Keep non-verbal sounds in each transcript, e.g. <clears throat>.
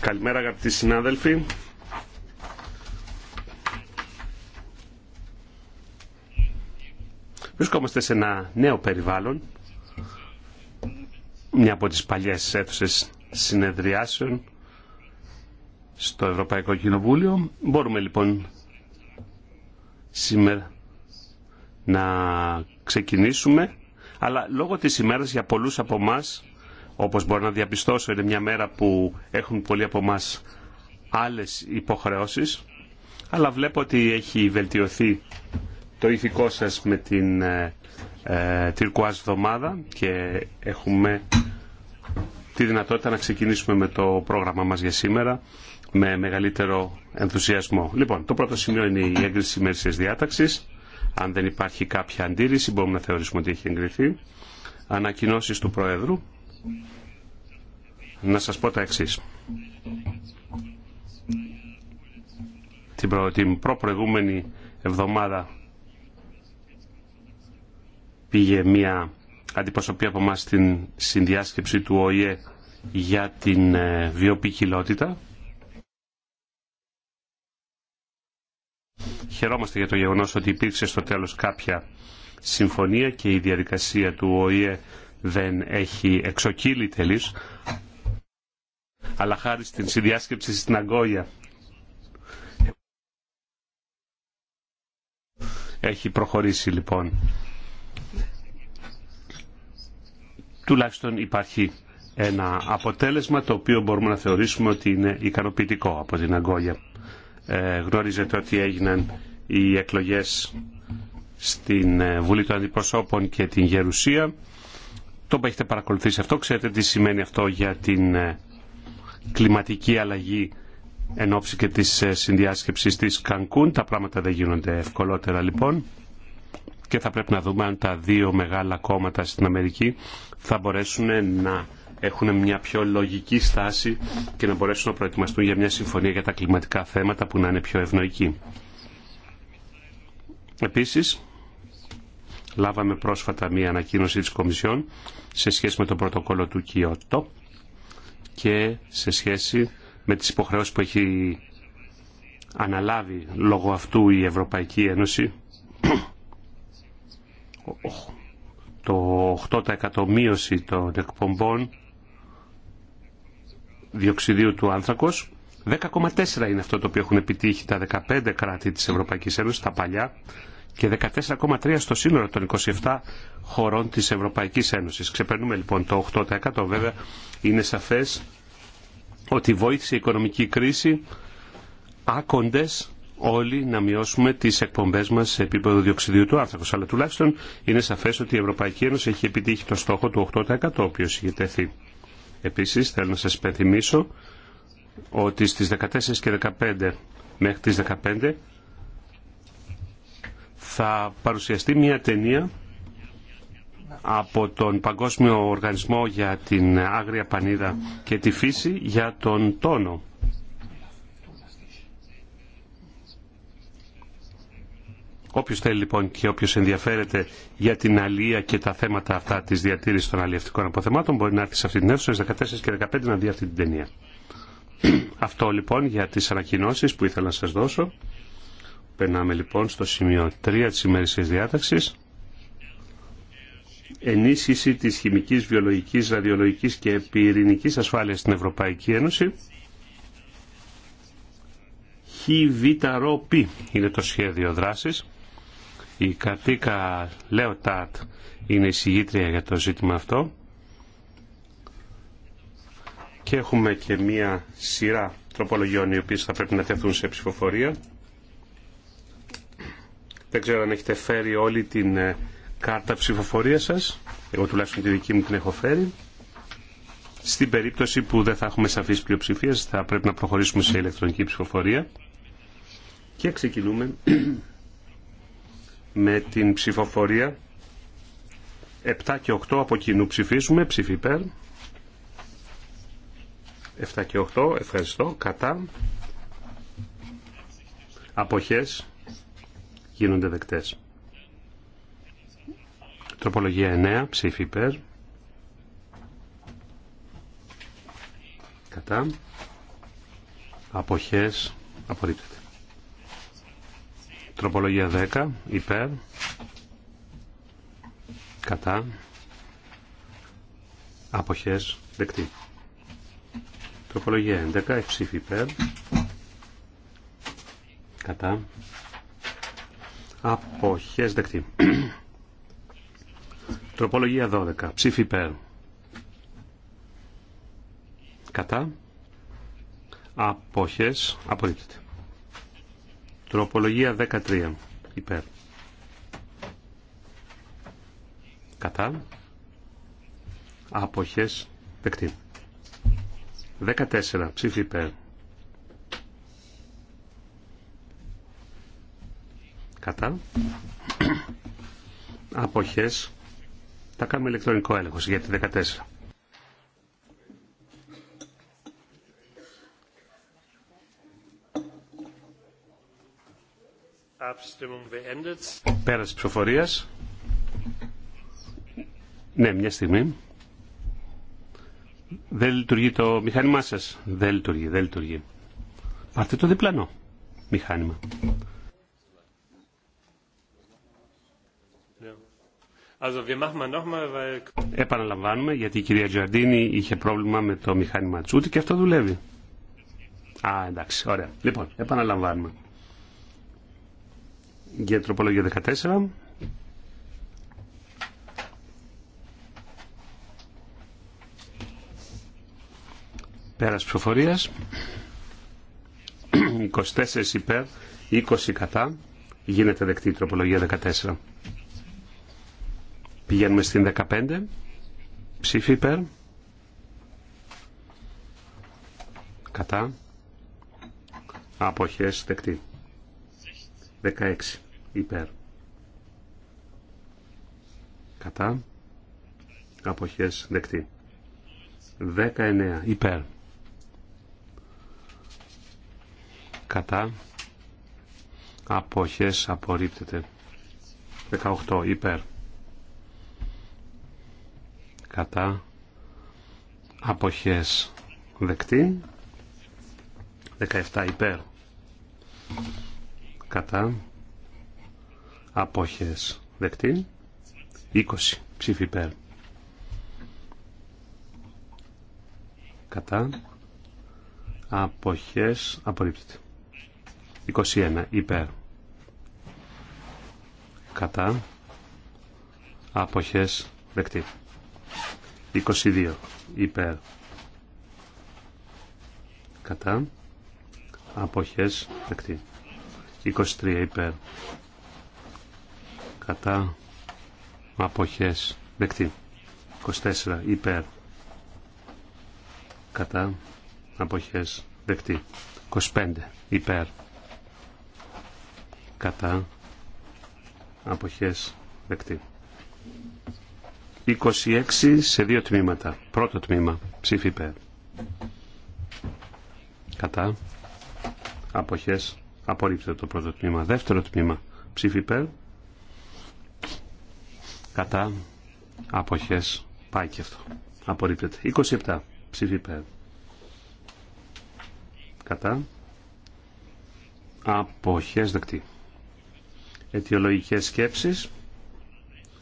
Καλημέρα αγαπητοί συνάδελφοι. Βρισκόμαστε σε ένα νέο περιβάλλον, μια από τις παλιές αίθουσες συνεδριάσεων στο Ευρωπαϊκό Κοινοβούλιο. Μπορούμε λοιπόν σήμερα να ξεκινήσουμε, αλλά λόγω της ημέρας για πολλούς από εμά, όπως μπορώ να διαπιστώσω, είναι μια μέρα που έχουν πολλοί από εμά άλλες υποχρεώσεις, αλλά βλέπω ότι έχει βελτιωθεί το ηθικό σας με την ε, ε Τυρκουάς και έχουμε τη δυνατότητα να ξεκινήσουμε με το πρόγραμμα μας για σήμερα με μεγαλύτερο ενθουσιασμό. Λοιπόν, το πρώτο σημείο είναι η έγκριση της διάταξης. Αν δεν υπάρχει κάποια αντίρρηση μπορούμε να θεωρήσουμε ότι έχει εγκριθεί. Ανακοινώσεις του Προέδρου. Να σας πω τα εξής. Την, την προπροηγούμενη εβδομάδα πήγε μια αντιπροσωπή από εμάς στην συνδιάσκεψη του ΟΗΕ για την ε, βιοποικιλότητα Χαιρόμαστε για το γεγονός ότι υπήρξε στο τέλος κάποια συμφωνία και η διαδικασία του ΟΗΕ δεν έχει εξοκύλει τελείς, αλλά χάρη στην συνδιάσκεψη στην Αγκόγια έχει προχωρήσει λοιπόν. Τουλάχιστον υπάρχει ένα αποτέλεσμα το οποίο μπορούμε να θεωρήσουμε ότι είναι ικανοποιητικό από την Αγκόγια. Ε, γνωρίζετε ότι έγιναν οι εκλογές στην ε, Βουλή των Αντιπροσώπων και την Γερουσία. Το που έχετε παρακολουθήσει αυτό, ξέρετε τι σημαίνει αυτό για την ε, κλιματική αλλαγή εν ώψη και της συνδιάσκεψης της Κανκούν. Τα πράγματα δεν γίνονται ευκολότερα λοιπόν και θα πρέπει να δούμε αν τα δύο μεγάλα κόμματα στην Αμερική θα μπορέσουν να έχουν μια πιο λογική στάση και να μπορέσουν να προετοιμαστούν για μια συμφωνία για τα κλιματικά θέματα που να είναι πιο ευνοϊκή. Επίσης, λάβαμε πρόσφατα μια ανακοίνωση της Κομισιόν σε σχέση με το πρωτοκόλλο του Κιώτο και σε σχέση με τις υποχρεώσεις που έχει αναλάβει λόγω αυτού η Ευρωπαϊκή Ένωση <coughs> το 8% μείωση των εκπομπών διοξιδίου του άνθρακος. 10,4 είναι αυτό το οποίο έχουν επιτύχει τα 15 κράτη της Ευρωπαϊκής Ένωσης, τα παλιά, και 14,3 στο σύνολο των 27 χωρών της Ευρωπαϊκής Ένωσης. Ξεπερνούμε λοιπόν το 8% βέβαια είναι σαφές ότι βοήθησε η οικονομική κρίση άκοντες όλοι να μειώσουμε τις εκπομπές μας σε επίπεδο διοξιδίου του άνθρακος. Αλλά τουλάχιστον είναι σαφές ότι η Ευρωπαϊκή Ένωση έχει επιτύχει το στόχο του 8% ο είχε τεθεί. Επίσης θέλω να σας υπενθυμίσω ότι στις 14 και 15 μέχρι τις 15 θα παρουσιαστεί μια ταινία από τον Παγκόσμιο Οργανισμό για την Άγρια Πανίδα και τη Φύση για τον Τόνο. Όποιος θέλει λοιπόν και όποιος ενδιαφέρεται για την αλία και τα θέματα αυτά της διατήρησης των αλλιευτικών αποθεμάτων μπορεί να έρθει σε αυτή την αίθουσα στις 14 και 15 να δει αυτή την ταινία. <clears throat> Αυτό λοιπόν για τις ανακοινώσεις που ήθελα να σας δώσω. Περνάμε λοιπόν στο σημείο 3 της ημέρησης διάταξης. Ενίσχυση της χημικής, βιολογικής, ραδιολογικής και πυρηνικής ασφάλειας στην Ευρωπαϊκή Ένωση. ΧΒΡΟΠ είναι το σχέδιο δράσης. Η Κατίκα Λέοτάτ είναι η συγγήτρια για το ζήτημα αυτό. Και έχουμε και μία σειρά τροπολογιών οι οποίες θα πρέπει να τεθούν σε ψηφοφορία. Δεν ξέρω αν έχετε φέρει όλη την ε, κάρτα ψηφοφορία σας. Εγώ τουλάχιστον τη δική μου την έχω φέρει. Στην περίπτωση που δεν θα έχουμε σαφείς πλειοψηφίες θα πρέπει να προχωρήσουμε σε ηλεκτρονική ψηφοφορία. Και ξεκινούμε με την ψηφοφορία. 7 και 8 από κοινού ψηφίσουμε. Ψήφι υπέρ. 7 και 8. Ευχαριστώ. Κατά. Αποχές γίνονται δεκτές. Τροπολογία 9. Ψήφι υπέρ. Κατά. Αποχές απορρίπτεται. Τροπολογία 10 υπέρ κατά αποχές δεκτή. Τροπολογία 11 ψήφι υπέρ κατά αποχές δεκτή. Τροπολογία 12 ψήφι υπέρ κατά αποχές απορρίπτεται. Τροπολογία 13. Υπέρ. Κατά. Αποχές. Δεκτή. 14. Ψήφι υπέρ. Κατά. Αποχές. Θα κάνουμε ηλεκτρονικό έλεγχο για τη 14. Πέρας ψηφοφορίας. Ναι, μια στιγμή. Δεν λειτουργεί το μηχάνημά σας. Δεν λειτουργεί, δεν λειτουργεί. Πάρτε το διπλανό μηχάνημα. Ναι. Επαναλαμβάνουμε γιατί η κυρία Τζουαρντίνη είχε πρόβλημα με το μηχάνημα Τσούτη και αυτό δουλεύει. Α, εντάξει, ωραία. Λοιπόν, επαναλαμβάνουμε για τροπολογία 14. Πέρας ψηφοφορίας. 24 υπέρ, 20 κατά. Γίνεται δεκτή η τροπολογία 14. Πηγαίνουμε στην 15. Ψήφι υπέρ. Κατά. Αποχές δεκτή. 16 υπέρ κατά αποχές δεκτή 19 υπέρ κατά αποχές απορρίπτεται 18 υπέρ κατά αποχές δεκτή 17 υπέρ κατά απόχες δεκτή 20 ψήφι υπέρ κατά αποχές απορρίπτεται 21 υπέρ κατά αποχές δεκτή 22 υπέρ κατά αποχές δεκτή 23 υπέρ κατά αποχές δεκτή 24 υπέρ κατά αποχές δεκτή 25 υπέρ κατά αποχές δεκτή 26 σε δύο τμήματα πρώτο τμήμα ψήφι υπέρ κατά αποχές Απορρίπτεται το πρώτο τμήμα. Δεύτερο τμήμα. Ψήφι υπέρ. Κατά. Αποχές. Πάει και αυτό. Απορρίπτεται. 27. Ψήφι υπέρ. Κατά. Αποχές δεκτή. Αιτιολογικές σκέψεις.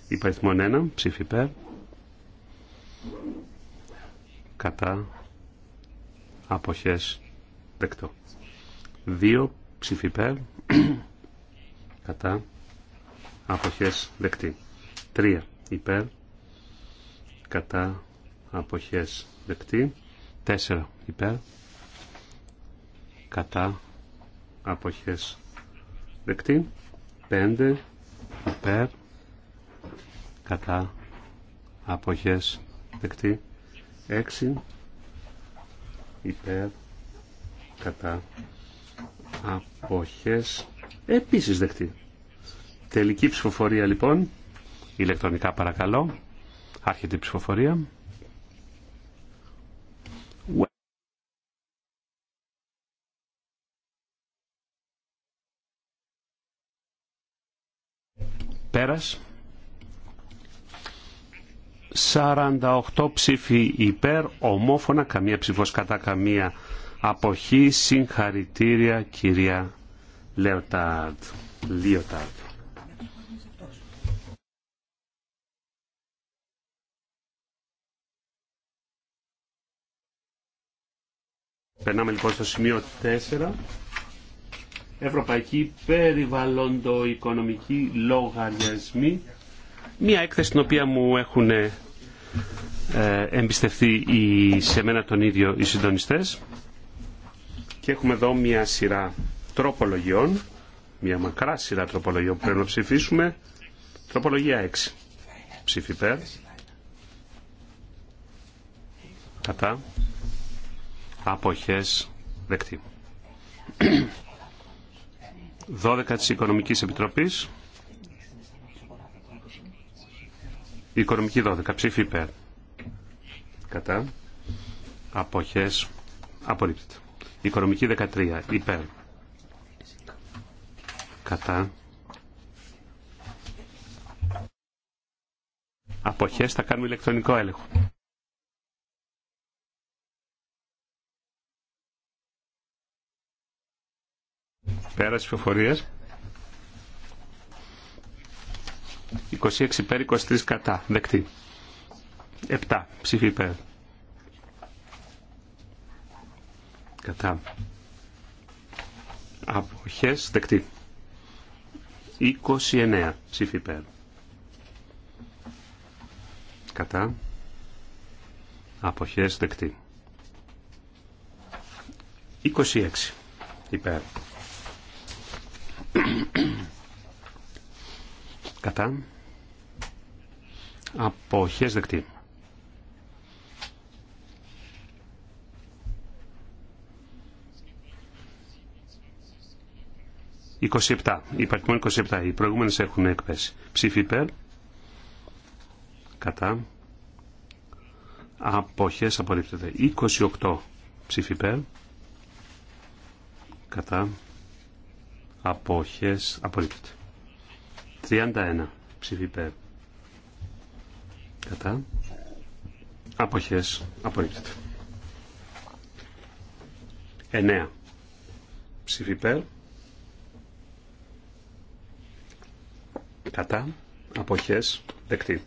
Υπαριθμόν 1. Ψήφι υπέρ. Κατά. Αποχές δεκτό. 2 ψήφι <clears throat> κατά αποχές δεκτή 3 υπέρ κατά αποχές δεκτή 4 υπέρ κατά αποχές δεκτή 5 υπέρ κατά αποχές δεκτή 6 υπέρ κατά αποχές επίσης δεχτή. Τελική ψηφοφορία λοιπόν, ηλεκτρονικά παρακαλώ, άρχεται η ψηφοφορία. Πέρας. 48 ψήφοι υπέρ, ομόφωνα, καμία ψηφός κατά καμία Αποχή συγχαρητήρια κυρία Λεωτάρτ. Περνάμε λοιπόν στο σημείο 4. Ευρωπαϊκή οικονομική λογαριασμή. Μία έκθεση την οποία μου έχουν ε, εμπιστευτεί σε μένα τον ίδιο οι συντονιστές. Και έχουμε εδώ μια σειρά τροπολογιών, μια μακρά σειρά τροπολογιών που πρέπει να ψηφίσουμε. Τροπολογία 6. Ψήφι ΠΕΡ Κατά. Αποχές δεκτή. 12 της Οικονομικής Επιτροπής. οικονομική 12. Ψήφι ΠΕΡ Κατά. Αποχές απορρίπτεται. Οικονομική 13. Υπέρ. Κατά. Αποχές θα κάνουμε ηλεκτρονικό έλεγχο. Πέρας φοφορίες. 26 υπέρ, 23 κατά. Δεκτή. 7 ψήφι υπέρ. κατά αποχές δεκτή 29 ψήφι υπέρ κατά αποχές δεκτή 26 υπέρ κατά αποχές δεκτή 27. Υπάρχουν 27. Οι προηγούμενες έχουν εκπέσει. Ψήφι υπέρ. Κατά. Αποχές απορρίπτεται. 28. Ψήφι υπέρ. Κατά. Αποχές απορρίπτεται. 31. Ψήφι υπέρ. Κατά. Αποχές απορρίπτεται. 9. Ψήφι υπέρ. κατά αποχές δεκτή.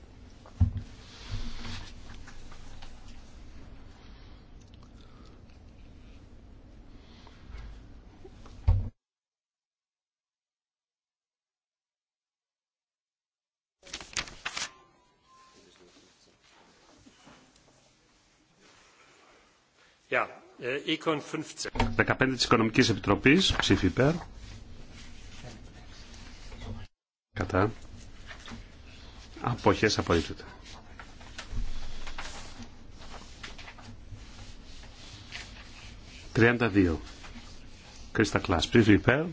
Yeah. Äh, 15 της Οικονομικής Επιτροπής, ψήφι υπέρ. Κατά. Αποχές απορρίπτεται. 32 Κρίστα Κλάς. Ψήφι υπέρ.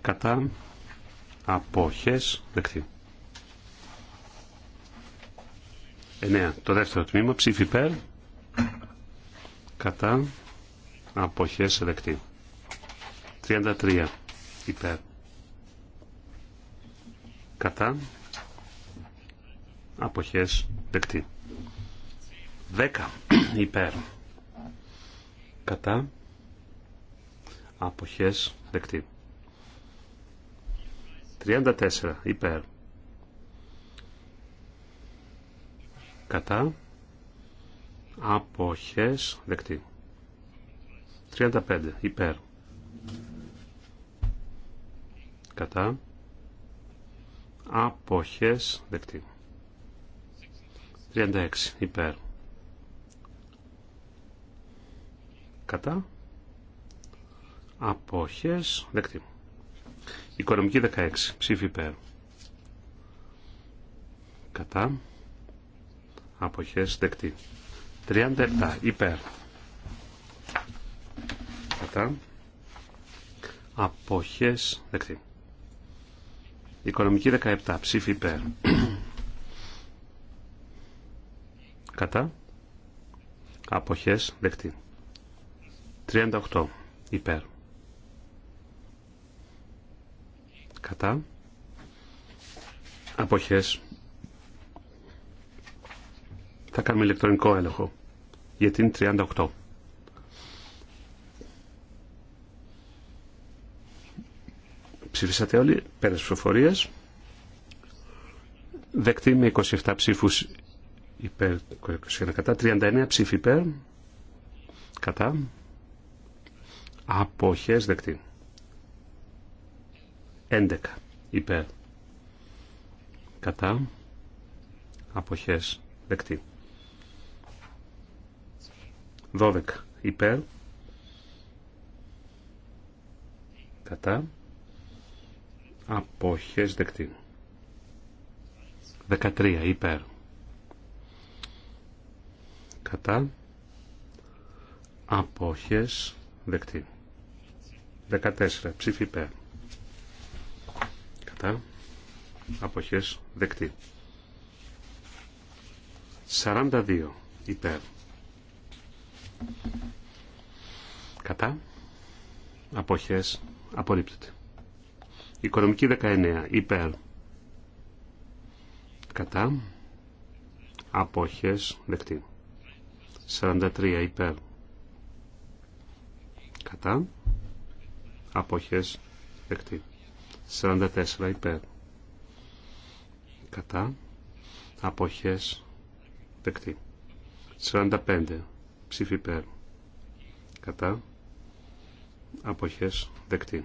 Κατά. Αποχές. Δεκτή. 9. Το δεύτερο τμήμα. Ψήφι υπέρ. Κατά. Αποχές δεκτή. 33. Υπέρ κατά αποχές δεκτή 10 <clears throat> υπέρ κατά αποχές δεκτή 34 υπέρ κατά αποχές δεκτή 35 υπέρ κατά αποχές δεκτή 36 υπέρ κατά αποχές δεκτή οικονομική 16 ψήφι υπέρ κατά αποχές δεκτή 37 υπέρ κατά αποχές δεκτή Οικονομική 17. Ψήφι υπέρ. Κατά. Αποχές δεκτή. 38. Υπέρ. Κατά. Αποχές. Θα κάνουμε ηλεκτρονικό έλεγχο. Γιατί είναι 38. Ψηφίσατε όλοι πέρα ψηφοφορία. Δεκτή με 27 ψήφους υπέρ 21 κατά, 39 ψήφοι υπέρ, κατά, αποχές δεκτή. 11 υπέρ, κατά, αποχές δεκτή. 12 υπέρ, κατά, αποχές δεκτή. 13 υπέρ. Κατά αποχές δεκτή. 14 ψήφι υπέρ. Κατά αποχές δεκτή. 42 υπέρ. Κατά αποχές απορρίπτεται. Οικονομική 19. Υπέρ. Κατά. Απόχες. Δεκτή. 43. Υπέρ. Κατά. Απόχες. Δεκτή. 44. Υπέρ. Κατά. Απόχες. Δεκτή. 45. Ψήφι υπέρ. Κατά. Απόχες. Δεκτή.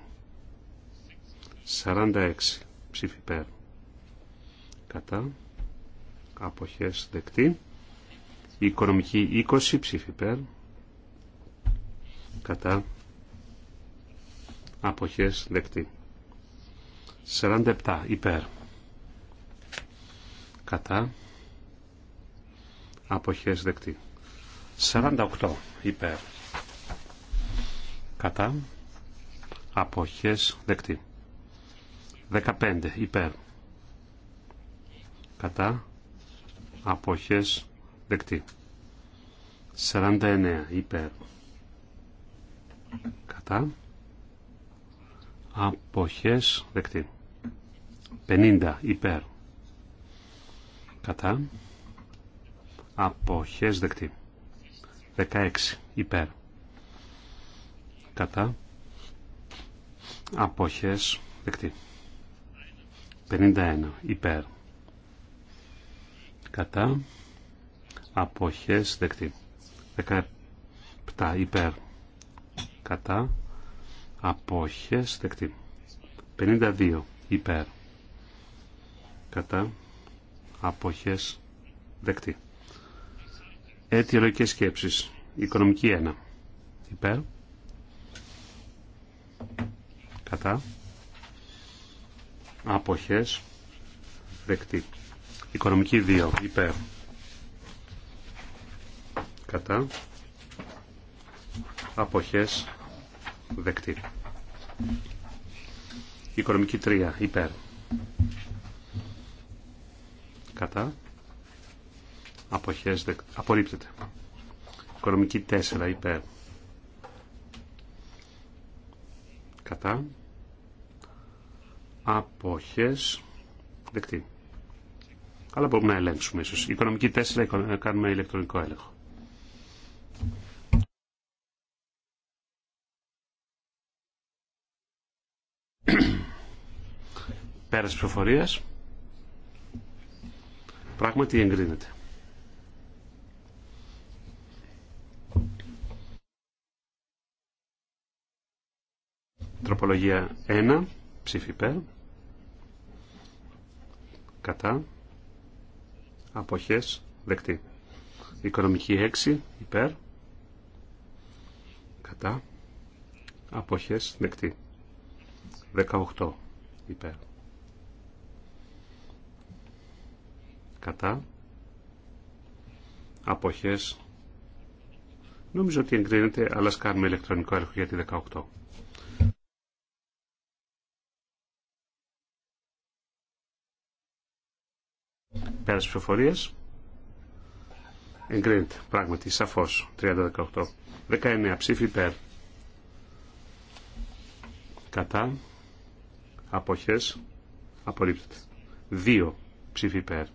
46 ψήφι πέρα. κατά αποχές δεκτή οικονομική 20 ψήφι πέρα κατά αποχές δεκτή 47 υπέρ κατά αποχές δεκτή 48 υπέρ κατά αποχές δεκτή 15 υπέρ κατά αποχές δεκτή 49 υπέρ κατά αποχές δεκτή 50 υπέρ κατά αποχές δεκτή 16 υπέρ κατά αποχές δεκτή 51 υπέρ κατά αποχές δεκτή 17 υπέρ κατά αποχές δεκτή 52 υπέρ κατά αποχές δεκτή αιτιολογικές σκέψεις οικονομική 1 υπέρ κατά αποχές δεκτή. Οικονομική 2 υπέρ κατά αποχές δεκτή. Οικονομική 3 υπέρ κατά αποχές δεκτή. Απορρίπτεται. Οικονομική 4 υπέρ κατά αποχές δεκτή. Αλλά μπορούμε να ελέγξουμε ίσως. Οικονομική 4 κάνουμε ηλεκτρονικό έλεγχο. <clears throat> Πέρας ψηφοφορίας πράγματι εγκρίνεται. Τροπολογία 1 ψήφι υπέρ. Κατά. Αποχές δεκτή. Οικονομική 6 υπέρ. Κατά. Αποχές δεκτή. 18 υπέρ. Κατά. Αποχές. Νομίζω ότι εγκρίνεται, αλλά κάνουμε ηλεκτρονικό έλεγχο για τη 18. περας ψηφοφορίες, ψηφοφορίας. Εγκρίνεται, πράγματι, σαφώς, 30-18. 19 ψήφι υπέρ. Κατά. Αποχές. Απορρίπτεται. 2 ψήφι υπέρ.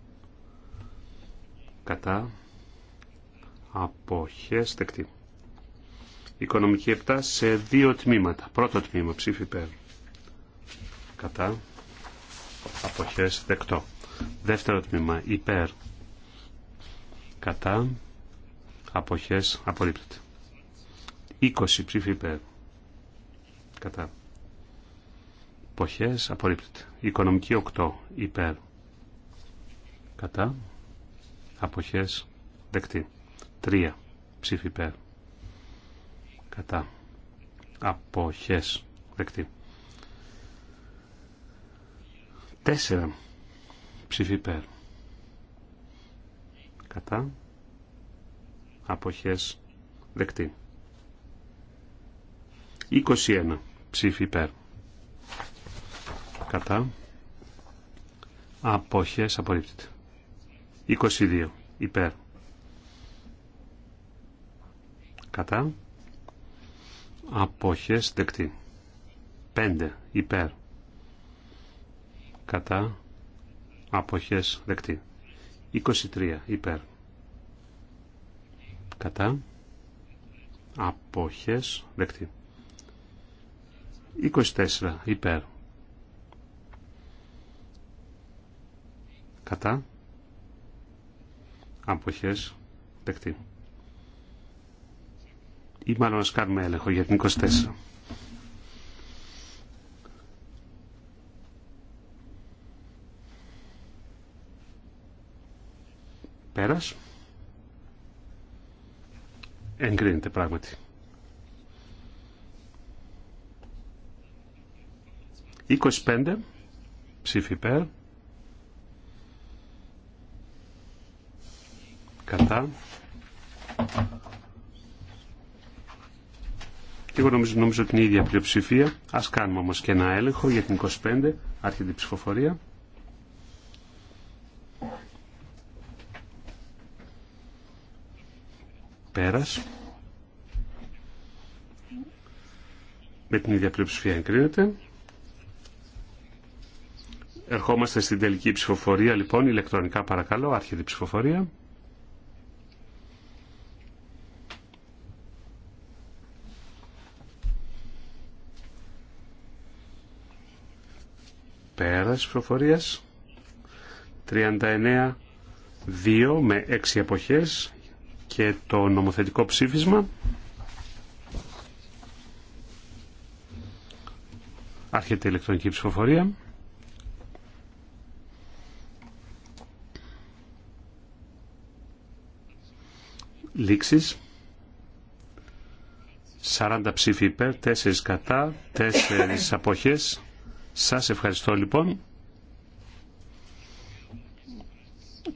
Κατά. Αποχές δεκτή. Οικονομική 7 σε δύο τμήματα. Πρώτο τμήμα ψήφι υπέρ. Κατά. Αποχές δεκτό. Δεύτερο τμήμα υπέρ κατά αποχές απορρίπτεται. 20 ψήφοι υπέρ κατά αποχές απορρίπτεται. Οικονομική 8 υπέρ κατά αποχές δεκτή. 3 ψήφοι υπέρ κατά αποχές δεκτή. 4 Ψήφι υπέρ. Κατά. Αποχές δεκτή. 21. Ψήφι υπέρ. Κατά. Αποχές απορρίπτεται. 22. Υπέρ. Κατά. Αποχές δεκτή. 5. Υπέρ. Κατά αποχές δεκτή. 23 υπέρ. Κατά αποχές δεκτή. 24 υπέρ. Κατά αποχές δεκτή. Ή μάλλον ας κάνουμε έλεγχο για την 24. Πέρας. Εγκρίνεται πράγματι. 25 ψήφι υπέρ. Κατά. Εγώ νομίζω, νομίζω την ίδια πλειοψηφία. Ας κάνουμε όμως και ένα έλεγχο για την 25. Άρχεται η ψηφοφορία. Πέρας. Με την ίδια πλειοψηφία εγκρίνεται. Ερχόμαστε στην τελική ψηφοφορία, λοιπόν, ηλεκτρονικά παρακαλώ, αρχιδη ψηφοφορία. Πέρας ψηφοφορίας. 39-2 με 6 εποχές και το νομοθετικό ψήφισμα. Άρχεται η ηλεκτρονική ψηφοφορία. Λήξεις. 40 ψήφοι υπέρ, 4 κατά, 4 <coughs> αποχές. Σας ευχαριστώ λοιπόν.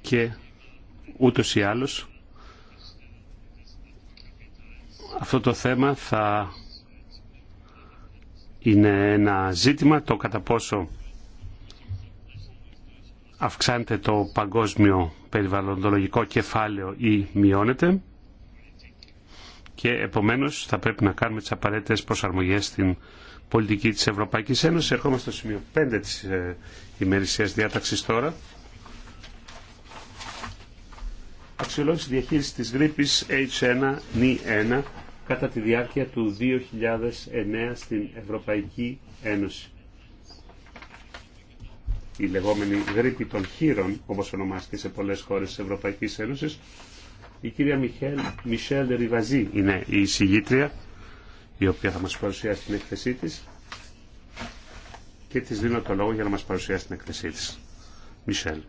Και ούτως ή άλλως Αυτό το θέμα θα είναι ένα ζήτημα το κατά πόσο αυξάνεται το παγκόσμιο περιβαλλοντολογικό κεφάλαιο ή μειώνεται και επομένως θα πρέπει να κάνουμε τις απαραίτητες προσαρμογές στην πολιτική της Ευρωπαϊκής Ένωσης. Ερχόμαστε στο σημείο 5 της ε, ημερησίας διάταξης τώρα. Αξιολόγηση διαχείρισης της γρήπης H1N1 κατά τη διάρκεια του 2009 στην Ευρωπαϊκή Ένωση. Η λεγόμενη γρήπη των χείρων, όπως ονομάστηκε σε πολλές χώρες της Ευρωπαϊκής Ένωσης, η κυρία Μιχέλ, Μισελ Ριβαζή είναι η συγγήτρια, η οποία θα μας παρουσιάσει την έκθεσή της και της δίνω το λόγο για να μας παρουσιάσει την έκθεσή της. Μισελ.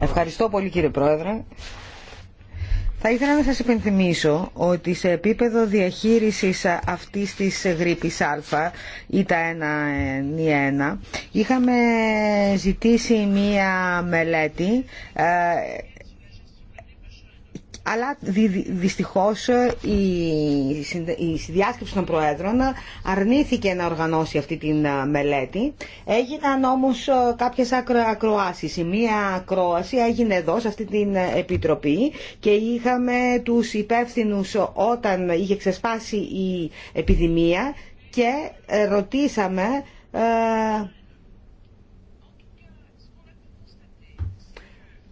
Ευχαριστώ πολύ κύριε Πρόεδρε. Θα ήθελα να σας υπενθυμίσω ότι σε επίπεδο διαχείρισης αυτής της γρήπης α ή τα 1 1 ε, είχαμε ζητήσει μία μελέτη ε, αλλά δυστυχώς ε, η συνδιάσκεψη των Προέδρων ε, αρνήθηκε να οργανώσει αυτή τη ε, μελέτη. Έγιναν όμως κάποιες ακροάσεις. Η μία ακρόαση έγινε εδώ σε αυτή την Επιτροπή και είχαμε τους υπεύθυνου όταν είχε ξεσπάσει η επιδημία και ρωτήσαμε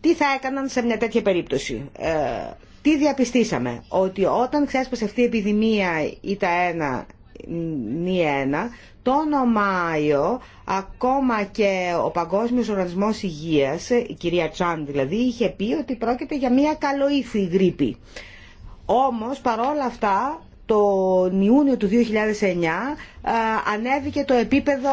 Τι θα έκαναν σε μια τέτοια περίπτωση. Ε, τι διαπιστήσαμε. Ότι όταν ξέσπασε αυτή η επιδημία ή τα ένα νη ένα, τον Μάιο ακόμα και ο Παγκόσμιος Οργανισμός Υγείας, η κυρία Τσάν δηλαδή, είχε πει ότι πρόκειται για μια καλοήθη γρήπη. Όμως παρόλα αυτά το Ιούνιο του 2009 ε, ανέβηκε το επίπεδο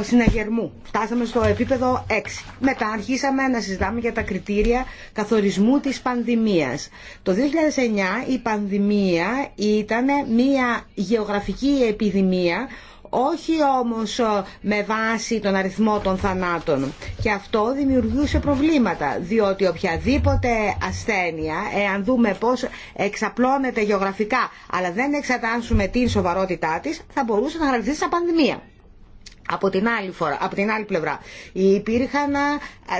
συναγερμού. Φτάσαμε στο επίπεδο 6. Μετά αρχίσαμε να συζητάμε για τα κριτήρια καθορισμού της πανδημίας. Το 2009 η πανδημία ήταν μια γεωγραφική επιδημία όχι όμως ε, με βάση τον αριθμό των θανάτων. Και αυτό δημιουργούσε προβλήματα, διότι οποιαδήποτε ασθένεια, εάν δούμε πώς εξαπλώνεται γεωγραφικά, αλλά δεν εξατάνσουμε την σοβαρότητά της, θα μπορούσε να χαρακτηριστεί σαν πανδημία. Από την, άλλη φορά, από την άλλη πλευρά υπήρχαν ε,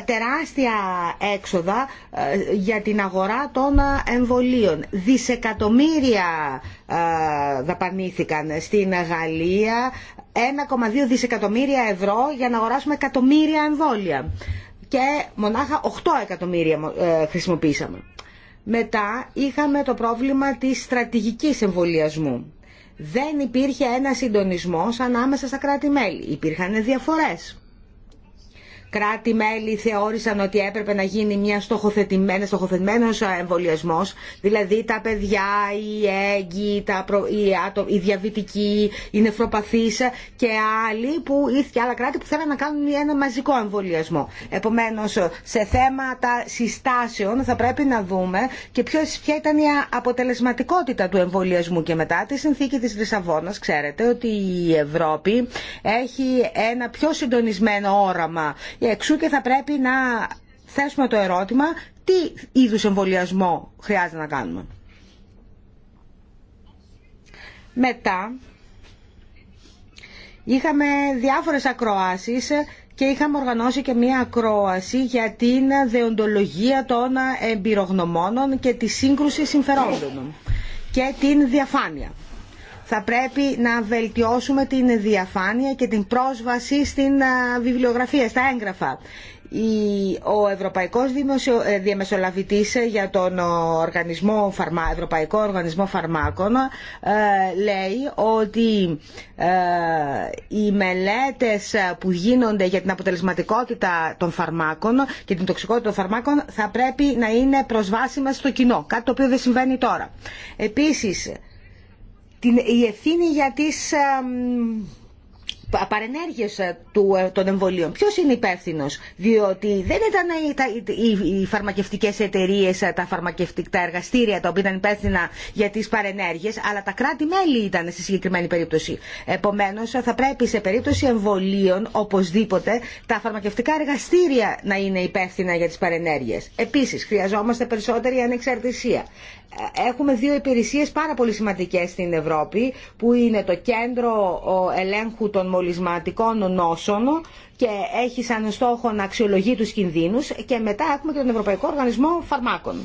τεράστια έξοδα ε, για την αγορά των ε, εμβολίων. Δισεκατομμύρια δαπανήθηκαν στην Γαλλία, 1,2 δισεκατομμύρια ευρώ για να αγοράσουμε εκατομμύρια εμβόλια. Και μονάχα 8 εκατομμύρια χρησιμοποίησαμε. Μετά είχαμε το πρόβλημα της στρατηγικής εμβολιασμού δεν υπήρχε ένα συντονισμός ανάμεσα στα κράτη-μέλη. Υπήρχαν διαφορές κράτη-μέλη θεώρησαν ότι έπρεπε να γίνει μια στοχοθετημένη, στοχοθετημένος ε, εμβολιασμό, δηλαδή τα παιδιά, οι έγκοι, τα οι, άτο... οι διαβητικοί, οι νεφροπαθείς και άλλοι που και άλλα κράτη που θέλουν να κάνουν ένα μαζικό εμβολιασμό. Επομένως, σε θέματα συστάσεων θα πρέπει να δούμε και ποιος, ποια ήταν η αποτελεσματικότητα του εμβολιασμού και μετά τη συνθήκη της Λισαβόνας. Ξέρετε ότι η Ευρώπη έχει ένα πιο συντονισμένο όραμα Εξού και θα πρέπει να θέσουμε το ερώτημα τι είδου εμβολιασμό χρειάζεται να κάνουμε. Μετά είχαμε διάφορες ακροάσεις και είχαμε οργανώσει και μία ακρόαση για την δεοντολογία των εμπειρογνωμόνων και τη σύγκρουση συμφερόντων και την διαφάνεια θα πρέπει να βελτιώσουμε την διαφάνεια και την πρόσβαση στην βιβλιογραφία, στα έγγραφα. Ο Ευρωπαϊκός ε, Διαμεσολαβητής για τον οργανισμό φαρμα, Ευρωπαϊκό Οργανισμό Φαρμάκων ε, λέει ότι ε, οι μελέτες που γίνονται για την αποτελεσματικότητα των φαρμάκων και την τοξικότητα των φαρμάκων θα πρέπει να είναι προσβάσιμες στο κοινό, κάτι το οποίο δεν συμβαίνει τώρα. Επίσης, την, η ευθύνη για τις παρενέργειες ε, ε, των εμβολίων. Ποιος είναι υπεύθυνο, διότι δεν ήταν τα, οι, οι φαρμακευτικές εταιρείες, ε, τα, φαρμακευτικά εργαστήρια τα οποία ήταν υπεύθυνα για τις παρενέργειες, αλλά τα κράτη-μέλη ήταν στη συγκεκριμένη περίπτωση. Επομένως, θα πρέπει σε περίπτωση εμβολίων, οπωσδήποτε, τα φαρμακευτικά εργαστήρια να είναι υπεύθυνα για τις παρενέργειες. Επίσης, χρειαζόμαστε περισσότερη ανεξαρτησία έχουμε δύο υπηρεσίες πάρα πολύ σημαντικές στην Ευρώπη που είναι το κέντρο ελέγχου των μολυσματικών νόσων και έχει σαν στόχο να αξιολογεί τους κινδύνους και μετά έχουμε και τον Ευρωπαϊκό Οργανισμό Φαρμάκων.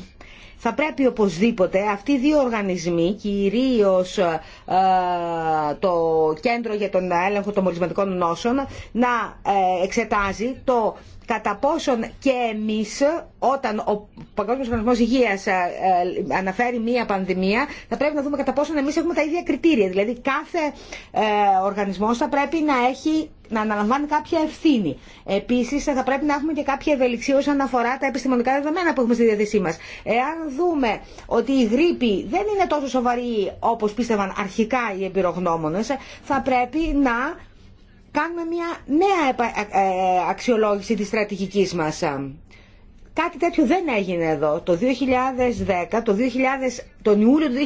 Θα πρέπει οπωσδήποτε αυτοί οι δύο οργανισμοί, κυρίως ε, το Κέντρο για τον Έλεγχο των Μολυσματικών Νόσων, να ε, εξετάζει το κατά πόσον και εμείς όταν ο Παγκόσμιος Οργανισμός Υγείας ε, ε, αναφέρει μία πανδημία θα πρέπει να δούμε κατά πόσον εμείς έχουμε τα ίδια κριτήρια. Δηλαδή κάθε ε, οργανισμός θα πρέπει να έχει να αναλαμβάνει κάποια ευθύνη. Επίση, θα πρέπει να έχουμε και κάποια ευελιξία όσον αφορά τα επιστημονικά δεδομένα που έχουμε στη διάθεσή μα. Εάν δούμε ότι η γρήπη δεν είναι τόσο σοβαρή όπω πίστευαν αρχικά οι εμπειρογνώμονε, θα πρέπει να κάνουμε μια νέα ε, ε, αξιολόγηση της στρατηγικής μας. Κάτι τέτοιο δεν έγινε εδώ. Το 2010, το 2000, τον Ιούλιο του 2010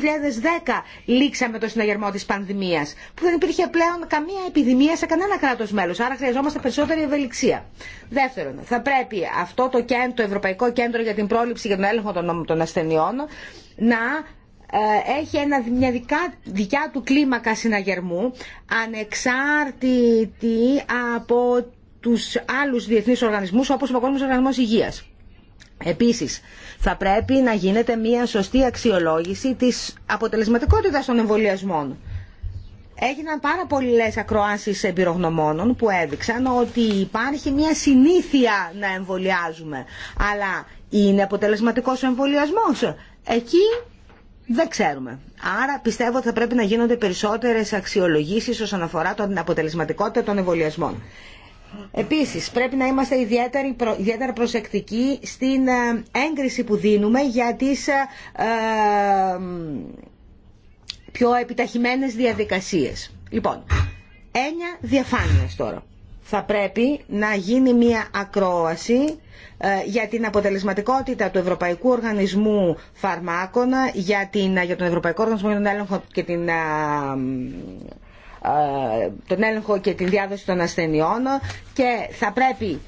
λήξαμε το συναγερμό της πανδημίας, που δεν υπήρχε πλέον καμία επιδημία σε κανένα κράτος μέλος, άρα χρειαζόμαστε περισσότερη ευελιξία. Δεύτερον, θα πρέπει αυτό το, κέντρο, Ευρωπαϊκό Κέντρο για την Πρόληψη και τον Έλεγχο των, των Ασθενειών να ε, έχει ένα, μια δικά, δικιά του κλίμακα συναγερμού ανεξάρτητη από τους άλλους διεθνείς οργανισμούς όπως ο Παγκόσμιος Οργανισμός Υγείας. Επίσης, θα πρέπει να γίνεται μια σωστή αξιολόγηση της αποτελεσματικότητας των εμβολιασμών. Έγιναν πάρα πολλέ ακροάσεις εμπειρογνωμόνων που έδειξαν ότι υπάρχει μια συνήθεια να εμβολιάζουμε. Αλλά είναι αποτελεσματικός ο εμβολιασμός. Εκεί δεν ξέρουμε. Άρα πιστεύω ότι θα πρέπει να γίνονται περισσότερε αξιολογήσει όσον αφορά την αποτελεσματικότητα των εμβολιασμών. Επίση, πρέπει να είμαστε ιδιαίτερα προσεκτικοί στην ε, έγκριση που δίνουμε για τις ε, ε, πιο επιταχυμένες διαδικασίε. Λοιπόν, έννοια διαφάνεια τώρα θα πρέπει να γίνει μια ακρόαση ε, για την αποτελεσματικότητα του Ευρωπαϊκού Οργανισμού Φαρμάκων, για, την, ε, για τον Ευρωπαϊκό Οργανισμό για τον έλεγχο και την ε, τον έλεγχο και την διάδοση των ασθενειών και θα πρέπει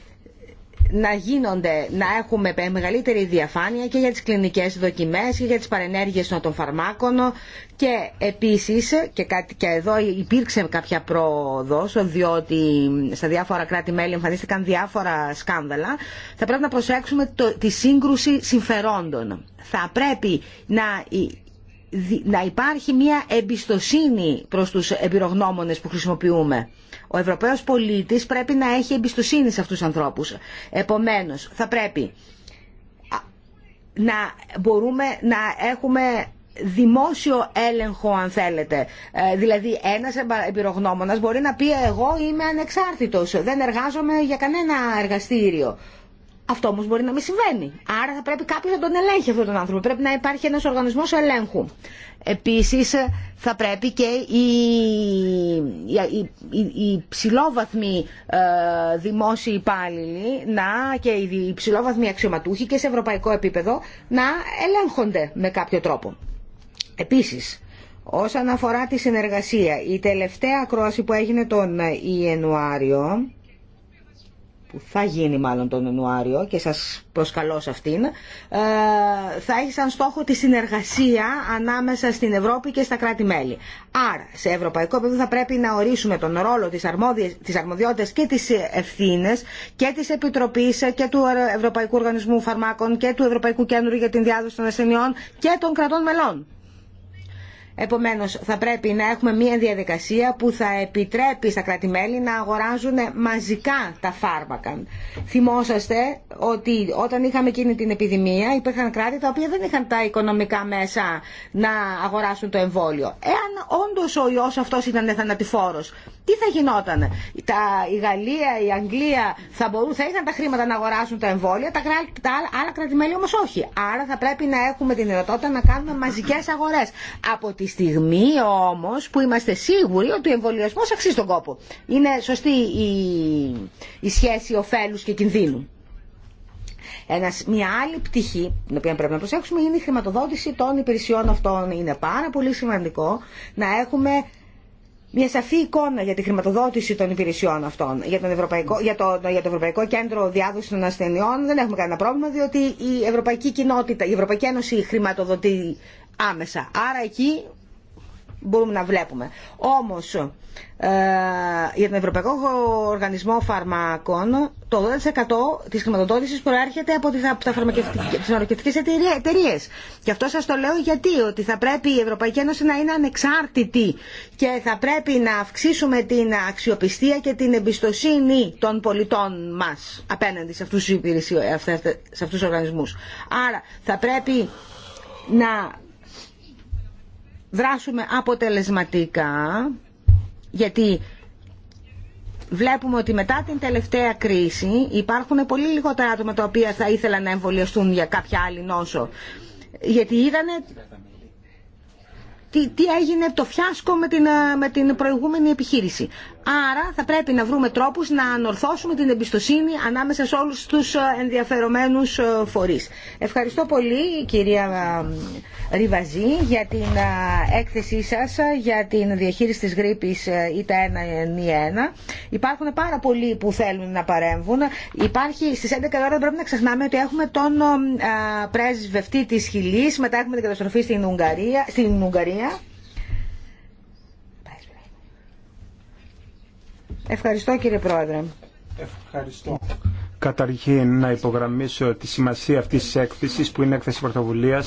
να γίνονται, να έχουμε μεγαλύτερη διαφάνεια και για τις κλινικές δοκιμές και για τις παρενέργειες των φαρμάκων και επίσης, και, κάτι, και εδώ υπήρξε κάποια πρόοδος, διότι στα διάφορα κράτη-μέλη εμφανίστηκαν διάφορα σκάνδαλα, θα πρέπει να προσέξουμε τη σύγκρουση συμφερόντων. Θα πρέπει να να υπάρχει μια εμπιστοσύνη προς τους εμπειρογνώμονες που χρησιμοποιούμε. Ο Ευρωπαίος πολίτης πρέπει να έχει εμπιστοσύνη σε αυτούς τους ανθρώπους. Επομένως, θα πρέπει να μπορούμε να έχουμε δημόσιο έλεγχο αν θέλετε. Ε, δηλαδή ένας εμπειρογνώμονας μπορεί να πει εγώ είμαι ανεξάρτητος, δεν εργάζομαι για κανένα εργαστήριο. Αυτό όμω μπορεί να μην συμβαίνει. Άρα θα πρέπει κάποιο να τον ελέγχει αυτόν τον άνθρωπο. Πρέπει να υπάρχει ένα οργανισμό ελέγχου. Επίση ε, θα πρέπει και οι, οι, οι, οι ψηλόβαθμοι ε, δημόσιοι υπάλληλοι να, και οι ψηλόβαθμοι αξιωματούχοι και σε ευρωπαϊκό επίπεδο να ελέγχονται με κάποιο τρόπο. Επίσης, όσον αφορά τη συνεργασία, η τελευταία ακρόαση που έγινε τον Ιανουάριο που θα γίνει μάλλον τον Ιανουάριο και σας προσκαλώ σε αυτήν, ε, θα έχει σαν στόχο τη συνεργασία ανάμεσα στην Ευρώπη και στα κράτη-μέλη. Άρα, σε ευρωπαϊκό επίπεδο θα πρέπει να ορίσουμε τον ρόλο της, αρμόδιας, της αρμοδιότητας και τις ευθύνε και της Επιτροπής και του Ευρωπαϊκού Οργανισμού Φαρμάκων και του Ευρωπαϊκού Κέντρου για την Διάδοση των Ασθενειών και των κρατών μελών. Επομένως θα πρέπει να έχουμε μια διαδικασία που θα επιτρέπει στα κράτη-μέλη να αγοράζουν μαζικά τα φάρμακα. Θυμόσαστε ότι όταν είχαμε εκείνη την επιδημία υπήρχαν κράτη τα οποία δεν είχαν τα οικονομικά μέσα να αγοράσουν το εμβόλιο. Εάν όντως ο ιός αυτός ήταν θανατηφόρος, τι θα γινόταν. Τα, η Γαλλία, η Αγγλία θα, μπορούν, θα είχαν τα χρήματα να αγοράσουν τα εμβόλια, τα, τα άλλα κράτη-μέλη όμως όχι. Άρα θα πρέπει να έχουμε την δυνατότητα να κάνουμε μαζικές αγορές. Από τη στιγμή όμως που είμαστε σίγουροι ότι ο εμβολιασμό αξίζει τον κόπο. Είναι σωστή η, η σχέση ωφέλους και κινδύνου. Ένας, μια άλλη πτυχή, την οποία πρέπει να προσέξουμε, είναι η χρηματοδότηση των υπηρεσιών αυτών. Είναι πάρα πολύ σημαντικό να έχουμε μια σαφή εικόνα για τη χρηματοδότηση των υπηρεσιών αυτών. Για, τον Ευρωπαϊκό, για, το, για το Ευρωπαϊκό Κέντρο Διάδοση των Ασθενειών δεν έχουμε κανένα πρόβλημα, διότι η Ευρωπαϊκή Κοινότητα, η Ευρωπαϊκή Ένωση χρηματοδοτεί άμεσα. Άρα εκεί μπορούμε να βλέπουμε. Όμως, ε, για τον Ευρωπαϊκό Οργανισμό Φαρμάκων, το 80% της χρηματοδότησης προέρχεται από τις, από τα φαρμακευτικές εταιρείε. Και αυτό σας το λέω γιατί, ότι θα πρέπει η Ευρωπαϊκή Ένωση να είναι ανεξάρτητη και θα πρέπει να αυξήσουμε την αξιοπιστία και την εμπιστοσύνη των πολιτών μας απέναντι σε αυτούς του οργανισμού. σε αυτούς οργανισμούς. Άρα, θα πρέπει να δράσουμε αποτελεσματικά, γιατί βλέπουμε ότι μετά την τελευταία κρίση υπάρχουν πολύ λιγότερα άτομα τα οποία θα ήθελαν να εμβολιαστούν για κάποια άλλη νόσο. Γιατί είδανε τι, τι έγινε το φιάσκο με την, ε, με την προηγούμενη επιχείρηση. Άρα θα πρέπει να βρούμε τρόπους να ανορθώσουμε την εμπιστοσύνη ανάμεσα σε όλους τους ε, ενδιαφερομένους ε, φορείς. Ευχαριστώ πολύ κυρία ε, Ριβαζή για την έκθεσή σας για την διαχείριση της γρήπης ΙΤΑ1-1. Υπάρχουν πάρα πολλοί που θέλουν να παρέμβουν. Υπάρχει στις 11 ώρα πρέπει να ξεχνάμε ότι έχουμε τον πρέσβευτή της Χιλής, μετά έχουμε την καταστροφή στην Ουγγαρία. Στην Ουγγαρία Ευχαριστώ κύριε Πρόεδρε. Ευχαριστώ. Καταρχήν να υπογραμμίσω τη σημασία αυτής της έκθεσης που είναι έκθεση πρωτοβουλία,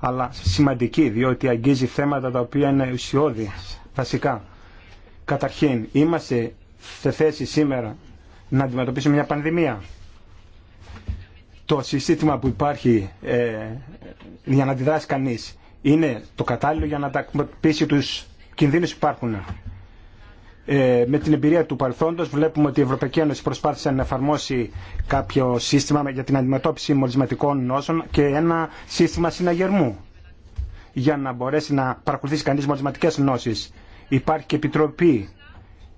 αλλά σημαντική διότι αγγίζει θέματα τα οποία είναι ουσιώδη βασικά. Καταρχήν είμαστε σε θέση σήμερα να αντιμετωπίσουμε μια πανδημία. Το συστήμα που υπάρχει ε, για να αντιδράσει κανείς είναι το κατάλληλο για να τα τους κινδύνους που υπάρχουν ε, με την εμπειρία του παρελθόντος βλέπουμε ότι η Ευρωπαϊκή Ένωση προσπάθησε να εφαρμόσει κάποιο σύστημα για την αντιμετώπιση μολυσματικών νόσων και ένα σύστημα συναγερμού για να μπορέσει να παρακολουθήσει κανείς μολυσματικές νόσεις. Υπάρχει και επιτροπή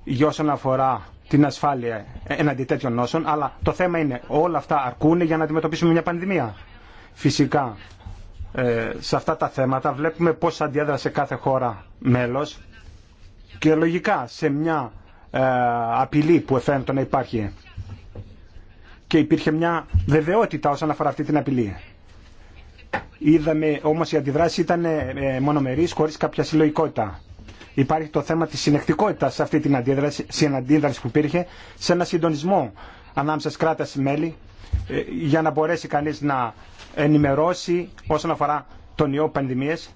για όσον αφορά την ασφάλεια εναντί τέτοιων νόσων, αλλά το θέμα είναι όλα αυτά αρκούν για να αντιμετωπίσουμε μια πανδημία. Φυσικά, ε, σε αυτά τα θέματα βλέπουμε πώς αντιέδρασε κάθε χώρα μέλος και λογικά σε μια ε, απειλή που το να υπάρχει. Και υπήρχε μια βεβαιότητα όσον αφορά αυτή την απειλή. Είδαμε όμως η αντιδράση ήταν ε, ε μονομερής χωρίς κάποια συλλογικότητα. Υπάρχει το θέμα της συνεκτικότητας σε αυτή την αντίδραση, αντιδράση που υπήρχε σε ένα συντονισμό ανάμεσα στις κράτες μέλη ε, για να μπορέσει κανείς να ενημερώσει όσον αφορά τον ιό πανδημίες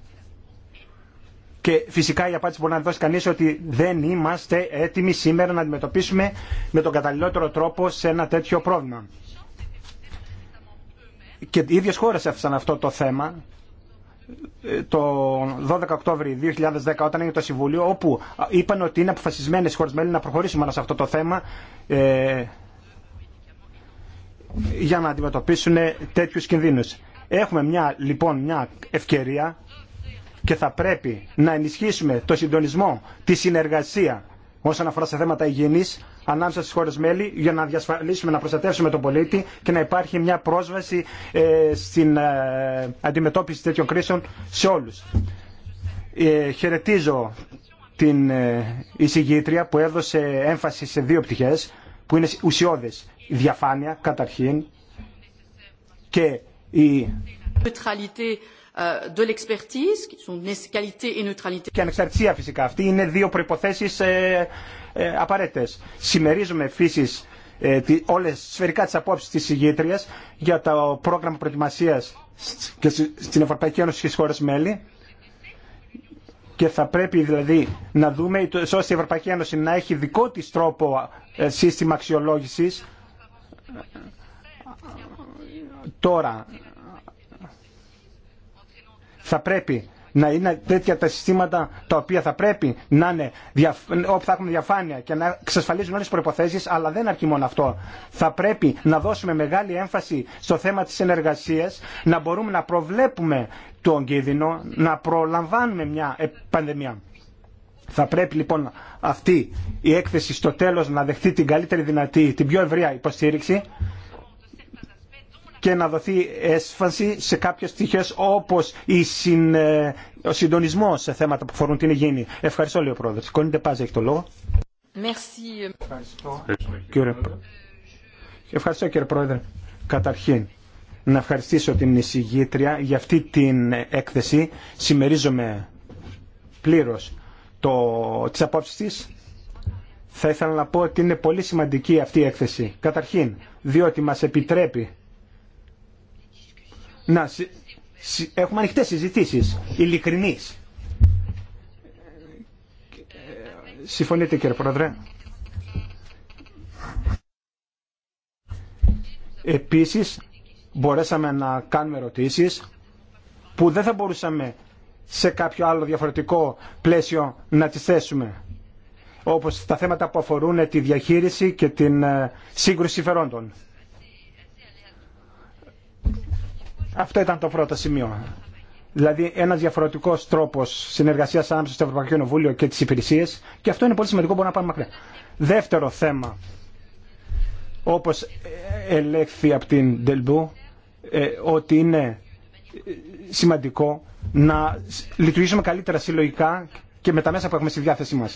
και φυσικά η απάντηση μπορεί να δώσει κανεί ότι δεν είμαστε έτοιμοι σήμερα να αντιμετωπίσουμε με τον καταλληλότερο τρόπο σε ένα τέτοιο πρόβλημα. Και οι ίδιες χώρες έφτασαν αυτό το θέμα ε, το 12 Οκτώβρη 2010 όταν έγινε το Συμβούλιο όπου είπαν ότι είναι αποφασισμένες οι χώρες μέλη να προχωρήσουμε σε αυτό το θέμα ε, για να αντιμετωπίσουν τέτοιους κινδύνους. Έχουμε μια, λοιπόν μια ευκαιρία και θα πρέπει να ενισχύσουμε το συντονισμό, τη συνεργασία όσον αφορά σε θέματα υγιεινής ανάμεσα στις χώρες μέλη για να διασφαλίσουμε, να προστατεύσουμε τον πολίτη και να υπάρχει μια πρόσβαση ε, στην ε, αντιμετώπιση τέτοιων κρίσεων σε όλους. Ε, χαιρετίζω την ε, εισηγήτρια που έδωσε έμφαση σε δύο πτυχές που είναι ουσιώδες. Η διαφάνεια καταρχήν και η ε, de l'expertise, qui sont qualité et neutralité. Και ανεξαρτησία φυσικά. Αυτοί είναι δύο προϋποθέσεις ε, ε, απαραίτητες. Συμμερίζουμε φύσης ε, τη, όλες σφαιρικά τις απόψεις της ηγήτριας για το πρόγραμμα προετοιμασίας και στην Ευρωπαϊκή Ένωση και στις χώρες μέλη και θα πρέπει δηλαδή να δούμε ώστε η Ευρωπαϊκή Ένωση να έχει δικό της τρόπο ε, σύστημα αξιολόγησης τώρα θα πρέπει να είναι τέτοια τα συστήματα τα οποία θα πρέπει να είναι, όπου θα έχουμε διαφάνεια και να εξασφαλίζουν όλες τις προϋποθέσεις, αλλά δεν αρκεί μόνο αυτό. Θα πρέπει να δώσουμε μεγάλη έμφαση στο θέμα της ενεργασίας, να μπορούμε να προβλέπουμε τον κίνδυνο, να προλαμβάνουμε μια ε, πανδημία. Θα πρέπει λοιπόν αυτή η έκθεση στο τέλος να δεχτεί την καλύτερη δυνατή, την πιο ευρεία υποστήριξη και να δοθεί έσφαση σε κάποιες πτυχές όπως η συν, ε, ο συντονισμός σε θέματα που φορούν την υγιεινή. Ευχαριστώ λέει ο πρόεδρος. Κόνιντε Πάζα έχει το λόγο. Ευχαριστώ. Κύριε... πρόεδρε. Καταρχήν να ευχαριστήσω την εισηγήτρια για αυτή την έκθεση. Συμμερίζομαι πλήρως το, τις απόψεις της. Θα ήθελα να πω ότι είναι πολύ σημαντική αυτή η έκθεση. Καταρχήν, διότι μας επιτρέπει να έχουμε ανοιχτέ συζητήσει ειλικρινεί. Συμφωνείτε κύριε Πρόεδρε. Επίσης, μπορέσαμε να κάνουμε ερωτήσεις που δεν θα μπορούσαμε σε κάποιο άλλο διαφορετικό πλαίσιο να τις θέσουμε. Όπως τα θέματα που αφορούν τη διαχείριση και την ε, σύγκρουση συμφερόντων. Αυτό ήταν το πρώτο σημείο. Δηλαδή ένα διαφορετικό τρόπο συνεργασία ανάμεσα στο Ευρωπαϊκό Κοινοβούλιο και τι υπηρεσίε και αυτό είναι πολύ σημαντικό, μπορούμε να πάμε μακριά. Δεύτερο θέμα, όπω ελέγχθη από την Ντελμπού, ε, ότι είναι σημαντικό να λειτουργήσουμε καλύτερα συλλογικά και με τα μέσα που έχουμε στη διάθεσή μα.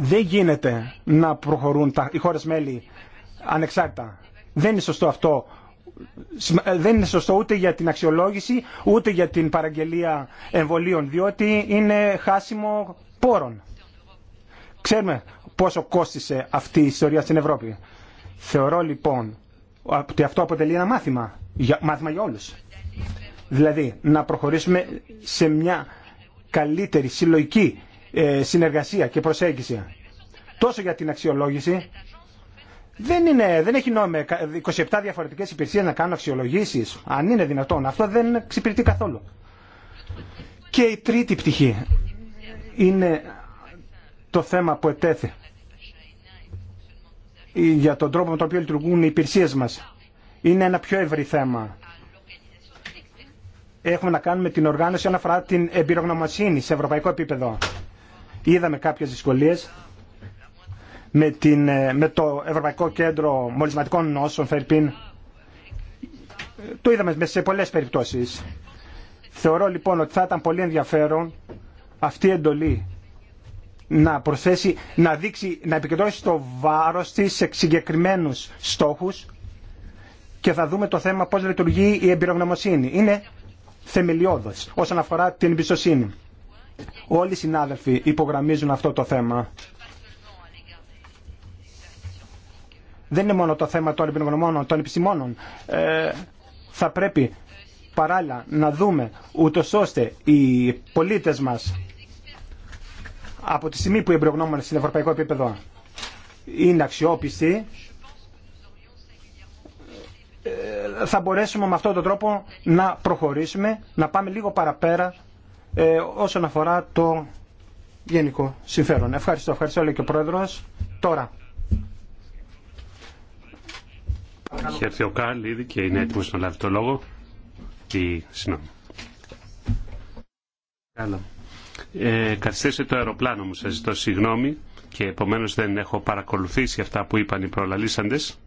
Δεν γίνεται να προχωρούν οι χώρε μέλη ανεξάρτητα. Δεν είναι σωστό αυτό ε, δεν είναι σωστό ούτε για την αξιολόγηση ούτε για την παραγγελία εμβολίων διότι είναι χάσιμο πόρων. Ξέρουμε πόσο κόστισε αυτή η ιστορία στην Ευρώπη. Θεωρώ λοιπόν ότι αυτό αποτελεί ένα μάθημα, για, μάθημα για όλους. Δηλαδή να προχωρήσουμε σε μια καλύτερη συλλογική ε, συνεργασία και προσέγγιση τόσο για την αξιολόγηση δεν, είναι, δεν έχει νόημα 27 διαφορετικές υπηρεσίε να κάνουν αξιολογήσει, αν είναι δυνατόν. Αυτό δεν εξυπηρετεί καθόλου. Και η τρίτη πτυχή είναι το θέμα που ετέθη για τον τρόπο με τον οποίο λειτουργούν οι υπηρεσίε μας. Είναι ένα πιο ευρύ θέμα. Έχουμε να κάνουμε την οργάνωση όσον αφορά την εμπειρογνωμοσύνη σε ευρωπαϊκό επίπεδο. Είδαμε κάποιε δυσκολίε με, την, ε, με το Ευρωπαϊκό Κέντρο Μολυσματικών Νόσων, Φερπίν. Το είδαμε σε πολλές περιπτώσεις. Θεωρώ λοιπόν ότι θα ήταν πολύ ενδιαφέρον αυτή η εντολή να προσθέσει, να δείξει, να επικεντρώσει το βάρος της σε συγκεκριμένους στόχους και θα δούμε το θέμα πώς λειτουργεί η εμπειρογνωμοσύνη. Είναι θεμελιώδος όσον αφορά την εμπιστοσύνη. Όλοι οι συνάδελφοι υπογραμμίζουν αυτό το θέμα. δεν είναι μόνο το θέμα των επιστημονών, των επιστημόνων. Ε, θα πρέπει παράλληλα να δούμε ούτω ώστε οι πολίτες μας από τη στιγμή που οι στην ευρωπαϊκό επίπεδο είναι αξιόπιστοι ε, θα μπορέσουμε με αυτόν τον τρόπο να προχωρήσουμε, να πάμε λίγο παραπέρα ε, όσον αφορά το γενικό συμφέρον. Ευχαριστώ, ευχαριστώ λέει και ο Πρόεδρος. Τώρα Έχει έρθει ο ήδη και είναι έτοιμο να λάβει το λόγο. Ε, το αεροπλάνο μου, σας ζητώ συγγνώμη και επομένως δεν έχω παρακολουθήσει αυτά που είπαν οι προλαλήσαντες.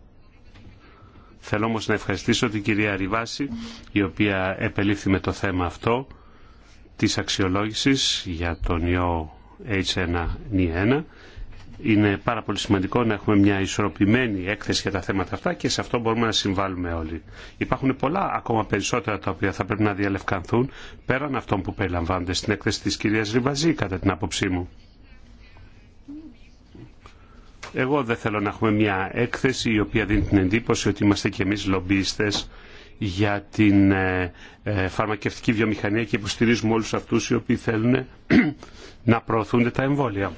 Θέλω όμως να ευχαριστήσω την κυρία Ριβάση, η οποία επελήφθη με το θέμα αυτό της αξιολόγησης για τον ιό H1N1 είναι πάρα πολύ σημαντικό να έχουμε μια ισορροπημένη έκθεση για τα θέματα αυτά και σε αυτό μπορούμε να συμβάλλουμε όλοι. Υπάρχουν πολλά ακόμα περισσότερα τα οποία θα πρέπει να διαλευκανθούν πέραν αυτών που περιλαμβάνονται στην έκθεση της κυρίας Ριβαζή κατά την άποψή μου. Εγώ δεν θέλω να έχουμε μια έκθεση η οποία δίνει την εντύπωση ότι είμαστε κι εμείς λομπίστες για την ε, ε, φαρμακευτική βιομηχανία και υποστηρίζουμε όλους αυτούς οι οποίοι θέλουν να προωθούν τα εμβόλια.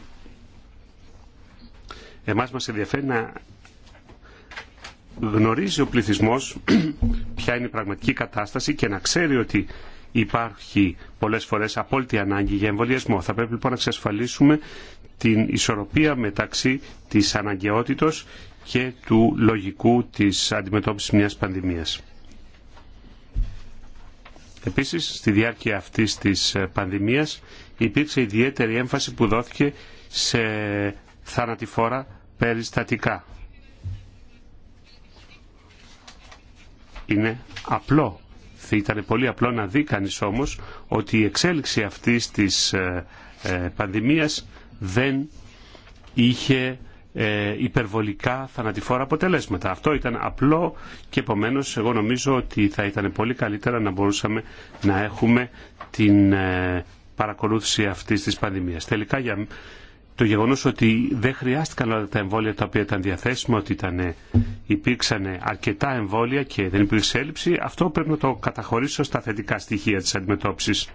Εμάς μας ενδιαφέρει να γνωρίζει ο πληθυσμός <clears throat> ποια είναι η πραγματική κατάσταση και να ξέρει ότι υπάρχει πολλές φορές απόλυτη ανάγκη για εμβολιασμό. Θα πρέπει λοιπόν να εξασφαλίσουμε την ισορροπία μεταξύ της αναγκαιότητος και του λογικού της αντιμετώπισης μιας πανδημίας. Επίσης, στη διάρκεια αυτής της ε, πανδημίας υπήρξε ιδιαίτερη έμφαση που δόθηκε σε θανατηφόρα περιστατικά. Είναι απλό. Θα ήταν πολύ απλό να δει κανεί όμως ότι η εξέλιξη αυτής της ε, ε, πανδημίας δεν είχε ε, υπερβολικά θανατηφόρα αποτελέσματα. Αυτό ήταν απλό και επομένως εγώ νομίζω ότι θα ήταν πολύ καλύτερα να μπορούσαμε να έχουμε την παρακολούθηση αυτής της πανδημίας. Τελικά για το γεγονός ότι δεν χρειάστηκαν όλα τα εμβόλια τα οποία ήταν διαθέσιμα, ότι ήταν, ε, υπήρξαν αρκετά εμβόλια και δεν υπήρξε έλλειψη, αυτό πρέπει να το καταχωρήσω στα θετικά στοιχεία της αντιμετώπισης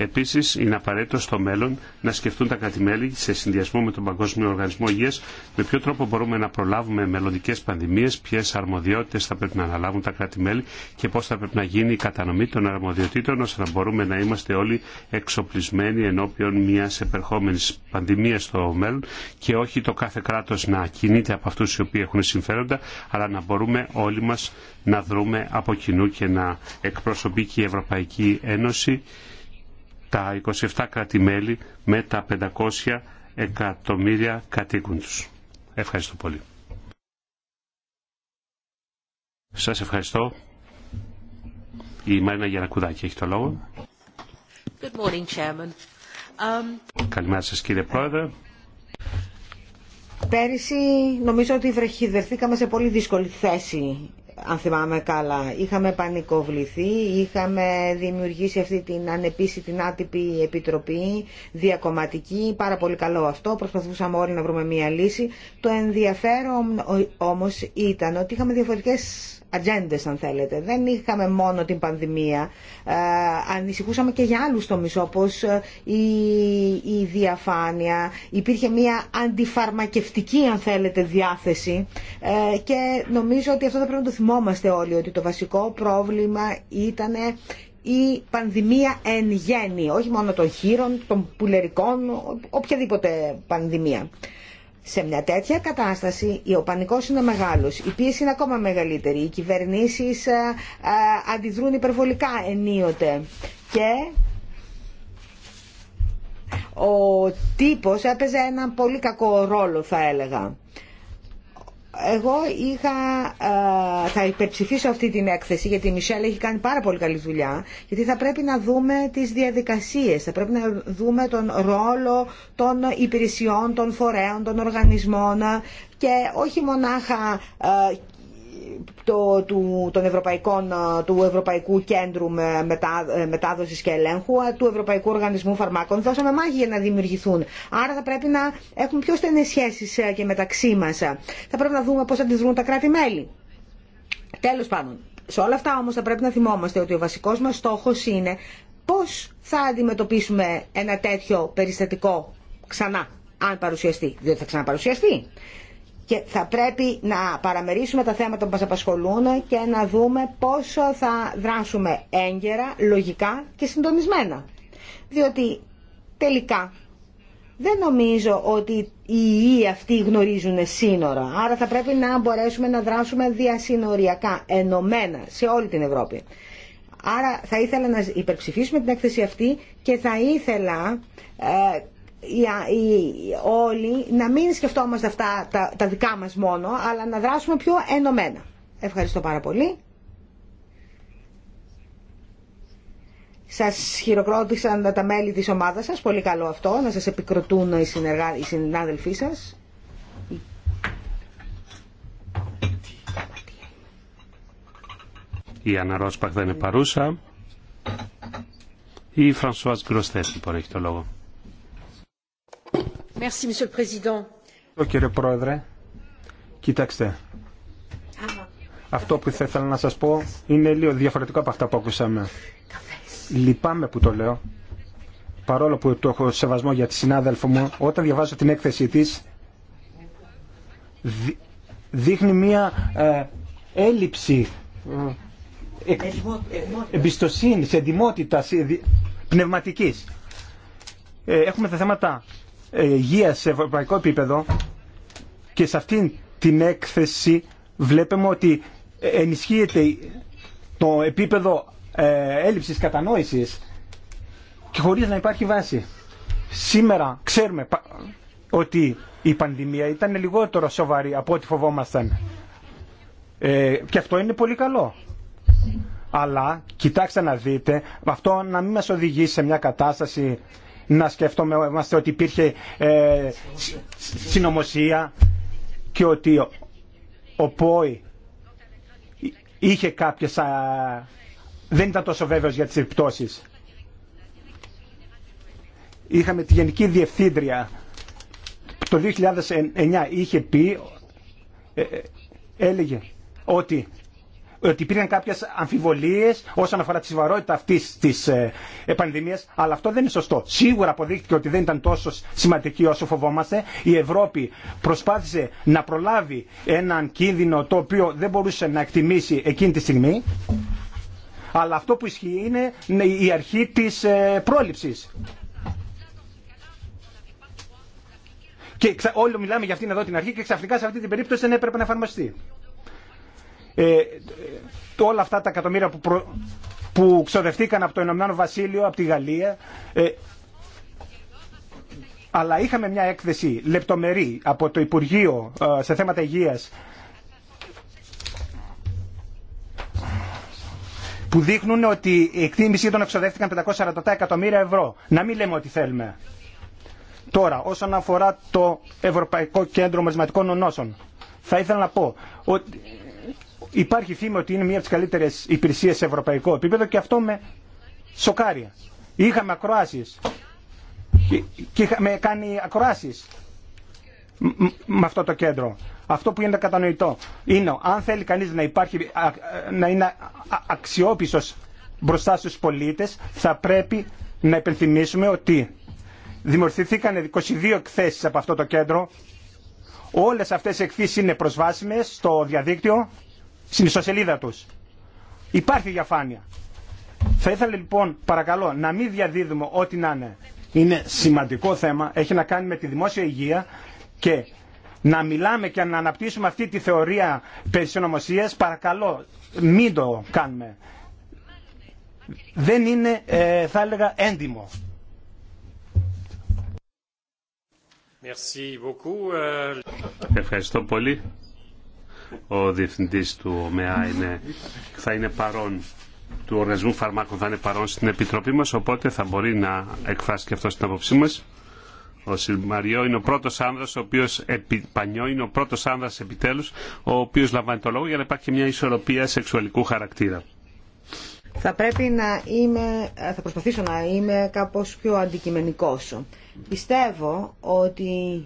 Επίση, είναι απαραίτητο στο μέλλον να σκεφτούν τα κρατημέλη σε συνδυασμό με τον Παγκόσμιο Οργανισμό Υγεία, με ποιο τρόπο μπορούμε να προλάβουμε μελλοντικέ πανδημίε, ποιε αρμοδιότητε θα πρέπει να αναλάβουν τα κρατημέλη και πώ θα πρέπει να γίνει η κατανομή των αρμοδιοτήτων ώστε να μπορούμε να είμαστε όλοι εξοπλισμένοι ενώπιον μια επερχόμενη πανδημία στο μέλλον και όχι το κάθε κράτο να κινείται από αυτού οι οποίοι έχουν συμφέροντα αλλά να μπορούμε όλοι μα να δρούμε από κοινού και να εκπροσωπεί και η Ευρωπαϊκή Ένωση τα 27 κράτη-μέλη με τα 500 εκατομμύρια κατοίκων τους. Ευχαριστώ πολύ. Σας ευχαριστώ. Η Μαρίνα Γιανακουδάκη έχει το λόγο. Good morning, Chairman. Um, Καλημέρα σας κύριε Πρόεδρε. Πέρυσι νομίζω ότι βρεχιδερθήκαμε σε πολύ δύσκολη θέση αν θυμάμαι καλά. Είχαμε πανικοβληθεί, είχαμε δημιουργήσει αυτή την ανεπίση, την άτυπη επιτροπή, διακομματική, πάρα πολύ καλό αυτό, προσπαθούσαμε όλοι να βρούμε μία λύση. Το ενδιαφέρον όμως ήταν ότι είχαμε διαφορετικές ατζέντε, αν θέλετε. Δεν είχαμε μόνο την πανδημία. Ε, ανησυχούσαμε και για άλλους τομείς, όπως ε, η, η διαφάνεια. Υπήρχε μια αντιφαρμακευτική, αν θέλετε, διάθεση. Ε, και νομίζω ότι αυτό θα πρέπει να το θυμόμαστε όλοι, ότι το βασικό πρόβλημα ήταν η πανδημία εν γέννη, όχι μόνο των χείρων, των πουλερικών, οποιαδήποτε πανδημία. Σε μια τέτοια κατάσταση ο πανικός είναι μεγάλος, η πίεση είναι ακόμα μεγαλύτερη, οι κυβερνήσεις ε, ε, αντιδρούν υπερβολικά ενίοτε και ο τύπος έπαιζε ένα πολύ κακό ρόλο θα έλεγα. Εγώ είχα, ε, θα υπερψηφίσω αυτή την έκθεση γιατί η Μισελ έχει κάνει πάρα πολύ καλή δουλειά γιατί θα πρέπει να δούμε τις διαδικασίες, θα πρέπει να δούμε τον ρόλο των υπηρεσιών, των φορέων, των οργανισμών ε, και όχι μονάχα ε, του, των του Ευρωπαϊκού Κέντρου Μετά, ε, Μετάδοσης και Ελέγχου, του Ευρωπαϊκού Οργανισμού Φαρμάκων. Δώσαμε μάχη για να δημιουργηθούν. Άρα θα πρέπει να έχουν πιο στενέ σχέσεις ε, και μεταξύ μα. Θα πρέπει να δούμε πώς αντιδρούν τα κράτη-μέλη. Τέλο πάντων, σε όλα αυτά όμω θα πρέπει να θυμόμαστε ότι ο βασικό μα στόχο είναι πώ θα αντιμετωπίσουμε ένα τέτοιο περιστατικό ξανά, αν παρουσιαστεί. Διότι θα ξαναπαρουσιαστεί και θα πρέπει να παραμερίσουμε τα θέματα που μας απασχολούν και να δούμε πόσο θα δράσουμε έγκαιρα, λογικά και συντονισμένα. Διότι τελικά δεν νομίζω ότι οι ιοί αυτοί γνωρίζουν σύνορα, άρα θα πρέπει να μπορέσουμε να δράσουμε διασυνοριακά, ενωμένα, σε όλη την Ευρώπη. Άρα θα ήθελα να υπερψηφίσουμε την έκθεση αυτή και θα ήθελα ε, όλοι να μην σκεφτόμαστε αυτά τα, τα δικά μας μόνο, αλλά να δράσουμε πιο ενωμένα. Ευχαριστώ πάρα πολύ. Σας χειροκρότησαν τα μέλη της ομάδας σας, πολύ καλό αυτό, να σας επικροτούν οι, συνεργά... οι συνάδελφοί σας. Η Άννα Ρόσπαχ δεν είναι παρούσα. Η Φρανσουάς Γκροστές λοιπόν έχει το λόγο. Κύριε Πρόεδρε, κοιτάξτε. Αυτό που θα ήθελα να σας πω είναι λίγο διαφορετικό από αυτά που ακούσαμε. Λυπάμαι που το λέω. Παρόλο που το έχω σεβασμό για τη συνάδελφο μου, όταν διαβάζω την έκθεσή της, δείχνει μία ε, έλλειψη ε, εμπιστοσύνης, πνευματική. πνευματικής. Ε, έχουμε τα θέματα ε, υγεία σε ευρωπαϊκό επίπεδο και σε αυτήν την έκθεση βλέπουμε ότι ε, ενισχύεται το επίπεδο ε, έλλειψης κατανόησης και χωρίς να υπάρχει βάση. Σήμερα ξέρουμε ότι η πανδημία ήταν λιγότερο σοβαρή από ό,τι φοβόμασταν. Ε, και αυτό είναι πολύ καλό. Αλλά κοιτάξτε να δείτε, αυτό να μην μας οδηγεί σε μια κατάσταση να σκεφτόμαστε ότι υπήρχε ε, και ότι ο, ΠΟΗ είχε κάποιες... δεν ήταν τόσο βέβαιος για τις επιπτώσεις. Είχαμε τη Γενική Διευθύντρια το 2009 είχε πει, ε, ε, έλεγε ότι ότι υπήρχαν κάποιε αμφιβολίε όσον αφορά τη σοβαρότητα αυτή τη ε, πανδημία, αλλά αυτό δεν είναι σωστό. Σίγουρα αποδείχτηκε ότι δεν ήταν τόσο σημαντική όσο φοβόμαστε. Η Ευρώπη προσπάθησε να προλάβει έναν κίνδυνο το οποίο δεν μπορούσε να εκτιμήσει εκείνη τη στιγμή. Αλλά αυτό που ισχύει είναι η αρχή της ε, πρόληψης. Και όλοι μιλάμε για αυτήν εδώ την αρχή και ξαφνικά σε αυτή την περίπτωση δεν έπρεπε να εφαρμοστεί. Ε, όλα αυτά τα εκατομμύρια που, που ξοδευτήκαν από το Ηνωμένο Βασίλειο, από τη Γαλλία. Ε, αλλά είχαμε μια έκθεση λεπτομερή από το Υπουργείο ε, σε θέματα υγείας που δείχνουν ότι η εκτίμηση των εξοδεύτηκαν 547 εκατομμύρια ευρώ. Να μην λέμε ότι θέλουμε. Τώρα, όσον αφορά το Ευρωπαϊκό Κέντρο Μεσματικών Ονόσων, θα ήθελα να πω ότι υπάρχει φήμη ότι είναι μία από τι καλύτερε υπηρεσίε σε ευρωπαϊκό επίπεδο και αυτό με σοκάρει. Είχαμε ακροάσει και είχαμε κάνει ακροασει με αυτό το κέντρο. Αυτό που είναι κατανοητό είναι αν θέλει κανεί να, να είναι αξιόπιστο μπροστά στου πολίτε, θα πρέπει να υπενθυμίσουμε ότι δημορφηθήκαν 22 εκθέσει από αυτό το κέντρο. Όλες αυτές οι εκθέσεις είναι προσβάσιμες στο διαδίκτυο στην ιστοσελίδα τους. Υπάρχει διαφάνεια. Θα ήθελα λοιπόν παρακαλώ να μην διαδίδουμε ό,τι να είναι. Είναι σημαντικό θέμα, έχει να κάνει με τη δημόσια υγεία και να μιλάμε και να αναπτύσσουμε αυτή τη θεωρία περί παρακαλώ μην το κάνουμε. Δεν είναι, ε, θα έλεγα, έντιμο. Euh, Ευχαριστώ πολύ ο διευθυντής του ΟΜΕΑ είναι, θα είναι παρόν του Οργανισμού Φαρμάκων θα είναι παρόν στην Επιτροπή μας, οπότε θα μπορεί να εκφράσει και αυτό στην άποψή μας. Ο Σιλμαριό είναι ο πρώτος άνδρας, ο οποίος Πανιό είναι ο πρώτος άνδρας επιτέλους, ο οποίος λαμβάνει το λόγο για να υπάρχει μια ισορροπία σεξουαλικού χαρακτήρα. Θα πρέπει να θα προσπαθήσω να είμαι κάπως πιο αντικειμενικός. Πιστεύω ότι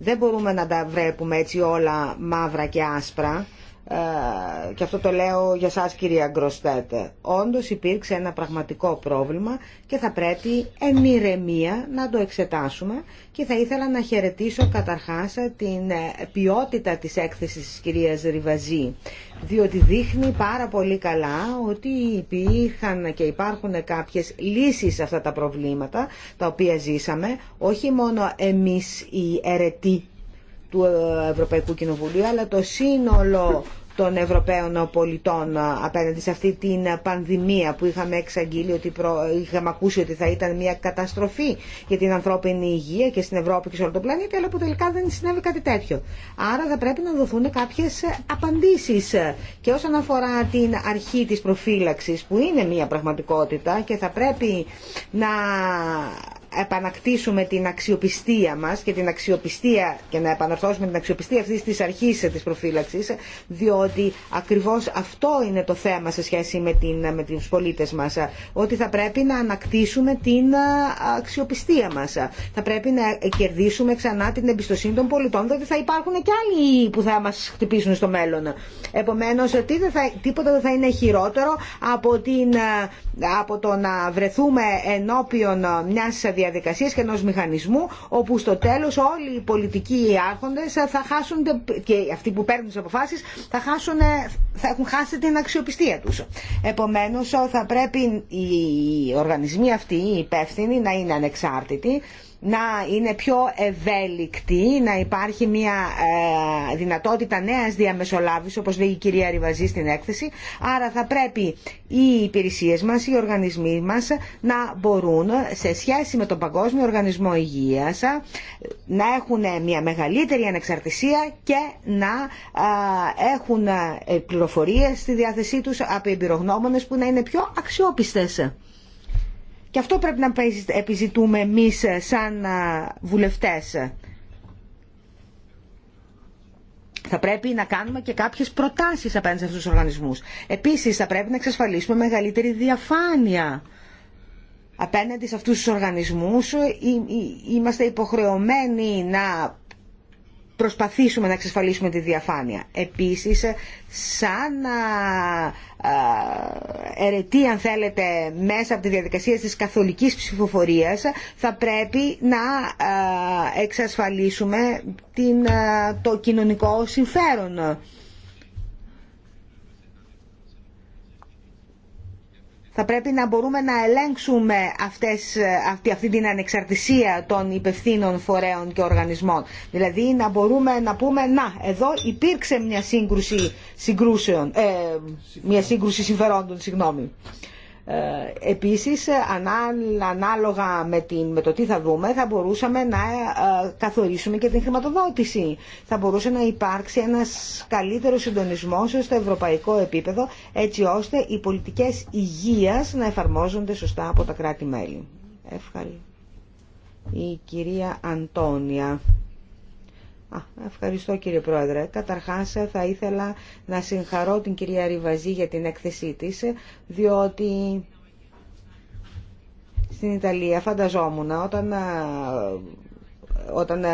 δεν μπορούμε να τα βλέπουμε έτσι όλα μαύρα και άσπρα. Ε, και αυτό το λέω για σας κυρία Γκροστέτε. όντως υπήρξε ένα πραγματικό πρόβλημα και θα πρέπει εν ηρεμία να το εξετάσουμε και θα ήθελα να χαιρετήσω καταρχάς την ε, ποιότητα της έκθεσης της κυρίας Ριβαζή διότι δείχνει πάρα πολύ καλά ότι υπήρχαν και υπάρχουν κάποιες λύσεις σε αυτά τα προβλήματα τα οποία ζήσαμε όχι μόνο εμείς οι αιρετοί του ε, Ευρωπαϊκού Κοινοβουλίου αλλά το σύνολο των Ευρωπαίων πολιτών απέναντι σε αυτή την πανδημία που είχαμε εξαγγείλει, ότι είχαμε ακούσει ότι θα ήταν μια καταστροφή για την ανθρώπινη υγεία και στην Ευρώπη και σε όλο τον πλανήτη, αλλά που τελικά δεν συνέβη κάτι τέτοιο. Άρα θα πρέπει να δοθούν κάποιες απαντήσεις και όσον αφορά την αρχή της προφύλαξη, που είναι μια πραγματικότητα και θα πρέπει να επανακτήσουμε την αξιοπιστία μας και την αξιοπιστία και να επαναρθώσουμε την αξιοπιστία αυτής της αρχής της προφύλαξης διότι ακριβώς αυτό είναι το θέμα σε σχέση με, την, με τους πολίτες μας ότι θα πρέπει να ανακτήσουμε την αξιοπιστία μας θα πρέπει να κερδίσουμε ξανά την εμπιστοσύνη των πολιτών διότι θα υπάρχουν και άλλοι που θα μας χτυπήσουν στο μέλλον επομένως τίποτα δεν θα είναι χειρότερο από, την, από το να βρεθούμε ενώπιον μιας διαδικασίες και ενός μηχανισμού όπου στο τέλος όλοι οι πολιτικοί άρχοντες θα χάσουν και αυτοί που παίρνουν τις αποφάσεις θα, χάσουν, ε, θα έχουν χάσει την αξιοπιστία τους. Επομένως θα πρέπει οι οργανισμοί αυτοί, οι υπεύθυνοι να είναι ανεξάρτητοι να είναι πιο ευέλικτη, να υπάρχει μια ε, δυνατότητα νέας διαμεσολάβησης όπως λέει η κυρία Ριβαζή στην έκθεση. Άρα θα πρέπει οι υπηρεσίες μας, οι οργανισμοί μας να μπορούν σε σχέση με τον Παγκόσμιο Οργανισμό Υγείας να έχουν μια μεγαλύτερη ανεξαρτησία και να ε, έχουν ε, πληροφορίες στη διάθεσή τους από εμπειρογνώμονες που να είναι πιο αξιόπιστες. Και αυτό πρέπει να επιζητούμε εμείς ε, σαν ε, βουλευτές. Θα πρέπει να κάνουμε και κάποιες προτάσεις απέναντι σε αυτούς τους οργανισμούς. Επίσης θα πρέπει να εξασφαλίσουμε μεγαλύτερη διαφάνεια απέναντι σε αυτούς τους οργανισμούς ε, είμαστε υποχρεωμένοι να προσπαθήσουμε να εξασφαλίσουμε τη διαφάνεια. Επίσης, σαν ερετή, αν θέλετε, μέσα από τη διαδικασία της καθολικής ψηφοφορίας, θα πρέπει να εξασφαλίσουμε την, το κοινωνικό συμφέρον θα πρέπει να μπορούμε να ελέγξουμε αυτές, αυτή, αυτή την ανεξαρτησία των υπευθύνων φορέων και οργανισμών. Δηλαδή να μπορούμε να πούμε να εδώ υπήρξε μια σύγκρουση, ε, μια σύγκρουση συμφερόντων. Συγγνώμη. Ε, επίσης, ανάλογα με, την, το τι θα δούμε, θα μπορούσαμε να ε, καθορίσουμε και την χρηματοδότηση. Θα μπορούσε να υπάρξει ένας καλύτερος συντονισμός στο ευρωπαϊκό επίπεδο, έτσι ώστε οι πολιτικές υγείας να εφαρμόζονται σωστά από τα κράτη-μέλη. Ευχαριστώ. Η κυρία Αντώνια. Α, ευχαριστώ κύριε Πρόεδρε. Καταρχάς θα ήθελα να συγχαρώ την κυρία Ριβαζή για την έκθεσή της, διότι στην Ιταλία φανταζόμουν όταν,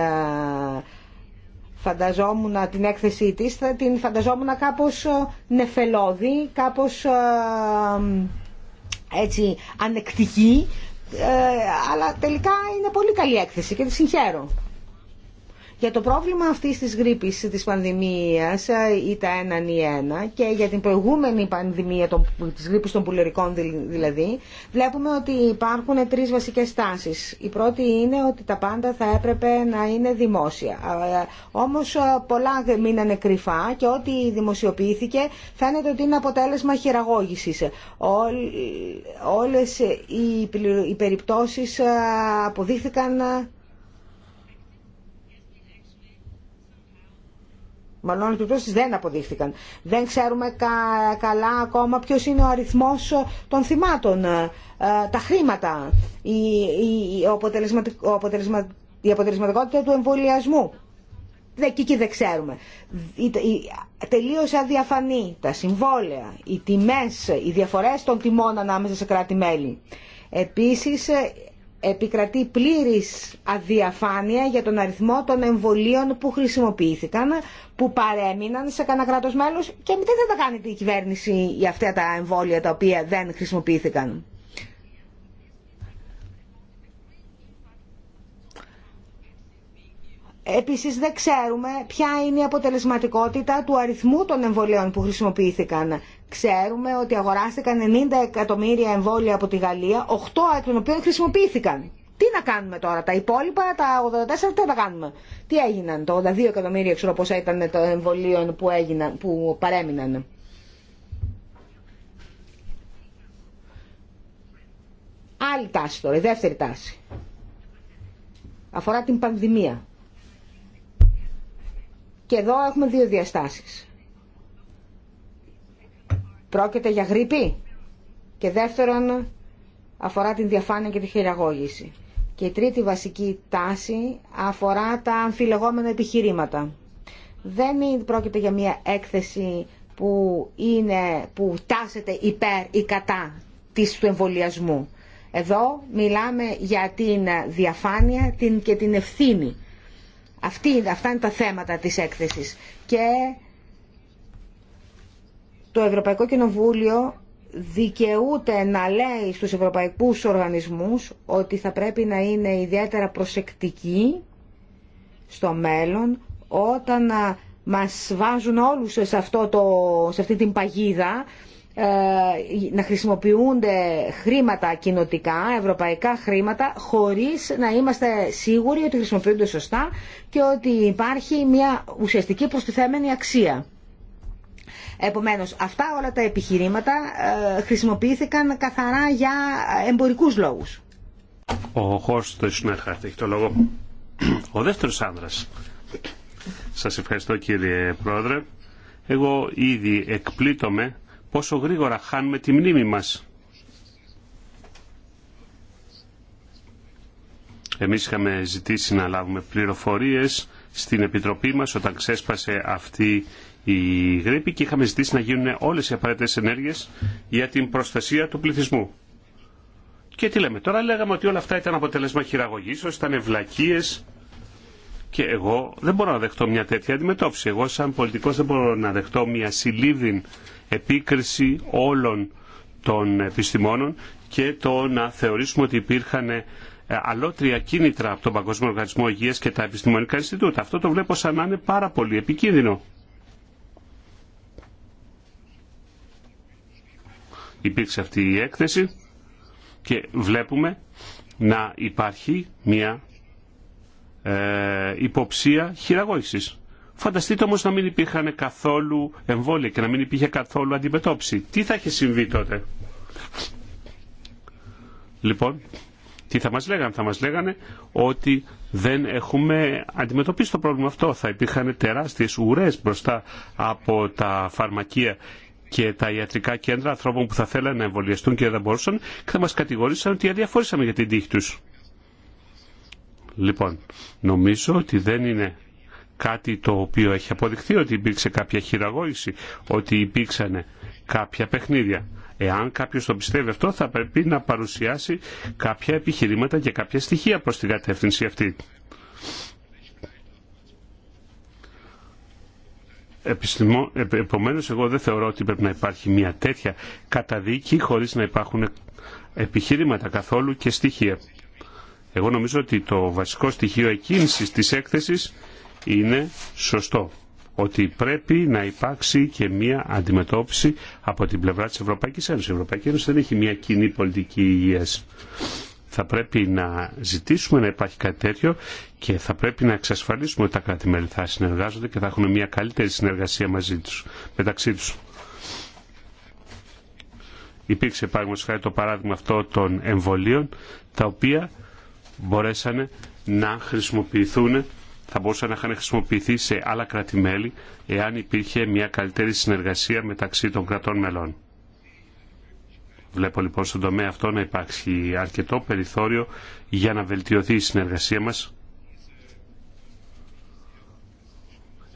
φανταζόμουν την έκθεσή της, θα την φανταζόμουν κάπως νεφελώδη, κάπως έτσι ανεκτική, ε, αλλά τελικά είναι πολύ καλή έκθεση και τη συγχαίρω. Για το πρόβλημα αυτής της γρήπη, της πανδημίας ε, ή τα έναν ή ένα και για την προηγούμενη πανδημία της γρήπη των πουλερικών δηλαδή βλέπουμε ότι υπάρχουν τρεις βασικές τάσει. Η πρώτη είναι ότι τα πάντα θα έπρεπε να είναι δημόσια. Ε, όμως ε, πολλά μείνανε κρυφά και ό,τι δημοσιοποιήθηκε φαίνεται ότι είναι αποτέλεσμα χειραγώγηση. Όλες οι περιπτώσει αποδείχθηκαν μάλλον οι επιπτώσει δεν αποδείχθηκαν. Δεν ξέρουμε καλά ακόμα ποιο είναι ο αριθμό των θυμάτων, ε, τα χρήματα, η, η, αποτελεσματικ... αποτελεσμα... αποτελεσματικότητα του εμβολιασμού. Εκεί δεν ξέρουμε. Τελείως αδιαφανή τα συμβόλαια, οι τιμές, οι διαφορές των τιμών ανάμεσα σε κράτη-μέλη. Επίσης επικρατεί πλήρης αδιαφάνεια για τον αριθμό των εμβολίων που χρησιμοποιήθηκαν, που παρέμειναν σε κανένα κράτο μέλο και μην δεν τα κάνει η κυβέρνηση για αυτά τα εμβόλια τα οποία δεν χρησιμοποιήθηκαν. Επίσης δεν ξέρουμε ποια είναι η αποτελεσματικότητα του αριθμού των εμβολίων που χρησιμοποιήθηκαν. Ξέρουμε ότι αγοράστηκαν 90 εκατομμύρια εμβόλια από τη Γαλλία, 8 εκ των οποίων χρησιμοποιήθηκαν. Τι να κάνουμε τώρα, τα υπόλοιπα, τα 84, τι να τα κάνουμε. Τι έγιναν, το 82 εκατομμύρια ξέρω πόσα ήταν το εμβολίο που, έγιναν, που παρέμειναν. Άλλη τάση τώρα, η δεύτερη τάση. Αφορά την πανδημία. Και εδώ έχουμε δύο διαστάσεις πρόκειται για γρήπη και δεύτερον αφορά την διαφάνεια και τη χειραγώγηση. Και η τρίτη βασική τάση αφορά τα αμφιλεγόμενα επιχειρήματα. Δεν πρόκειται για μια έκθεση που, είναι, που τάσεται υπέρ ή κατά της του εμβολιασμού. Εδώ μιλάμε για την διαφάνεια την, και την ευθύνη. Αυτή, αυτά είναι τα θέματα της έκθεσης. Και το Ευρωπαϊκό Κοινοβούλιο δικαιούται να λέει στους ευρωπαϊκούς οργανισμούς ότι θα πρέπει να είναι ιδιαίτερα προσεκτικοί στο μέλλον όταν μας βάζουν όλους σε, αυτό το, σε αυτή την παγίδα ε, να χρησιμοποιούνται χρήματα κοινοτικά, ευρωπαϊκά χρήματα, χωρίς να είμαστε σίγουροι ότι χρησιμοποιούνται σωστά και ότι υπάρχει μια ουσιαστική προστιθέμενη αξία. Επομένως, αυτά όλα τα επιχειρήματα ε, χρησιμοποιήθηκαν καθαρά για εμπορικούς λόγους. Ο Χόρς του έχει το λόγο. Ο δεύτερος άνδρας. Σας ευχαριστώ κύριε Πρόεδρε. Εγώ ήδη εκπλήτωμαι πόσο γρήγορα χάνουμε τη μνήμη μας. Εμείς είχαμε ζητήσει να λάβουμε πληροφορίες στην Επιτροπή μας όταν ξέσπασε αυτή η γρήπη και είχαμε ζητήσει να γίνουν όλες οι απαραίτητες ενέργειες για την προστασία του πληθυσμού. Και τι λέμε, τώρα λέγαμε ότι όλα αυτά ήταν αποτέλεσμα όσο ήταν ευλακίες και εγώ δεν μπορώ να δεχτώ μια τέτοια αντιμετώπιση. Εγώ σαν πολιτικός δεν μπορώ να δεχτώ μια συλλήβδην επίκριση όλων των επιστημόνων και το να θεωρήσουμε ότι υπήρχαν ε, αλότρια κίνητρα από τον Παγκόσμιο Οργανισμό Υγείας και τα επιστημονικά Ινστιτούτα. Αυτό το βλέπω σαν να είναι πάρα πολύ επικίνδυνο. υπήρξε αυτή η έκθεση και βλέπουμε να υπάρχει μια ε, υποψία χειραγώγησης. Φανταστείτε όμως να μην υπήρχαν καθόλου εμβόλια και να μην υπήρχε καθόλου αντιμετώπιση. Τι θα είχε συμβεί τότε. Λοιπόν, τι θα μας λέγανε. Θα μας λέγανε ότι δεν έχουμε αντιμετωπίσει το πρόβλημα αυτό. Θα υπήρχαν τεράστιες ουρές μπροστά από τα φαρμακεία και τα ιατρικά κέντρα ανθρώπων που θα θέλανε να εμβολιαστούν και δεν μπορούσαν και θα μας κατηγορήσαν ότι αδιαφόρησαμε για την τύχη τους. Λοιπόν, νομίζω ότι δεν είναι κάτι το οποίο έχει αποδειχθεί ότι υπήρξε κάποια χειραγώγηση, ότι υπήρξαν κάποια παιχνίδια. Εάν κάποιο το πιστεύει αυτό, θα πρέπει να παρουσιάσει κάποια επιχειρήματα και κάποια στοιχεία προ την κατεύθυνση αυτή. Επιστημό... Επομένως, εγώ δεν θεωρώ ότι πρέπει να υπάρχει μια τέτοια καταδίκη χωρίς να υπάρχουν επιχειρήματα καθόλου και στοιχεία. Εγώ νομίζω ότι το βασικό στοιχείο εκκίνησης της έκθεσης είναι σωστό. Ότι πρέπει να υπάρξει και μια αντιμετώπιση από την πλευρά της Ευρωπαϊκής Ένωσης. Η Ευρωπαϊκή Ένωση δεν έχει μια κοινή πολιτική υγεία. Θα πρέπει να ζητήσουμε να υπάρχει κάτι τέτοιο και θα πρέπει να εξασφαλίσουμε ότι τα κράτη-μέλη θα συνεργάζονται και θα έχουν μια καλύτερη συνεργασία μαζί τους, μεταξύ τους. Υπήρξε παραδείγματος χάρη το παράδειγμα αυτό των εμβολίων, τα οποία μπορέσανε να χρησιμοποιηθούν θα μπορούσαν να είχαν χρησιμοποιηθεί σε άλλα κράτη-μέλη εάν υπήρχε μια καλύτερη συνεργασία μεταξύ των κρατών μελών. Βλέπω λοιπόν στον τομέα αυτό να υπάρξει αρκετό περιθώριο για να βελτιωθεί η συνεργασία μας.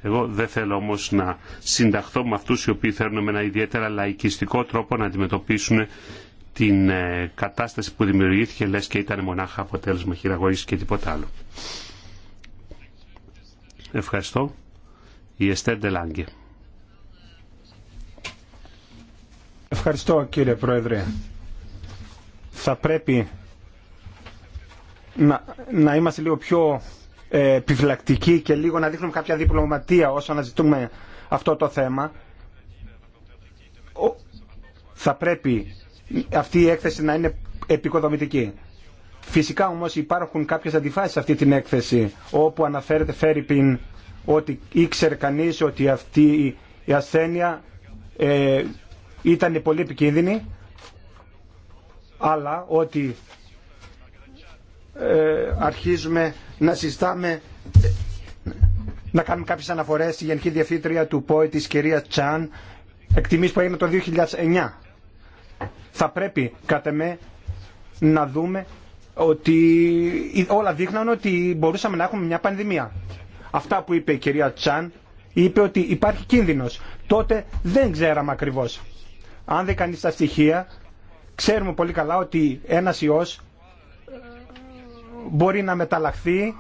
Εγώ δεν θέλω όμως να συνταχθώ με αυτούς οι οποίοι θέλουν με ένα ιδιαίτερα λαϊκιστικό τρόπο να αντιμετωπίσουν την ε, κατάσταση που δημιουργήθηκε λες και ήταν μονάχα αποτέλεσμα χειραγωγής και τίποτα άλλο. Ευχαριστώ. Η Εστέντε Λάγκε. Ευχαριστώ κύριε Πρόεδρε. Θα πρέπει να, είμαστε λίγο πιο ε, επιβλακτικοί και λίγο να δείχνουμε κάποια διπλωματία όσο αναζητούμε αυτό το θέμα. Ο, θα πρέπει αυτή η έκθεση να είναι επικοδομητική. Φυσικά όμως υπάρχουν κάποιες αντιφάσεις σε αυτή την έκθεση όπου αναφέρεται Φέρυπιν ότι ήξερε κανείς ότι αυτή η ασθένεια ε, ήταν πολύ επικίνδυνη, αλλά ότι ε, αρχίζουμε να συζητάμε να κάνουμε κάποιες αναφορές στη Γενική Διευθύντρια του ΠΟΕ της κυρία Τσάν εκτιμής που έγινε το 2009. Θα πρέπει κατά με να δούμε ότι όλα δείχναν ότι μπορούσαμε να έχουμε μια πανδημία. Αυτά που είπε η κυρία Τσάν είπε ότι υπάρχει κίνδυνος. Τότε δεν ξέραμε ακριβώς. Αν δεν κάνει τα στοιχεία, ξέρουμε πολύ καλά ότι ένας ιός ε, μπορεί να μεταλλαχθεί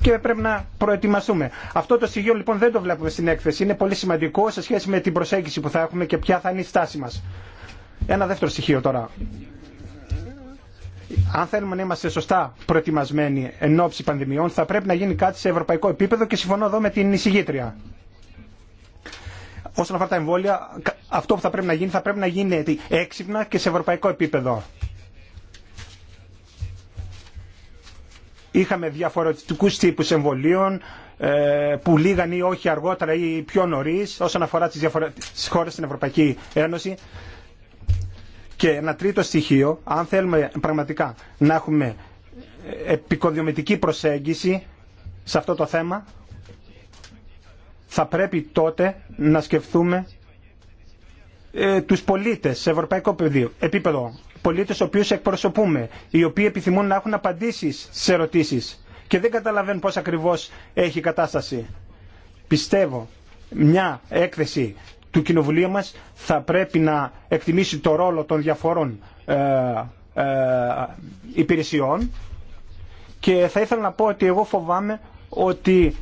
και πρέπει να προετοιμαστούμε. Αυτό το στοιχείο λοιπόν δεν το βλέπουμε στην έκθεση. Είναι πολύ σημαντικό σε σχέση με την προσέγγιση που θα έχουμε και ποια θα είναι η στάση μας. Ένα δεύτερο στοιχείο τώρα. Αν θέλουμε να είμαστε σωστά προετοιμασμένοι εν ώψη πανδημιών, θα πρέπει να γίνει κάτι σε ευρωπαϊκό επίπεδο και συμφωνώ εδώ με την εισηγήτρια όσον αφορά τα εμβόλια, αυτό που θα πρέπει να γίνει θα πρέπει να γίνει έξυπνα και σε ευρωπαϊκό επίπεδο. Είχαμε διαφορετικούς τύπους εμβολίων ε, που λίγαν ή όχι αργότερα ή πιο νωρίς όσον αφορά τι διαφορε... χώρες στην Ευρωπαϊκή Ένωση. Και ένα τρίτο στοιχείο, αν θέλουμε πραγματικά να έχουμε ε, επικοδιομητική προσέγγιση σε αυτό το θέμα, θα πρέπει τότε να σκεφτούμε ε, τους πολίτες σε ευρωπαϊκό πεδίο, επίπεδο. Πολίτες οποίους εκπροσωπούμε, οι οποίοι επιθυμούν να έχουν απαντήσεις σε ερωτήσεις και δεν καταλαβαίνουν πώς ακριβώς έχει η κατάσταση. Πιστεύω μια έκθεση του Κοινοβουλίου μας θα πρέπει να εκτιμήσει το ρόλο των διαφορών ε, ε, υπηρεσιών και θα ήθελα να πω ότι εγώ φοβάμαι ότι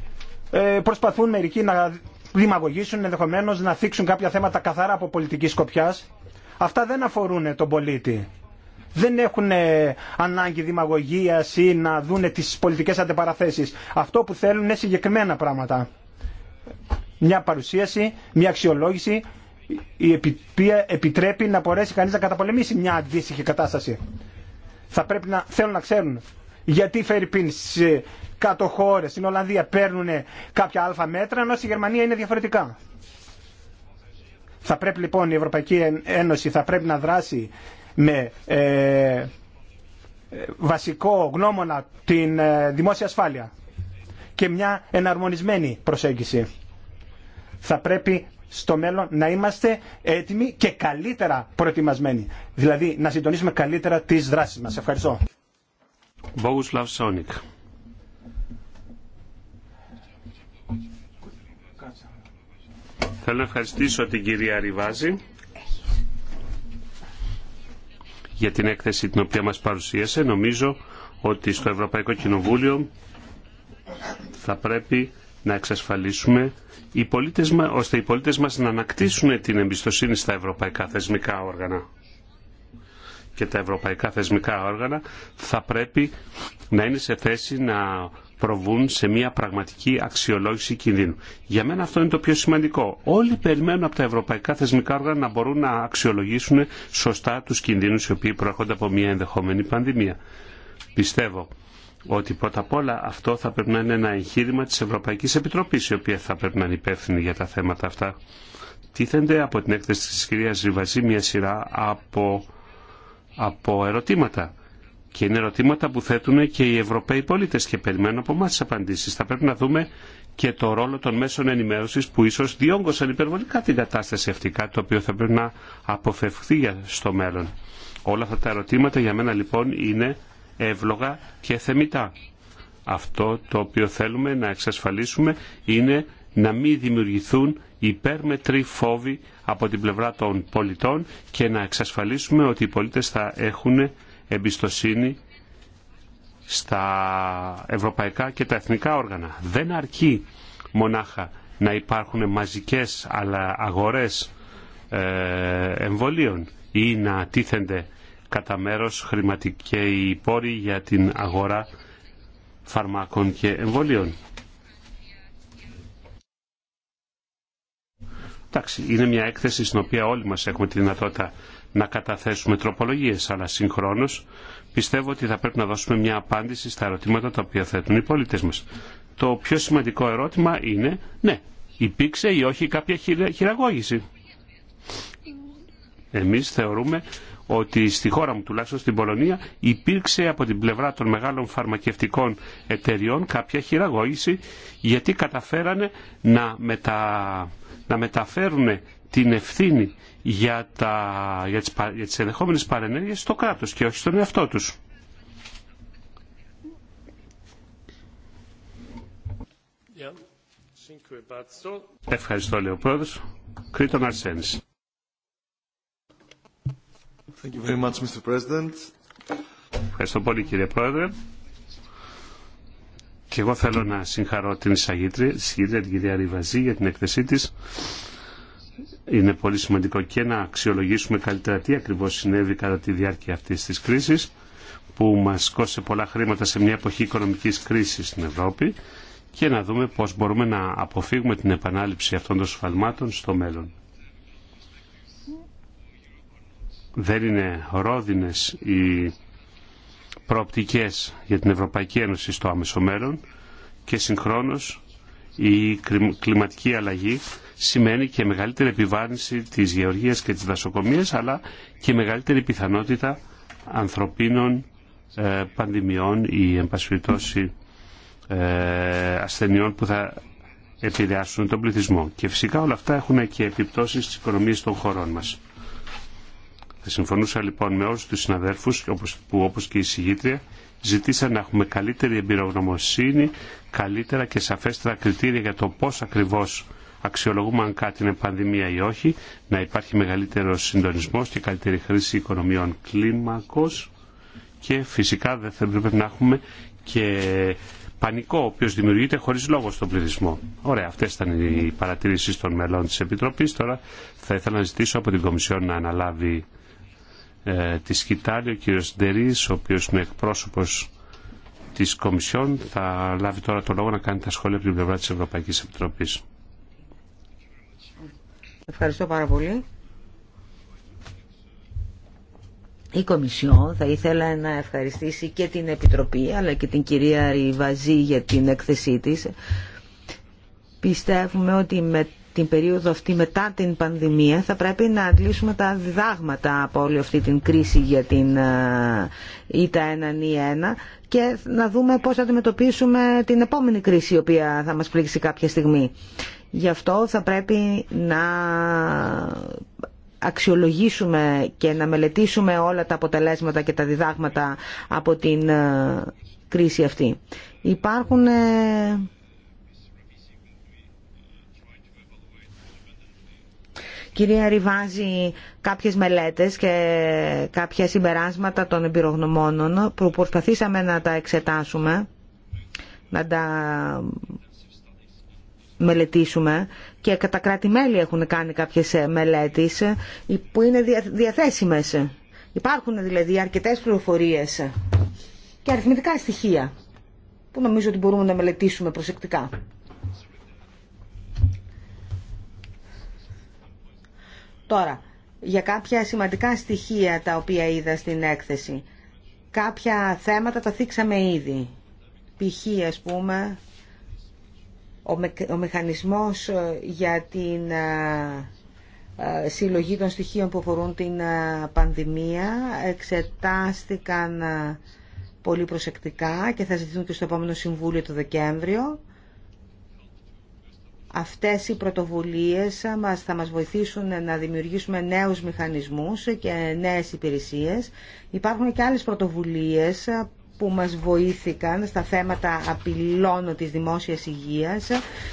ε, προσπαθούν μερικοί να δημαγωγήσουν, ενδεχομένως να θίξουν κάποια θέματα καθαρά από πολιτική σκοπιά. Αυτά δεν αφορούν τον πολίτη. Δεν έχουν ε, ανάγκη δημαγωγίας ή να δούνε τις πολιτικές αντεπαραθέσεις. Αυτό που θέλουν είναι συγκεκριμένα πράγματα. Μια παρουσίαση, μια αξιολόγηση, η οποία επιτρέπει να μπορέσει κανείς να καταπολεμήσει μια αντίστοιχη κατάσταση. Θα πρέπει να θέλουν να ξέρουν γιατί Φερρυπίν σε κάτω χώρε, στην Ολλανδία παίρνουν κάποια αλφα μέτρα, ενώ στη Γερμανία είναι διαφορετικά. Θα πρέπει λοιπόν η Ευρωπαϊκή Ένωση θα πρέπει να δράσει με ε, ε, βασικό γνώμονα την ε, δημόσια ασφάλεια και μια εναρμονισμένη προσέγγιση. Θα πρέπει στο μέλλον να είμαστε έτοιμοι και καλύτερα προετοιμασμένοι. Δηλαδή να συντονίσουμε καλύτερα τις δράσεις μας. Ευχαριστώ. Σόνικ. Θέλω να ευχαριστήσω την κυρία Ριβάζη για την έκθεση την οποία μας παρουσίασε. Νομίζω ότι στο Ευρωπαϊκό Κοινοβούλιο θα πρέπει να εξασφαλίσουμε ώστε οι πολίτες μας να ανακτήσουν την εμπιστοσύνη στα ευρωπαϊκά θεσμικά όργανα και τα ευρωπαϊκά θεσμικά όργανα θα πρέπει να είναι σε θέση να προβούν σε μια πραγματική αξιολόγηση κινδύνου. Για μένα αυτό είναι το πιο σημαντικό. Όλοι περιμένουν από τα ευρωπαϊκά θεσμικά όργανα να μπορούν να αξιολογήσουν σωστά τους κινδύνους οι οποίοι προέρχονται από μια ενδεχόμενη πανδημία. Πιστεύω ότι πρώτα απ' όλα αυτό θα πρέπει να είναι ένα εγχείρημα της Ευρωπαϊκής Επιτροπής η οποία θα πρέπει να είναι υπεύθυνη για τα θέματα αυτά. Τίθενται από την έκθεση της κυρίας Ριβαζή μια σειρά από από ερωτήματα. Και είναι ερωτήματα που θέτουν και οι Ευρωπαίοι πολίτε και περιμένουν από εμά τι απαντήσει. Θα πρέπει να δούμε και το ρόλο των μέσων ενημέρωση που ίσω διόγκωσαν υπερβολικά την κατάσταση αυτή, κάτι το οποίο θα πρέπει να αποφευχθεί στο μέλλον. Όλα αυτά τα ερωτήματα για μένα λοιπόν είναι εύλογα και θεμητά. Αυτό το οποίο θέλουμε να εξασφαλίσουμε είναι να μην δημιουργηθούν υπέρμετροι φόβοι από την πλευρά των πολιτών και να εξασφαλίσουμε ότι οι πολίτες θα έχουν εμπιστοσύνη στα ευρωπαϊκά και τα εθνικά όργανα. Δεν αρκεί μονάχα να υπάρχουν μαζικές αλλά αγορές ε, εμβολίων ή να τίθενται κατά μέρος χρηματικοί πόροι για την αγορά φαρμάκων και εμβολίων. Εντάξει, είναι μια έκθεση στην οποία όλοι μας έχουμε τη δυνατότητα να καταθέσουμε τροπολογίες, αλλά συγχρόνως πιστεύω ότι θα πρέπει να δώσουμε μια απάντηση στα ερωτήματα τα οποία θέτουν οι πολίτες μας. Το πιο σημαντικό ερώτημα είναι, ναι, υπήρξε ή όχι κάποια χειραγώγηση. Εμείς θεωρούμε ότι στη χώρα μου, τουλάχιστον στην Πολωνία, υπήρξε από την πλευρά των μεγάλων φαρμακευτικών εταιριών κάποια χειραγώγηση γιατί καταφέρανε να τα να μεταφέρουν την ευθύνη για, τα, για, τις, για παρενέργειες στο κράτος και όχι στον εαυτό τους. Ευχαριστώ, λέει ο πρόεδρος. Κρήτον Αρσένης. Ευχαριστώ πολύ, κύριε Πρόεδρε. Και εγώ θέλω να συγχαρώ την εισαγήτρια, την κυρία Ριβαζή, για την έκθεσή της. Είναι πολύ σημαντικό και να αξιολογήσουμε καλύτερα τι ακριβώς συνέβη κατά τη διάρκεια αυτής της κρίσης, που μας κόσε πολλά χρήματα σε μια εποχή οικονομικής κρίσης στην Ευρώπη και να δούμε πώς μπορούμε να αποφύγουμε την επανάληψη αυτών των σφαλμάτων στο μέλλον. Δεν είναι ρόδινες οι προοπτικές για την Ευρωπαϊκή Ένωση στο άμεσο μέλλον και συγχρόνως η κλιματική αλλαγή σημαίνει και μεγαλύτερη επιβάρυνση της γεωργίας και της δασοκομείας αλλά και μεγαλύτερη πιθανότητα ανθρωπίνων ε, πανδημιών ή εμπασφυρτώσει ε, ασθενειών που θα επηρεάσουν τον πληθυσμό. Και φυσικά όλα αυτά έχουν και επιπτώσεις στις οικονομίες των χωρών μας. Θα συμφωνούσα λοιπόν με όλους τους συναδέρφους που όπως και η συγγήτρια ζητήσαν να έχουμε καλύτερη εμπειρογνωμοσύνη, καλύτερα και σαφέστερα κριτήρια για το πώς ακριβώς αξιολογούμε αν κάτι είναι πανδημία ή όχι, να υπάρχει μεγαλύτερο συντονισμός και καλύτερη χρήση οικονομιών κλίμακος και φυσικά δεν θα πρέπει να έχουμε και πανικό ο οποίο δημιουργείται χωρί λόγο στον πληθυσμό. Ωραία, αυτέ ήταν οι παρατηρήσει των μελών τη Επιτροπή. Τώρα θα ήθελα να ζητήσω από την Κομισιόν να αναλάβει ε, τη Σκητάλη, ο κύριος Ντερίς, ο οποίος είναι εκπρόσωπος της Κομισιόν, θα λάβει τώρα το λόγο να κάνει τα σχόλια από την πλευρά της Ευρωπαϊκής Επιτροπής. Ευχαριστώ πάρα πολύ. Η Κομισιόν θα ήθελα να ευχαριστήσει και την Επιτροπή αλλά και την κυρία Ριβαζή για την έκθεσή της. Πιστεύουμε ότι με την περίοδο αυτή μετά την πανδημία θα πρέπει να αντλήσουμε τα διδάγματα από όλη αυτή την κρίση για την ε, ΙΤΑ 1 ή 1 και να δούμε πώς θα αντιμετωπίσουμε την επόμενη κρίση η οποία θα μας πλήξει κάποια στιγμή. Γι' αυτό θα πρέπει να αξιολογήσουμε και να μελετήσουμε όλα τα αποτελέσματα και τα διδάγματα από την ε, κρίση αυτή. Υπάρχουν ε, Κυρία Ριβάζη, κάποιες μελέτες και κάποια συμπεράσματα των εμπειρογνωμόνων που προσπαθήσαμε να τα εξετάσουμε, να τα μελετήσουμε και κατά κράτη-μέλη έχουν κάνει κάποιες μελέτες που είναι διαθέσιμες. Υπάρχουν δηλαδή αρκετές πληροφορίες και αριθμητικά στοιχεία που νομίζω ότι μπορούμε να μελετήσουμε προσεκτικά. Τώρα, για κάποια σημαντικά στοιχεία τα οποία είδα στην έκθεση. Κάποια θέματα τα θίξαμε ήδη. Π.χ. ας πούμε, ο, με, μηχανισμός ε, για την ε, ε, συλλογή των στοιχείων που αφορούν την πανδημία εξετάστηκαν πολύ προσεκτικά και θα ζητηθούν και στο επόμενο Συμβούλιο το Δεκέμβριο. Αυτές οι πρωτοβουλίες μας θα μας βοηθήσουν να δημιουργήσουμε νέους μηχανισμούς και νέες υπηρεσίες. Υπάρχουν και άλλες πρωτοβουλίες που μας βοήθηκαν στα θέματα απειλών της δημόσιας υγείας.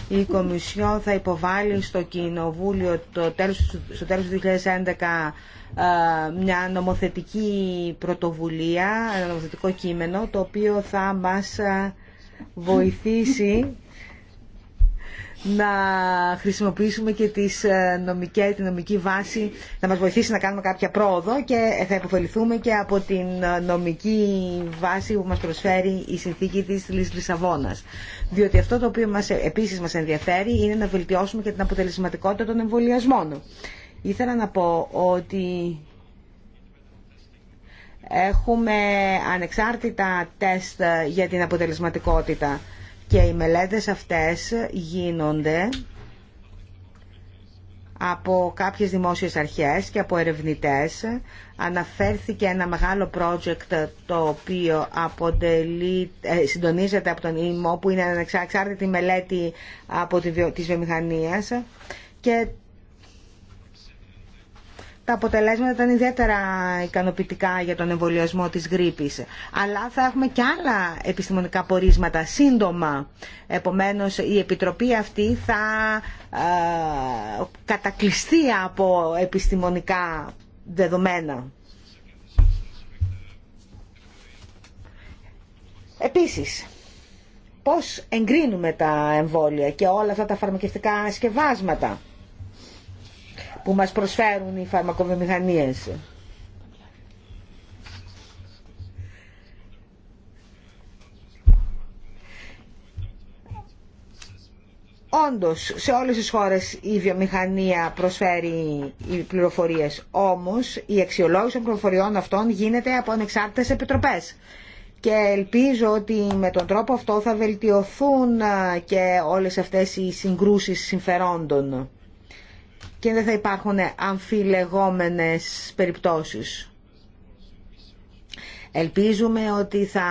Η Κομισιόν θα υποβάλει στο Κοινοβούλιο το τέλος, στο τέλος του 2011 ε, μια νομοθετική πρωτοβουλία, ένα νομοθετικό κείμενο, το οποίο θα μας ε, βοηθήσει να χρησιμοποιήσουμε και τις ε, νομικές, τη νομική βάση να μας βοηθήσει να κάνουμε κάποια πρόοδο και θα υποφεληθούμε και από την ε, νομική βάση που μας προσφέρει η συνθήκη της Λισαβόνας. Διότι αυτό το οποίο μας, ε, επίσης μας ενδιαφέρει είναι να βελτιώσουμε και την αποτελεσματικότητα των εμβολιασμών. Ήθελα να πω ότι έχουμε ανεξάρτητα τεστ για την αποτελεσματικότητα και οι μελέτες αυτές γίνονται από κάποιες δημόσιες αρχές και από ερευνητές. Αναφέρθηκε ένα μεγάλο project το οποίο αποτελεί, ε, συντονίζεται από τον ΙΜΟ που είναι τη μελέτη από τη, της βιομηχανίας και τα αποτελέσματα ήταν ιδιαίτερα ικανοποιητικά για τον εμβολιασμό της γρήπης. Αλλά θα έχουμε και άλλα επιστημονικά πορίσματα σύντομα. Επομένως η Επιτροπή αυτή θα ε, από επιστημονικά δεδομένα. Επίσης, πώς εγκρίνουμε τα εμβόλια και όλα αυτά τα φαρμακευτικά σκευάσματα που μας προσφέρουν οι φαρμακοβιομηχανίες. Όντως, σε όλες τις χώρες η βιομηχανία προσφέρει οι πληροφορίες, όμως η αξιολόγηση των πληροφοριών αυτών γίνεται από ανεξάρτητες επιτροπές. Και ελπίζω ότι με τον τρόπο αυτό θα βελτιωθούν ε, και όλες αυτές οι συγκρούσεις συμφερόντων και δεν θα υπάρχουν αμφιλεγόμενες περιπτώσεις. Ελπίζουμε ότι θα,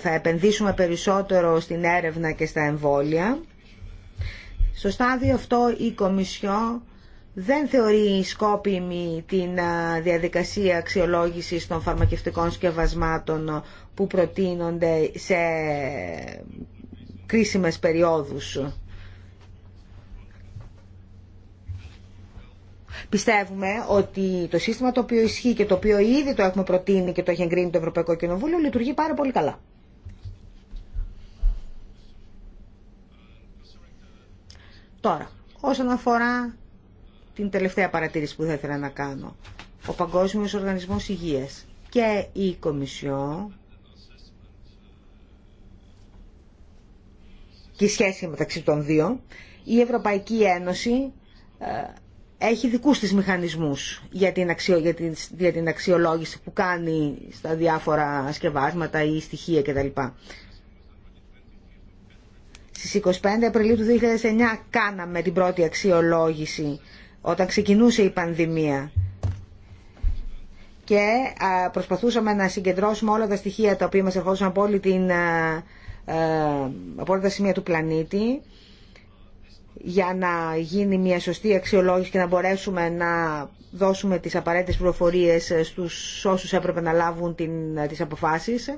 θα επενδύσουμε περισσότερο στην έρευνα και στα εμβόλια. Στο στάδιο αυτό η Κομισιό δεν θεωρεί σκόπιμη την διαδικασία αξιολόγησης των φαρμακευτικών σκευασμάτων που προτείνονται σε κρίσιμες περιόδους. Πιστεύουμε ότι το σύστημα το οποίο ισχύει και το οποίο ήδη το έχουμε προτείνει και το έχει εγκρίνει το Ευρωπαϊκό Κοινοβούλιο λειτουργεί πάρα πολύ καλά. Τώρα, όσον αφορά την τελευταία παρατήρηση που θα ήθελα να κάνω, ο Παγκόσμιος Οργανισμός Υγείας και η Κομισιό και η σχέση μεταξύ των δύο, η Ευρωπαϊκή Ένωση ε, έχει δικούς της μηχανισμούς για την, για την, για την αξιολόγηση που κάνει στα διάφορα σκευάσματα ή στοιχεία κτλ. Στις 25 Απριλίου του 2009 κάναμε την πρώτη αξιολόγηση όταν ξεκινούσε η πανδημία και προσπαθούσαμε να συγκεντρώσουμε όλα τα στοιχεία τα οποία μας ερχόντουσαν από, ε, από όλα τα σημεία του πλανήτη για να γίνει μια σωστή αξιολόγηση και να μπορέσουμε να δώσουμε τις απαραίτητες πληροφορίες στους όσους έπρεπε να λάβουν την, τις αποφάσεις.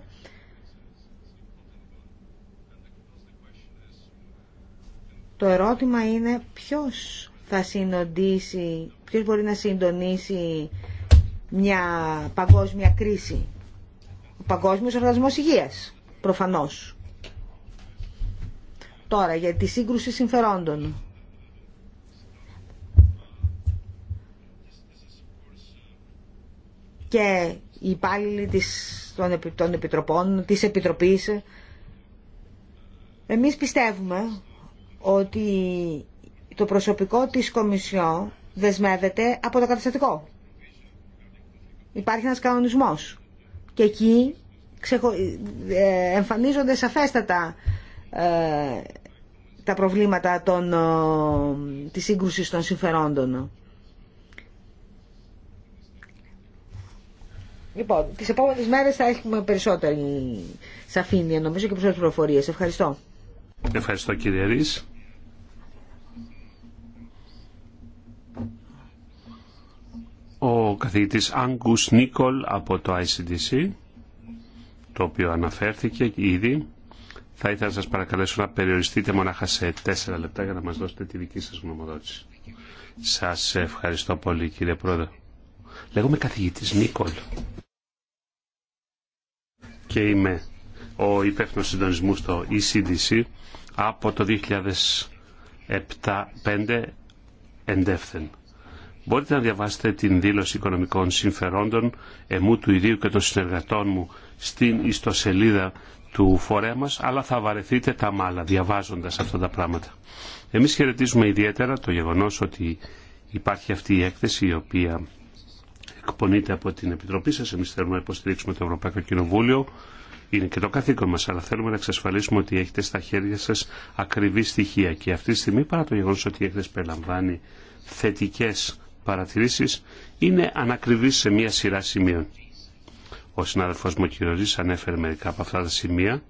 Το ερώτημα είναι ποιος θα συνοντήσει, ποιος μπορεί να συντονίσει μια παγκόσμια κρίση. Ο Παγκόσμιος Οργανισμός Υγείας, προφανώς. Τώρα, για τη σύγκρουση συμφερόντων. Και οι υπάλληλοι της, των, επιτροπών, της Επιτροπής. Εμείς πιστεύουμε ότι το προσωπικό της Κομισιό δεσμεύεται από το καταστατικό. Υπάρχει ένας κανονισμός. Και εκεί ε, εμφανίζονται σαφέστατα ε, τα προβλήματα των, ε, της σύγκρουσης των συμφερόντων. Λοιπόν, τις επόμενες μέρες θα έχουμε περισσότερη σαφήνεια νομίζω και περισσότερες πληροφορίες. Ευχαριστώ. Ευχαριστώ κύριε Ρης. Ο καθηγητής Άγκους Νίκολ από το ICDC, το οποίο αναφέρθηκε ήδη. Θα ήθελα να σας παρακαλέσω να περιοριστείτε μονάχα σε τέσσερα λεπτά για να μας δώσετε τη δική σας γνωμοδότηση. Σας ευχαριστώ πολύ κύριε Πρόεδρε. Λέγομαι καθηγητής Νίκολ και είμαι ο υπεύθυνο συντονισμού στο ECDC από το 2007-2005 εντεύθεν. Μπορείτε να διαβάσετε την δήλωση οικονομικών συμφερόντων εμού του ιδίου και των συνεργατών μου στην ιστοσελίδα του φορέα μας, αλλά θα βαρεθείτε τα μάλα διαβάζοντας αυτά τα πράγματα. Εμείς χαιρετίζουμε ιδιαίτερα το γεγονός ότι υπάρχει αυτή η έκθεση η οποία εκπονείται από την Επιτροπή σας. Εμείς θέλουμε να υποστηρίξουμε το Ευρωπαϊκό Κοινοβούλιο. Είναι και το καθήκον μας, αλλά θέλουμε να εξασφαλίσουμε ότι έχετε στα χέρια σας ακριβή στοιχεία. Και αυτή τη στιγμή, παρά το γεγονός ότι η έκθεση περιλαμβάνει θετικές παρατηρήσεις, είναι ανακριβή σε μία σειρά σημείων. Ο συνάδελφος μου ανέφερε μερικά από αυτά τα σημεία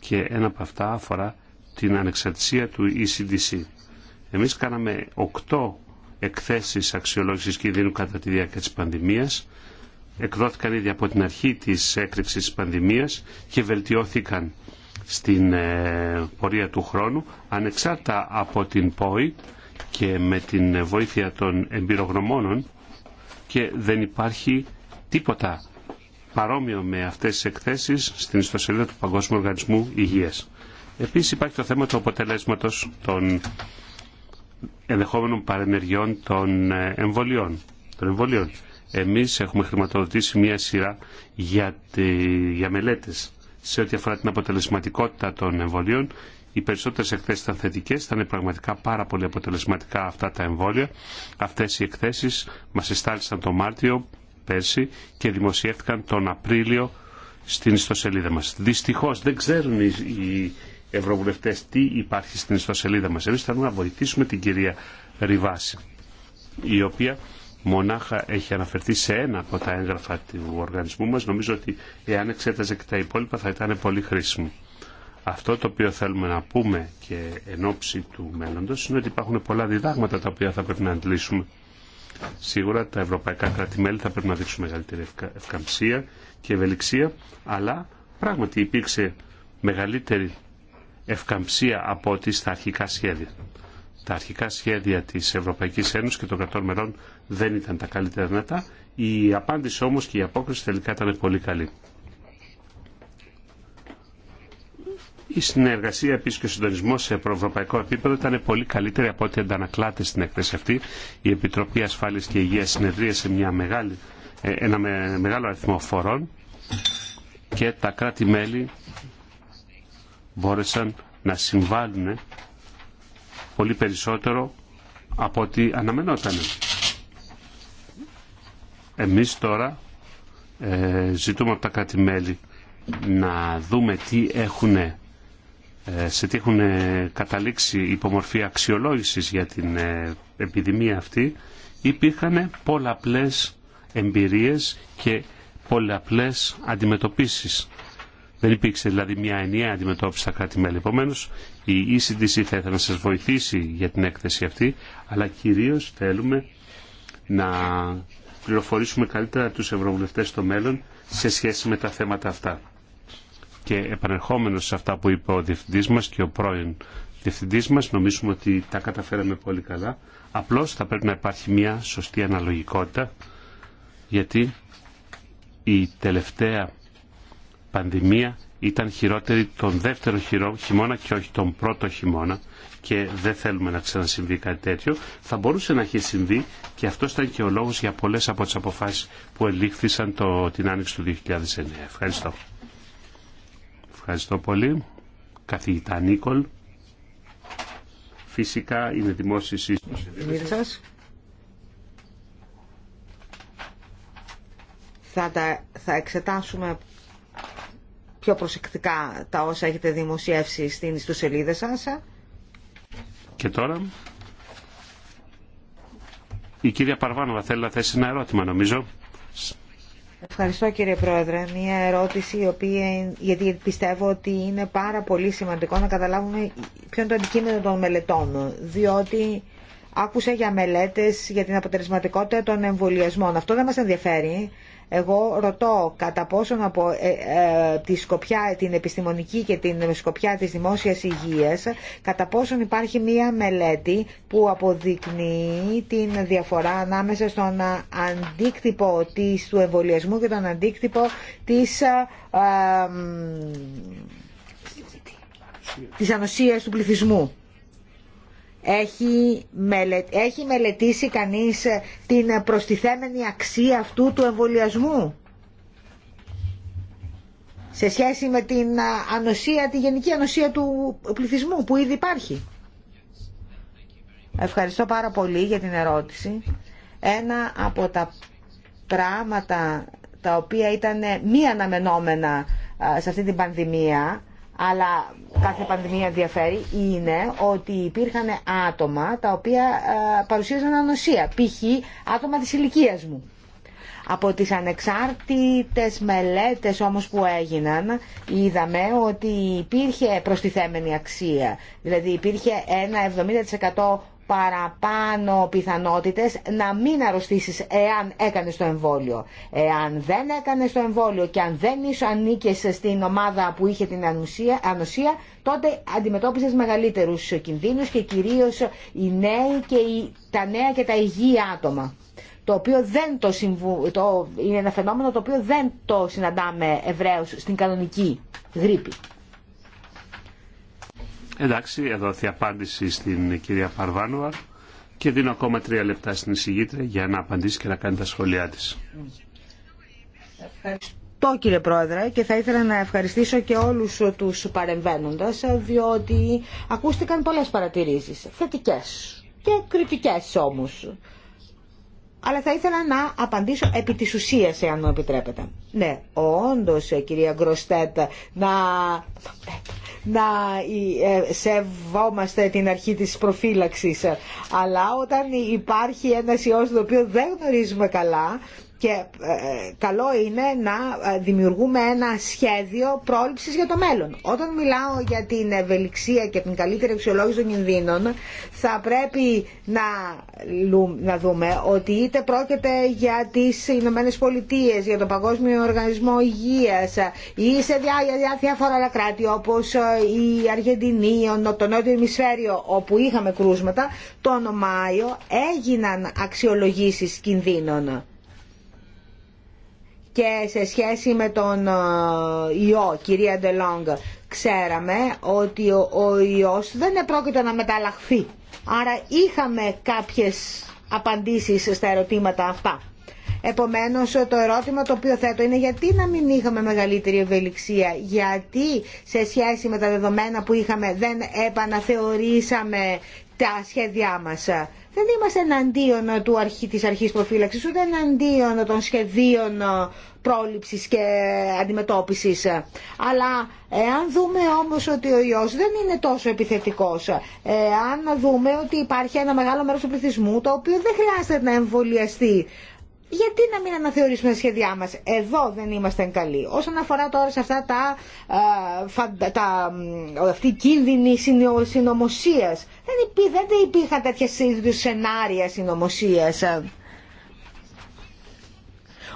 και ένα από αυτά αφορά την ανεξαρτησία του ECDC. Εμείς κάναμε οκτώ εκθέσεις αξιολόγησης κινδύνου κατά τη διάρκεια της πανδημίας. Εκδόθηκαν ήδη από την αρχή της έκρηξης της πανδημίας και βελτιώθηκαν στην ε, πορεία του χρόνου ανεξάρτητα από την ΠΟΗ και με την βοήθεια των εμπειρογνωμόνων και δεν υπάρχει τίποτα παρόμοιο με αυτέ τι εκθέσει στην ιστοσελίδα του Παγκόσμιου Οργανισμού Υγεία. Επίση υπάρχει το θέμα του αποτελέσματο των ενδεχόμενων παρενεργειών των ε, εμβολιών. Των εμβολίων. Εμείς έχουμε χρηματοδοτήσει μία σειρά για, τη, για μελέτες σε ό,τι αφορά την αποτελεσματικότητα των εμβολίων. Οι περισσότερε εκθέσει ήταν θετικέ, ήταν πραγματικά πάρα πολύ αποτελεσματικά αυτά τα εμβόλια. Αυτέ οι εκθέσει μα εστάλησαν το Μάρτιο πέρσι και δημοσιεύτηκαν τον Απρίλιο στην ιστοσελίδα μας. Δυστυχώς δεν ξέρουν οι ευρωβουλευτές τι υπάρχει στην ιστοσελίδα μας. Εμείς θέλουμε να βοηθήσουμε την κυρία Ριβάση, η οποία μονάχα έχει αναφερθεί σε ένα από τα έγγραφα του οργανισμού μας. Νομίζω ότι εάν εξέταζε και τα υπόλοιπα θα ήταν πολύ χρήσιμο. Αυτό το οποίο θέλουμε να πούμε και εν ώψη του μέλλοντος είναι ότι υπάρχουν πολλά διδάγματα τα οποία θα πρέπει να αντλήσουμε Σίγουρα τα ευρωπαϊκά κράτη-μέλη θα πρέπει να δείξουν μεγαλύτερη ευκαμψία και ευελιξία, αλλά πράγματι υπήρξε μεγαλύτερη ευκαμψία από ό,τι στα αρχικά σχέδια. Τα αρχικά σχέδια της Ευρωπαϊκής Ένωσης και των κρατών μερών δεν ήταν τα καλύτερα δυνατά. Η απάντηση όμως και η απόκριση τελικά ήταν πολύ καλή. η συνεργασία επίση και ο συντονισμό σε προευρωπαϊκό επίπεδο ήταν πολύ καλύτερη από ό,τι αντανακλάται στην έκθεση αυτή. Η Επιτροπή Ασφάλεια και Υγεία συνεδρίασε μια μεγάλη, ε, ένα μεγάλο αριθμό φορών και τα κράτη-μέλη μπόρεσαν να συμβάλλουν πολύ περισσότερο από ό,τι αναμενόταν. Εμείς τώρα ε, ζητούμε από τα κράτη-μέλη να δούμε τι έχουν ε, σε τι έχουν ε, καταλήξει υπομορφή αξιολόγησης για την ε, επιδημία αυτή, υπήρχαν πολλαπλές εμπειρίες και πολλαπλές αντιμετωπίσεις. Δεν υπήρξε δηλαδή μια ενιαία αντιμετώπιση στα κράτη-μέλη. Επομένω, η ECDC θα ήθελα να σας βοηθήσει για την έκθεση αυτή, αλλά κυρίως θέλουμε να πληροφορήσουμε καλύτερα τους ευρωβουλευτές στο μέλλον σε σχέση με τα θέματα αυτά. Και επανερχόμενος σε αυτά που είπε ο διευθυντή μα και ο πρώην διευθυντή μα, νομίζουμε ότι τα καταφέραμε πολύ καλά. Απλώ θα πρέπει να υπάρχει μια σωστή αναλογικότητα, γιατί η τελευταία πανδημία ήταν χειρότερη τον δεύτερο χειρό χειμώνα και όχι τον πρώτο χειμώνα και δεν θέλουμε να ξανασυμβεί κάτι τέτοιο. Θα μπορούσε να έχει συμβεί και αυτό ήταν και ο λόγος για πολλές από τις αποφάσεις που ελήφθησαν το, την άνοιξη του 2009. Ευχαριστώ. Ευχαριστώ πολύ. Καθηγητά Νίκολ. Φυσικά είναι δημόσιο σύστοση. Θα, θα εξετάσουμε πιο προσεκτικά τα όσα έχετε δημοσιεύσει στην ιστοσελίδα σας. Και τώρα η κυρία Παρβάνοβα θέλει να θέσει ένα ερώτημα νομίζω. Ευχαριστώ κύριε Πρόεδρε. Μία ερώτηση η οποία, γιατί πιστεύω ότι είναι πάρα πολύ σημαντικό να καταλάβουμε ποιο είναι το αντικείμενο των μελετών. Διότι άκουσα για μελέτες για την αποτελεσματικότητα των εμβολιασμών. Αυτό δεν μας ενδιαφέρει. Εγώ ρωτώ κατά πόσον από ε, ε, τη σκοπιά, την επιστημονική και την σκοπιά της δημόσιας υγείας, κατά πόσον υπάρχει μία μελέτη που αποδεικνύει την διαφορά ανάμεσα στον αντίκτυπο της, του εμβολιασμού και τον αντίκτυπο της, ε, της ανοσίας του πληθυσμού. Έχει, μελετήσει κανείς ε, την προστιθέμενη αξία αυτού του εμβολιασμού σε σχέση με την ε, ανοσία, τη γενική ανοσία του πληθυσμού που ήδη υπάρχει. Ευχαριστώ πάρα πολύ για την ερώτηση. Ένα από τα πράγματα τα οποία ήταν ε, μη αναμενόμενα σε αυτή την πανδημία αλλά κάθε πανδημία ενδιαφέρει, είναι ότι υπήρχαν άτομα τα οποία ε, παρουσίαζαν ανοσία, π.χ. άτομα της ηλικίας μου. Από τις ανεξάρτητες μελέτες όμως που έγιναν είδαμε ότι υπήρχε προστιθέμενη αξία. Δηλαδή υπήρχε ένα 70% παραπάνω πιθανότητες να μην αρρωστήσεις εάν έκανες το εμβόλιο. Εάν δεν έκανες το εμβόλιο και αν δεν είσαι ανήκες στην ομάδα που είχε την ανοσία, ανοσία τότε αντιμετώπισες μεγαλύτερους κινδύνους και κυρίως οι νέοι και οι, τα νέα και τα υγιή άτομα. Το οποίο δεν το, το είναι ένα φαινόμενο το οποίο δεν το συναντάμε ευρέως στην κανονική γρήπη. Εντάξει, εδώ η απάντηση στην κυρία Παρβάνουα και δίνω ακόμα τρία λεπτά στην εισηγήτρια για να απαντήσει και να κάνει τα σχόλιά της. Ευχαριστώ κύριε Πρόεδρε και θα ήθελα να ευχαριστήσω και όλους τους παρεμβαίνοντας διότι ακούστηκαν πολλές παρατηρήσεις, θετικές και κριτικές όμως αλλά θα ήθελα να απαντήσω επί της ουσίας, εάν μου επιτρέπετε. Ναι, όντως, ε, κυρία Γκροστέτ, να, να ε, σεβόμαστε την αρχή της προφύλαξης, αλλά όταν υπάρχει ένας ιός τον οποίο δεν γνωρίζουμε καλά, και ε, καλό είναι να ε, δημιουργούμε ένα σχέδιο πρόληψης για το μέλλον. Όταν μιλάω για την ευελιξία και την καλύτερη αξιολόγηση των κινδύνων, θα πρέπει να, να δούμε ότι είτε πρόκειται για τις Ηνωμένε Πολιτείε, για τον Παγκόσμιο Οργανισμό Υγείας ή σε διάφορα άλλα κράτη όπως ε, η Αργεντινή, το Νότιο Ημισφαίριο όπου είχαμε κρούσματα, τον Μάιο έγιναν αξιολογήσεις κινδύνων και σε σχέση με τον ε, ιό, κυρία Ντελόγκ, ξέραμε ότι ο, ο ιός δεν επρόκειτο να μεταλλαχθεί. Άρα είχαμε κάποιες απαντήσεις στα ερωτήματα αυτά. Επομένως το ερώτημα το οποίο θέτω είναι γιατί να μην είχαμε μεγαλύτερη ευελιξία, γιατί σε σχέση με τα δεδομένα που είχαμε δεν επαναθεωρήσαμε τα σχέδιά μας. Δεν είμαστε εναντίον του αρχή, της αρχής ούτε εναντίον των σχεδίων ε, πρόληψης και αντιμετώπισης. Αλλά εάν δούμε όμως ότι ο ιός δεν είναι τόσο επιθετικός, εάν δούμε ότι υπάρχει ένα μεγάλο μέρος του πληθυσμού το οποίο δεν χρειάζεται να εμβολιαστεί, γιατί να μην αναθεωρήσουμε τα σχέδιά μας. Εδώ δεν είμαστε καλοί. Όσον αφορά τώρα σε αυτά τα, ε, αυτή κίνδυνη συνωμοσία. Δεν, υπή, δεν υπήρχαν τέτοια είδου σενάρια συνωμοσία.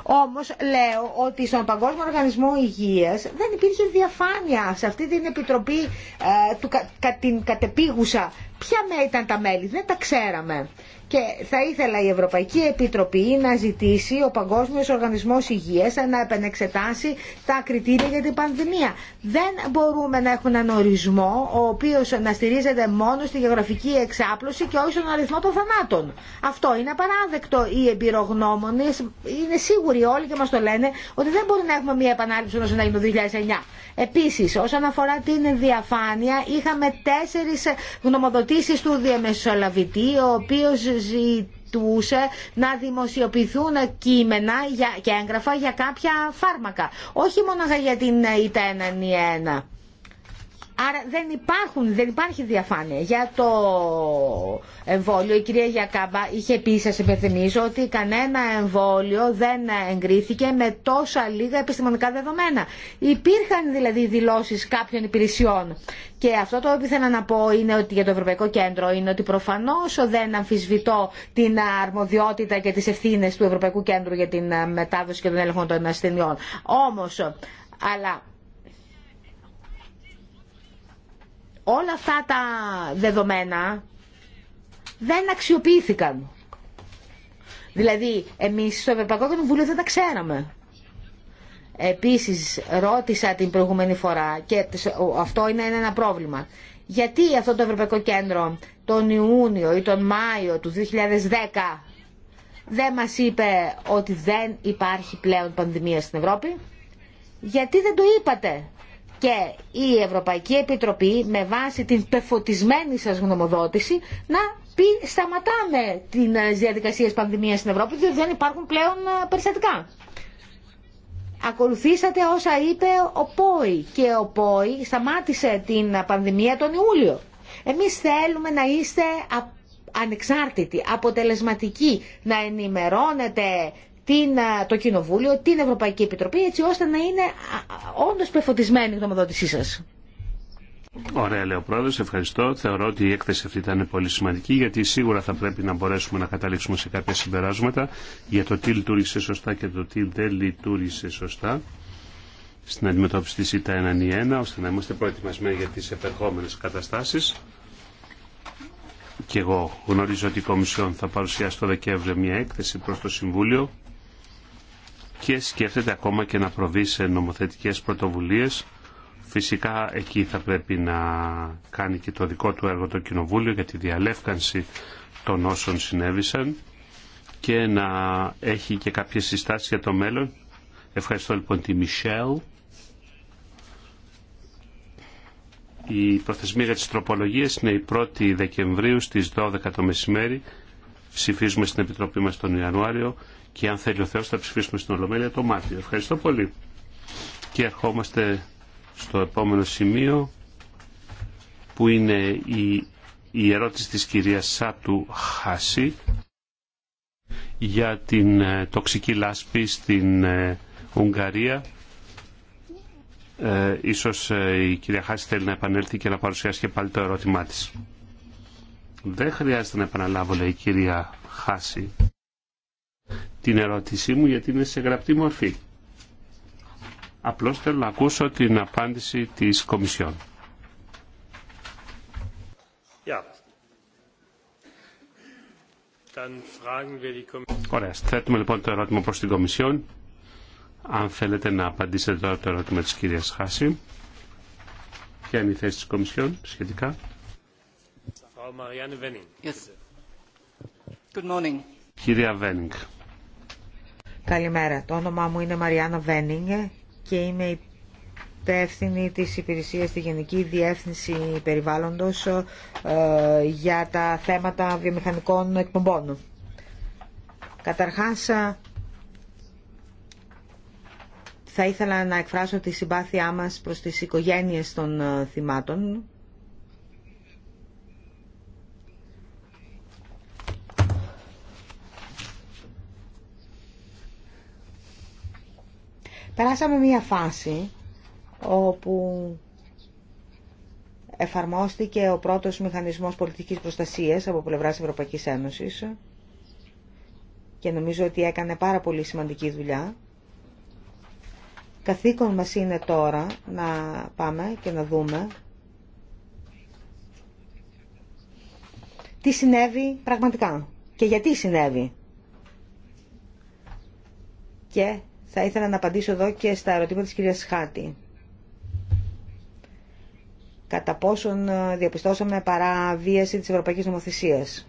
Όμως λέω ότι στον Παγκόσμιο Οργανισμό Υγείας δεν υπήρχε διαφάνεια σε αυτή την επιτροπή ε, του, κα, την κατεπίγουσα. Ποια ήταν τα μέλη, δεν τα ξέραμε. Και θα ήθελα η Ευρωπαϊκή Επιτροπή να ζητήσει ο Παγκόσμιος Οργανισμός Υγείας να επανεξετάσει τα κριτήρια για την πανδημία. Δεν μπορούμε να έχουμε έναν ορισμό ο οποίος να στηρίζεται μόνο στη γεωγραφική εξάπλωση και όχι στον αριθμό των θανάτων. Αυτό είναι απαράδεκτο. Οι εμπειρογνώμονες είναι σίγουροι όλοι και μα το λένε ότι δεν μπορεί να έχουμε μια επανάληψη όσο να γίνει το 2009. Επίσης, όσον αφορά την διαφάνεια, είχαμε τέσσερις γνωμοδοτήσεις του διαμεσολαβητή, ο οποίος ζητούσε να δημοσιοποιηθούν κείμενα και έγγραφα για κάποια φάρμακα. Όχι μόνο για την ΙΤΕΝΑΝΙΕΝΑ. Άρα δεν, υπάρχουν, δεν υπάρχει διαφάνεια. Για το εμβόλιο, η κυρία Γιακάμπα είχε πει, σα υπενθυμίζω, ότι κανένα εμβόλιο δεν εγκρίθηκε με τόσα λίγα επιστημονικά δεδομένα. Υπήρχαν δηλαδή δηλώσει κάποιων υπηρεσιών. Και αυτό το οποίο ήθελα να πω είναι ότι για το Ευρωπαϊκό Κέντρο είναι ότι προφανώ δεν αμφισβητώ την αρμοδιότητα και τι ευθύνε του Ευρωπαϊκού Κέντρου για την μετάδοση και τον έλεγχο των ασθενειών. Όμω, αλλά όλα αυτά τα δεδομένα δεν αξιοποιήθηκαν. Δηλαδή, εμείς στο Ευρωπαϊκό Κοινοβούλιο δεν τα ξέραμε. Επίσης, ρώτησα την προηγούμενη φορά και αυτό είναι ένα πρόβλημα. Γιατί αυτό το Ευρωπαϊκό Κέντρο τον Ιούνιο ή τον Μάιο του 2010 δεν μας είπε ότι δεν υπάρχει πλέον πανδημία στην Ευρώπη. Γιατί δεν το είπατε και η Ευρωπαϊκή Επιτροπή με βάση την πεφωτισμένη σας γνωμοδότηση να πει σταματάμε ε, διαδικασία της πανδημίας στην Ευρώπη διότι δεν υπάρχουν πλέον ε, περιστατικά. Ακολουθήσατε όσα είπε ο Πόη και ο Πόη σταμάτησε την πανδημία τον Ιούλιο. Εμείς θέλουμε να είστε ανεξάρτητοι, αποτελεσματικοί, να ενημερώνετε την, το Κοινοβούλιο, την Ευρωπαϊκή Επιτροπή, έτσι ώστε να είναι όντω πεφωτισμένη η γνωμοδότησή σα. Ωραία, λέει ο Ευχαριστώ. Θεωρώ ότι η έκθεση αυτή ήταν πολύ σημαντική, γιατί σίγουρα θα πρέπει να μπορέσουμε να καταλήξουμε σε κάποια συμπεράσματα για το τι λειτουργήσε σωστά και το τι δεν λειτουργήσε σωστά στην αντιμετώπιση της ΙΤΑ 1 1, ώστε να είμαστε προετοιμασμένοι για τις επερχόμενες καταστάσεις. Και εγώ γνωρίζω ότι η Κομισιόν θα παρουσιάσει το Δεκέμβριο μια έκθεση προς το Συμβούλιο και σκέφτεται ακόμα και να προβεί σε νομοθετικές πρωτοβουλίες. Φυσικά εκεί θα πρέπει να κάνει και το δικό του έργο το Κοινοβούλιο για τη διαλεύκανση των όσων συνέβησαν και να έχει και κάποιες συστάσεις για το μέλλον. Ευχαριστώ λοιπόν τη Μισελ. Η προθεσμία για τις τροπολογίες είναι η 1η Δεκεμβρίου στις 12 το μεσημέρι. Ψηφίζουμε στην Επιτροπή μας τον Ιανουάριο και αν θέλει ο Θεός θα ψηφίσουμε στην Ολομέλεια το Μάρτιο. Ευχαριστώ πολύ. Και ερχόμαστε στο επόμενο σημείο που είναι η, ερώτηση της κυρίας Σάτου Χάση για την ε, τοξική λάσπη στην ε, Ουγγαρία. Ε, ίσως ε, η κυρία Χάση θέλει να επανέλθει και να παρουσιάσει και πάλι το ερώτημά της. Δεν χρειάζεται να επαναλάβω, λέει η κυρία Χάση την ερώτησή μου γιατί είναι σε γραπτή μορφή. Απλώς θέλω να ακούσω την απάντηση της Κομισιόν. Ωραία, θέτουμε λοιπόν το ερώτημα προς την Κομισιόν. Αν θέλετε να απαντήσετε τώρα το ερώτημα της κυρίας Χάση. Ποια είναι η θέση της Κομισιόν σχετικά. Κυρία Βένιγκ. Καλημέρα. Το όνομά μου είναι Μαριάννα Βένιγκε και είμαι υπεύθυνη της υπηρεσίας στη Γενική Διεύθυνση Περιβάλλοντος ε, για τα θέματα βιομηχανικών εκπομπών. Καταρχάς, ε, θα ήθελα να εκφράσω τη συμπάθειά μας προς τις οικογένειες των ε, θυμάτων Περάσαμε μία φάση όπου εφαρμόστηκε ο πρώτος μηχανισμός πολιτικής προστασίας από πλευράς Ευρωπαϊκής Ένωσης και νομίζω ότι έκανε πάρα πολύ σημαντική δουλειά. Καθήκον μας είναι τώρα να πάμε και να δούμε τι συνέβη πραγματικά και γιατί συνέβη. Και θα ήθελα να απαντήσω εδώ και στα ερωτήματα της κυρίας Χάτη. Κατά πόσον ε, διαπιστώσαμε βίαση της Ευρωπαϊκής Νομοθεσίας.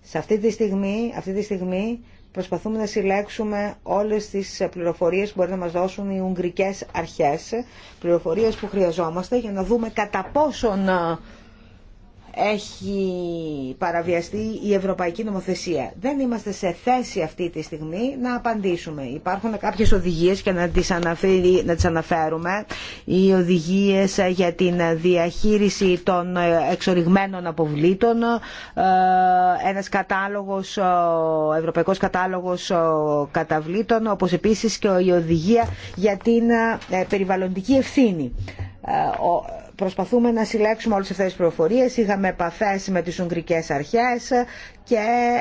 Σε αυτή τη στιγμή, αυτή τη στιγμή προσπαθούμε να συλλέξουμε όλες τις πληροφορίες που μπορεί να μας δώσουν οι Ουγγρικές αρχές, πληροφορίες που χρειαζόμαστε για να δούμε κατά πόσον ε, έχει παραβιαστεί η ευρωπαϊκή νομοθεσία. Δεν είμαστε σε θέση αυτή τη στιγμή να απαντήσουμε. Υπάρχουν κάποιες οδηγίες και να τις, να αναφέρουμε. Οι οδηγίες για την διαχείριση των εξοριγμένων αποβλήτων, ε, ένας κατάλογος, ευρωπαϊκός κατάλογος καταβλήτων, όπως επίσης και η οδηγία για την ε, περιβαλλοντική ευθύνη ε, προσπαθούμε να συλλέξουμε όλες αυτές τις πληροφορίες. Είχαμε επαφές με τις Ουγγρικές Αρχές και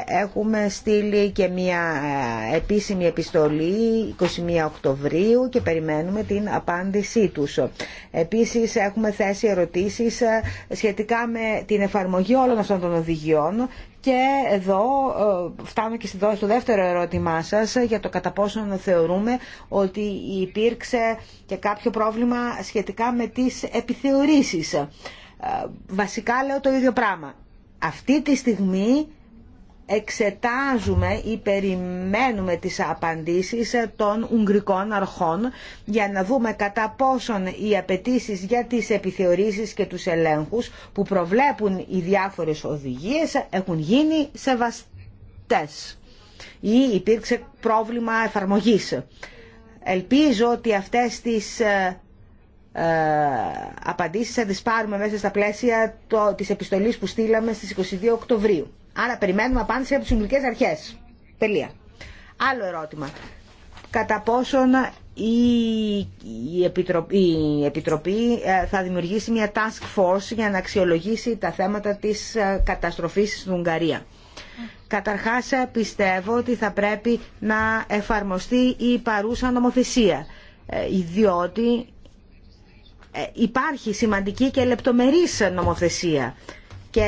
έχουμε στείλει και μια ε, επίσημη επιστολή 21 Οκτωβρίου και περιμένουμε την απάντησή τους. Επίσης έχουμε θέσει ερωτήσεις ε, σχετικά με την εφαρμογή όλων αυτών των οδηγιών και εδώ ε, φτάνουμε και στο δεύτερο ερώτημά σας για το κατά πόσο θεωρούμε ότι υπήρξε και κάποιο πρόβλημα σχετικά με τις επιθεωρήσεις. Ε, βασικά λέω το ίδιο πράγμα. Αυτή τη στιγμή εξετάζουμε ή περιμένουμε τις απαντήσεις των Ουγγρικών αρχών για να δούμε κατά πόσον οι απαιτήσει για τις επιθεωρήσεις και τους ελέγχους που προβλέπουν οι διάφορες οδηγίες έχουν γίνει σεβαστές ή υπήρξε πρόβλημα εφαρμογής. Ελπίζω ότι αυτές τις ε, ε, απαντήσεις θα τις πάρουμε μέσα στα πλαίσια της επιστολής που στείλαμε στις 22 Οκτωβρίου. Άρα περιμένουμε απάντηση από τι Ουγγλικές Αρχές. Τελεία. Άλλο ερώτημα. Κατά πόσον η Επιτροπή, ε, θα δημιουργήσει μια task force για να αξιολογήσει τα θέματα της ε, καταστροφής στην Ουγγαρία. Καταρχάς ε, πιστεύω ότι θα πρέπει να εφαρμοστεί η παρούσα νομοθεσία, διότι υπάρχει σημαντική και λεπτομερής νομοθεσία και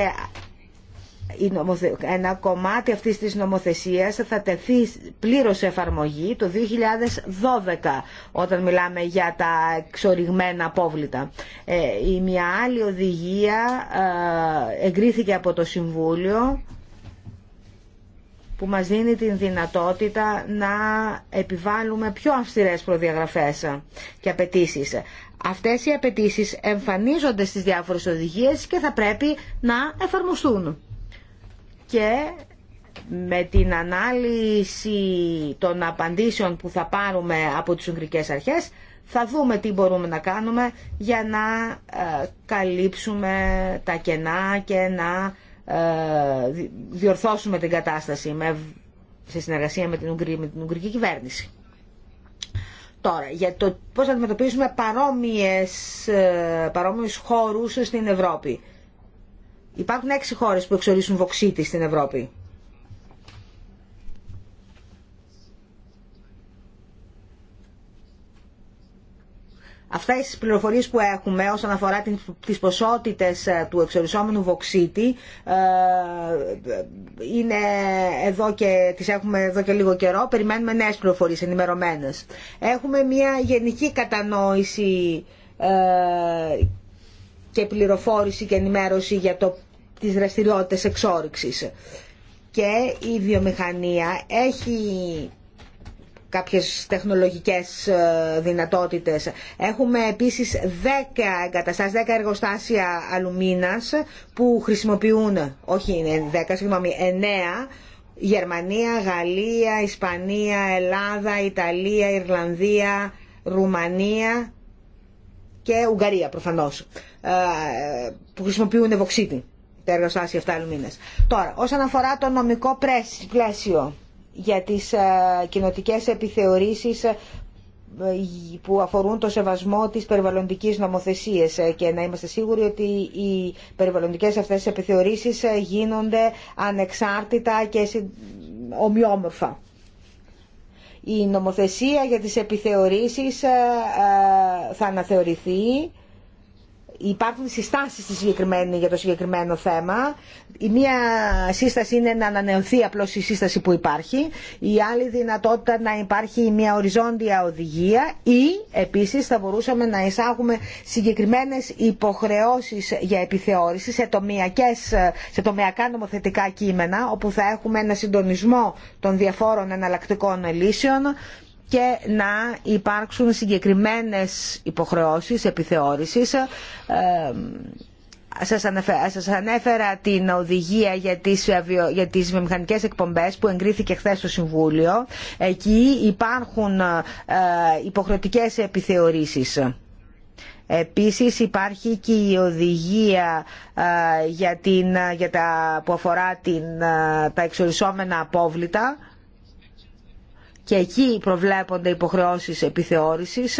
ένα κομμάτι αυτής της νομοθεσίας θα τεθεί πλήρως εφαρμογή το 2012 όταν μιλάμε για τα εξοριγμένα απόβλητα. Ε, η μια άλλη οδηγία ε, εγκρίθηκε από το Συμβούλιο που μας δίνει την δυνατότητα να επιβάλλουμε πιο αυστηρές προδιαγραφές και απαιτήσει. Αυτές οι απαιτήσει εμφανίζονται στις διάφορες οδηγίες και θα πρέπει να εφαρμοστούν και με την ανάλυση των απαντήσεων που θα πάρουμε από τις Ουγγρικές Αρχές θα δούμε τι μπορούμε να κάνουμε για να ε, καλύψουμε τα κενά και να ε, διορθώσουμε την κατάσταση με, σε συνεργασία με την, Ουγγρική, την κυβέρνηση. Τώρα, για το πώς αντιμετωπίζουμε παρόμοιες, ε, παρόμοιους χώρους στην Ευρώπη. Υπάρχουν έξι χώρες που εξορίσουν βοξίτη στην Ευρώπη. Αυτές τις πληροφορίες που έχουμε όσον αφορά τις ποσότητες ε, του εξορισόμενου βοξίτη ε, είναι εδώ και, τις έχουμε εδώ και λίγο καιρό. Περιμένουμε νέες πληροφορίες ενημερωμένες. Έχουμε μια γενική κατανόηση ε, και πληροφόρηση και ενημέρωση για το τις δραστηριότητες εξόρυξης Και η βιομηχανία έχει κάποιες τεχνολογικές ε, δυνατότητες. Έχουμε επίσης 10 εγκαταστάσεις, 10 εργοστάσια αλουμίνας που χρησιμοποιούν, όχι είναι 10, συγγνώμη, 9 Γερμανία, Γαλλία, Ισπανία, Ελλάδα, Ιταλία, Ιρλανδία, Ρουμανία και Ουγγαρία προφανώς ε, που χρησιμοποιούν ευοξίτη τα αυτά οι μήνες. Τώρα, όσον αφορά το νομικό πλαίσιο για τις ε, κοινοτικές επιθεωρήσεις ε, που αφορούν το σεβασμό της περιβαλλοντικής νομοθεσίας ε, και να είμαστε σίγουροι ότι οι περιβαλλοντικές αυτές επιθεωρήσεις γίνονται ανεξάρτητα και ομοιόμορφα. Η νομοθεσία για τις επιθεωρήσεις θα αναθεωρηθεί υπάρχουν συστάσεις για το συγκεκριμένο θέμα. Η μία σύσταση είναι να ανανεωθεί απλώς η σύσταση που υπάρχει. Η άλλη δυνατότητα να υπάρχει μια οριζόντια οδηγία ή επίσης θα μπορούσαμε να εισάγουμε συγκεκριμένες υποχρεώσεις για επιθεώρηση σε, τομιακές, σε τομιακά νομοθετικά κείμενα όπου θα έχουμε ένα συντονισμό των διαφόρων εναλλακτικών λύσεων και να υπάρξουν συγκεκριμένες υποχρεώσεις επιθεώρησης. Ε, σας ανέφερα, σας την οδηγία για τις, για τις μηχανικές εκπομπές που εγκρίθηκε χθε στο Συμβούλιο. Εκεί υπάρχουν ε, υποχρεωτικές επιθεωρήσεις. Επίσης υπάρχει και η οδηγία ε, για την, για τα, που αφορά την, τα εξορισόμενα απόβλητα και εκεί προβλέπονται υποχρεώσεις επιθεώρησης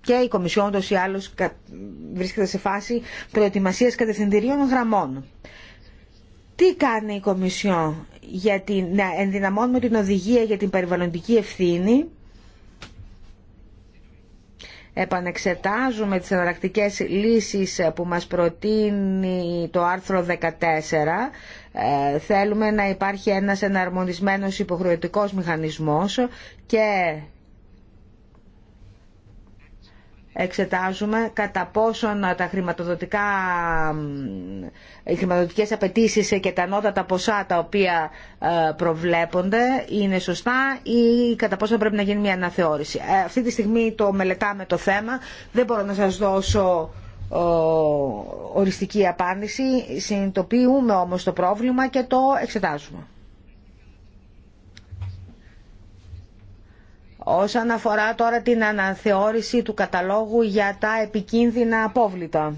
και η Κομισιόν τόσο ή άλλως βρίσκεται σε η Κομισιόν για την, να ενδυναμώνουμε την οδηγία για την περιβαλλοντική ευθύνη επανεξετάζουμε τις εναλλακτικέ λύσεις που μας προτείνει το άρθρο 14 ε, θέλουμε να υπάρχει ένας εναρμονισμένος υποχρεωτικός μηχανισμός και εξετάζουμε κατά πόσον τα χρηματοδοτικά, οι χρηματοδοτικές απαιτήσεις και τα ανώτατα ποσά τα οποία ε, προβλέπονται είναι σωστά ή κατά πόσον πρέπει να γίνει μια αναθεώρηση. Ε, αυτή τη στιγμή το μελετάμε το θέμα, δεν μπορώ να σας δώσω οριστική απάντηση. Συνειδητοποιούμε όμως το πρόβλημα και το εξετάζουμε. Όσον αφορά τώρα την αναθεώρηση του καταλόγου για τα επικίνδυνα απόβλητα.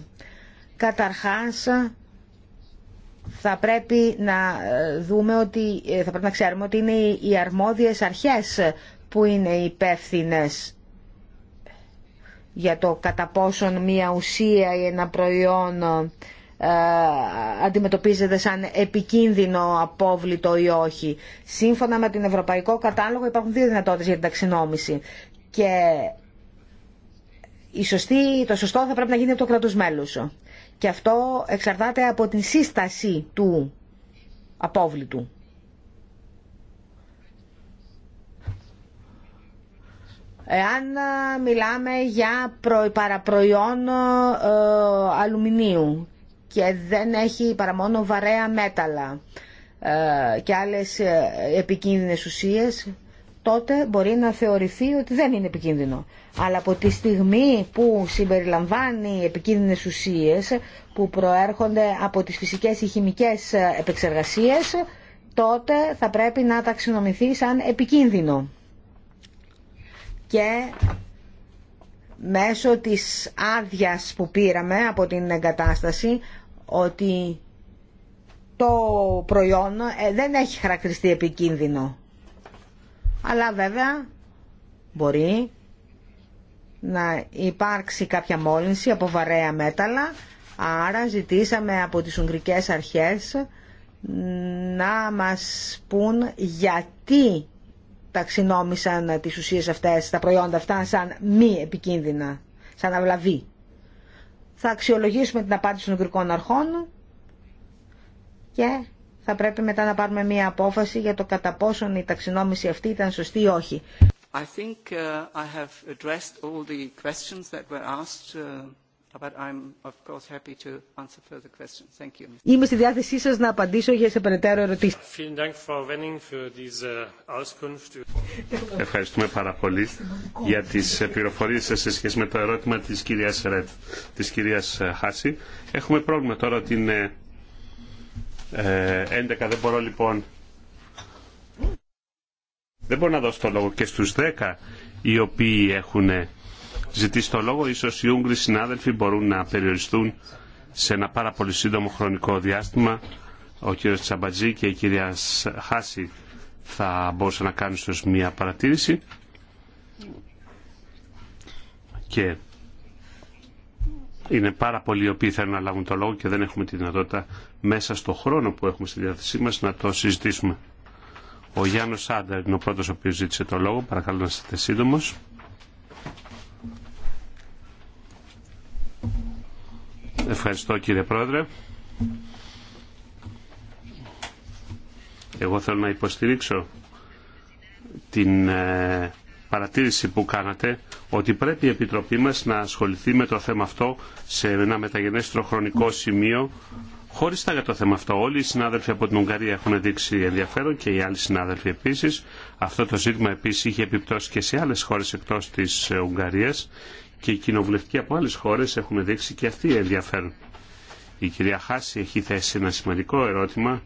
Καταρχάς θα πρέπει να ε, δούμε ότι ε, θα πρέπει να ξέρουμε ότι είναι οι αρμόδιες αρχές που είναι υπεύθυνε για το κατά πόσον μια ουσία ή ένα προϊόν ε, αντιμετωπίζεται σαν επικίνδυνο, απόβλητο ή όχι. Σύμφωνα με την Ευρωπαϊκό Κατάλογο υπάρχουν δύο δυνατότητες για την ταξινόμηση και η σωστή, το σωστό θα πρέπει να γίνει από το κράτος Και αυτό εξαρτάται από την σύσταση του απόβλητου. Εάν ε, μιλάμε για παραπροϊόν ε, αλουμινίου και δεν έχει παρά μόνο βαρέα μέταλλα ε, και άλλες επικίνδυνες ουσίες, τότε μπορεί να θεωρηθεί ότι δεν είναι επικίνδυνο. Αλλά από τη στιγμή που συμπεριλαμβάνει επικίνδυνες ουσίες που προέρχονται από τις φυσικές ή χημικές επεξεργασίες, τότε θα πρέπει να ταξινομηθεί σαν επικίνδυνο και μέσω της άδεια που πήραμε από την εγκατάσταση ότι το προϊόν ε, δεν έχει χαρακτηριστεί επικίνδυνο. Αλλά βέβαια μπορεί να υπάρξει κάποια μόλυνση από βαρέα μέταλλα, άρα ζητήσαμε από τις Ουγγρικές Αρχές να μας πούν γιατί ταξινόμησαν τις ουσίες αυτές, τα προϊόντα αυτά σαν μη επικίνδυνα, σαν αυλαβή. Θα αξιολογήσουμε την απάντηση των κυρικών Αρχών και θα πρέπει μετά να πάρουμε μία απόφαση για το κατά πόσον η ταξινόμηση αυτή ήταν σωστή ή όχι. I think uh, I have addressed all the questions that were asked uh, Είμαι στη διάθεσή σας να απαντήσω για σε περαιτέρω ερωτήσεις. Ευχαριστούμε πάρα πολύ για τις πληροφορίες σας σε σχέση με το ερώτημα της κυρίας Ρετ, της κυρίας ε, Χάση. Έχουμε πρόβλημα τώρα ότι είναι 11, ε, δεν μπορώ λοιπόν... Δεν μπορώ να δώσω το λόγο και στους 10 οι οποίοι έχουν ζητήσει το λόγο. Ίσως οι Ούγγροι συνάδελφοι μπορούν να περιοριστούν σε ένα πάρα πολύ σύντομο χρονικό διάστημα. Ο κύριος Τσαμπατζή και η κυρία Χάση θα μπορούσαν να κάνουν ίσως μία παρατήρηση. Και είναι πάρα πολλοί οι οποίοι θέλουν να λάβουν το λόγο και δεν έχουμε τη δυνατότητα μέσα στο χρόνο που έχουμε στη διάθεσή μας να το συζητήσουμε. Ο Γιάννος Άντερ είναι ο πρώτος ο οποίος ζήτησε το λόγο. Παρακαλώ να είστε σύντομος. Ευχαριστώ κύριε Πρόεδρε. Εγώ θέλω να υποστηρίξω την ε, παρατήρηση που κάνατε ότι πρέπει η Επιτροπή μας να ασχοληθεί με το θέμα αυτό σε ένα μεταγενέστερο χρονικό σημείο χωριστά για το θέμα αυτό. Όλοι οι συνάδελφοι από την Ουγγαρία έχουν δείξει ενδιαφέρον και οι άλλοι συνάδελφοι επίσης. Αυτό το ζήτημα επίσης είχε επιπτώσει και σε άλλες χώρες εκτός της ε, Ουγγαρίας και οι κοινοβουλευτικοί από άλλες χώρες έχουν δείξει και αυτοί ενδιαφέρον. Η κυρία Χάση έχει θέσει ένα σημαντικό ερώτημα.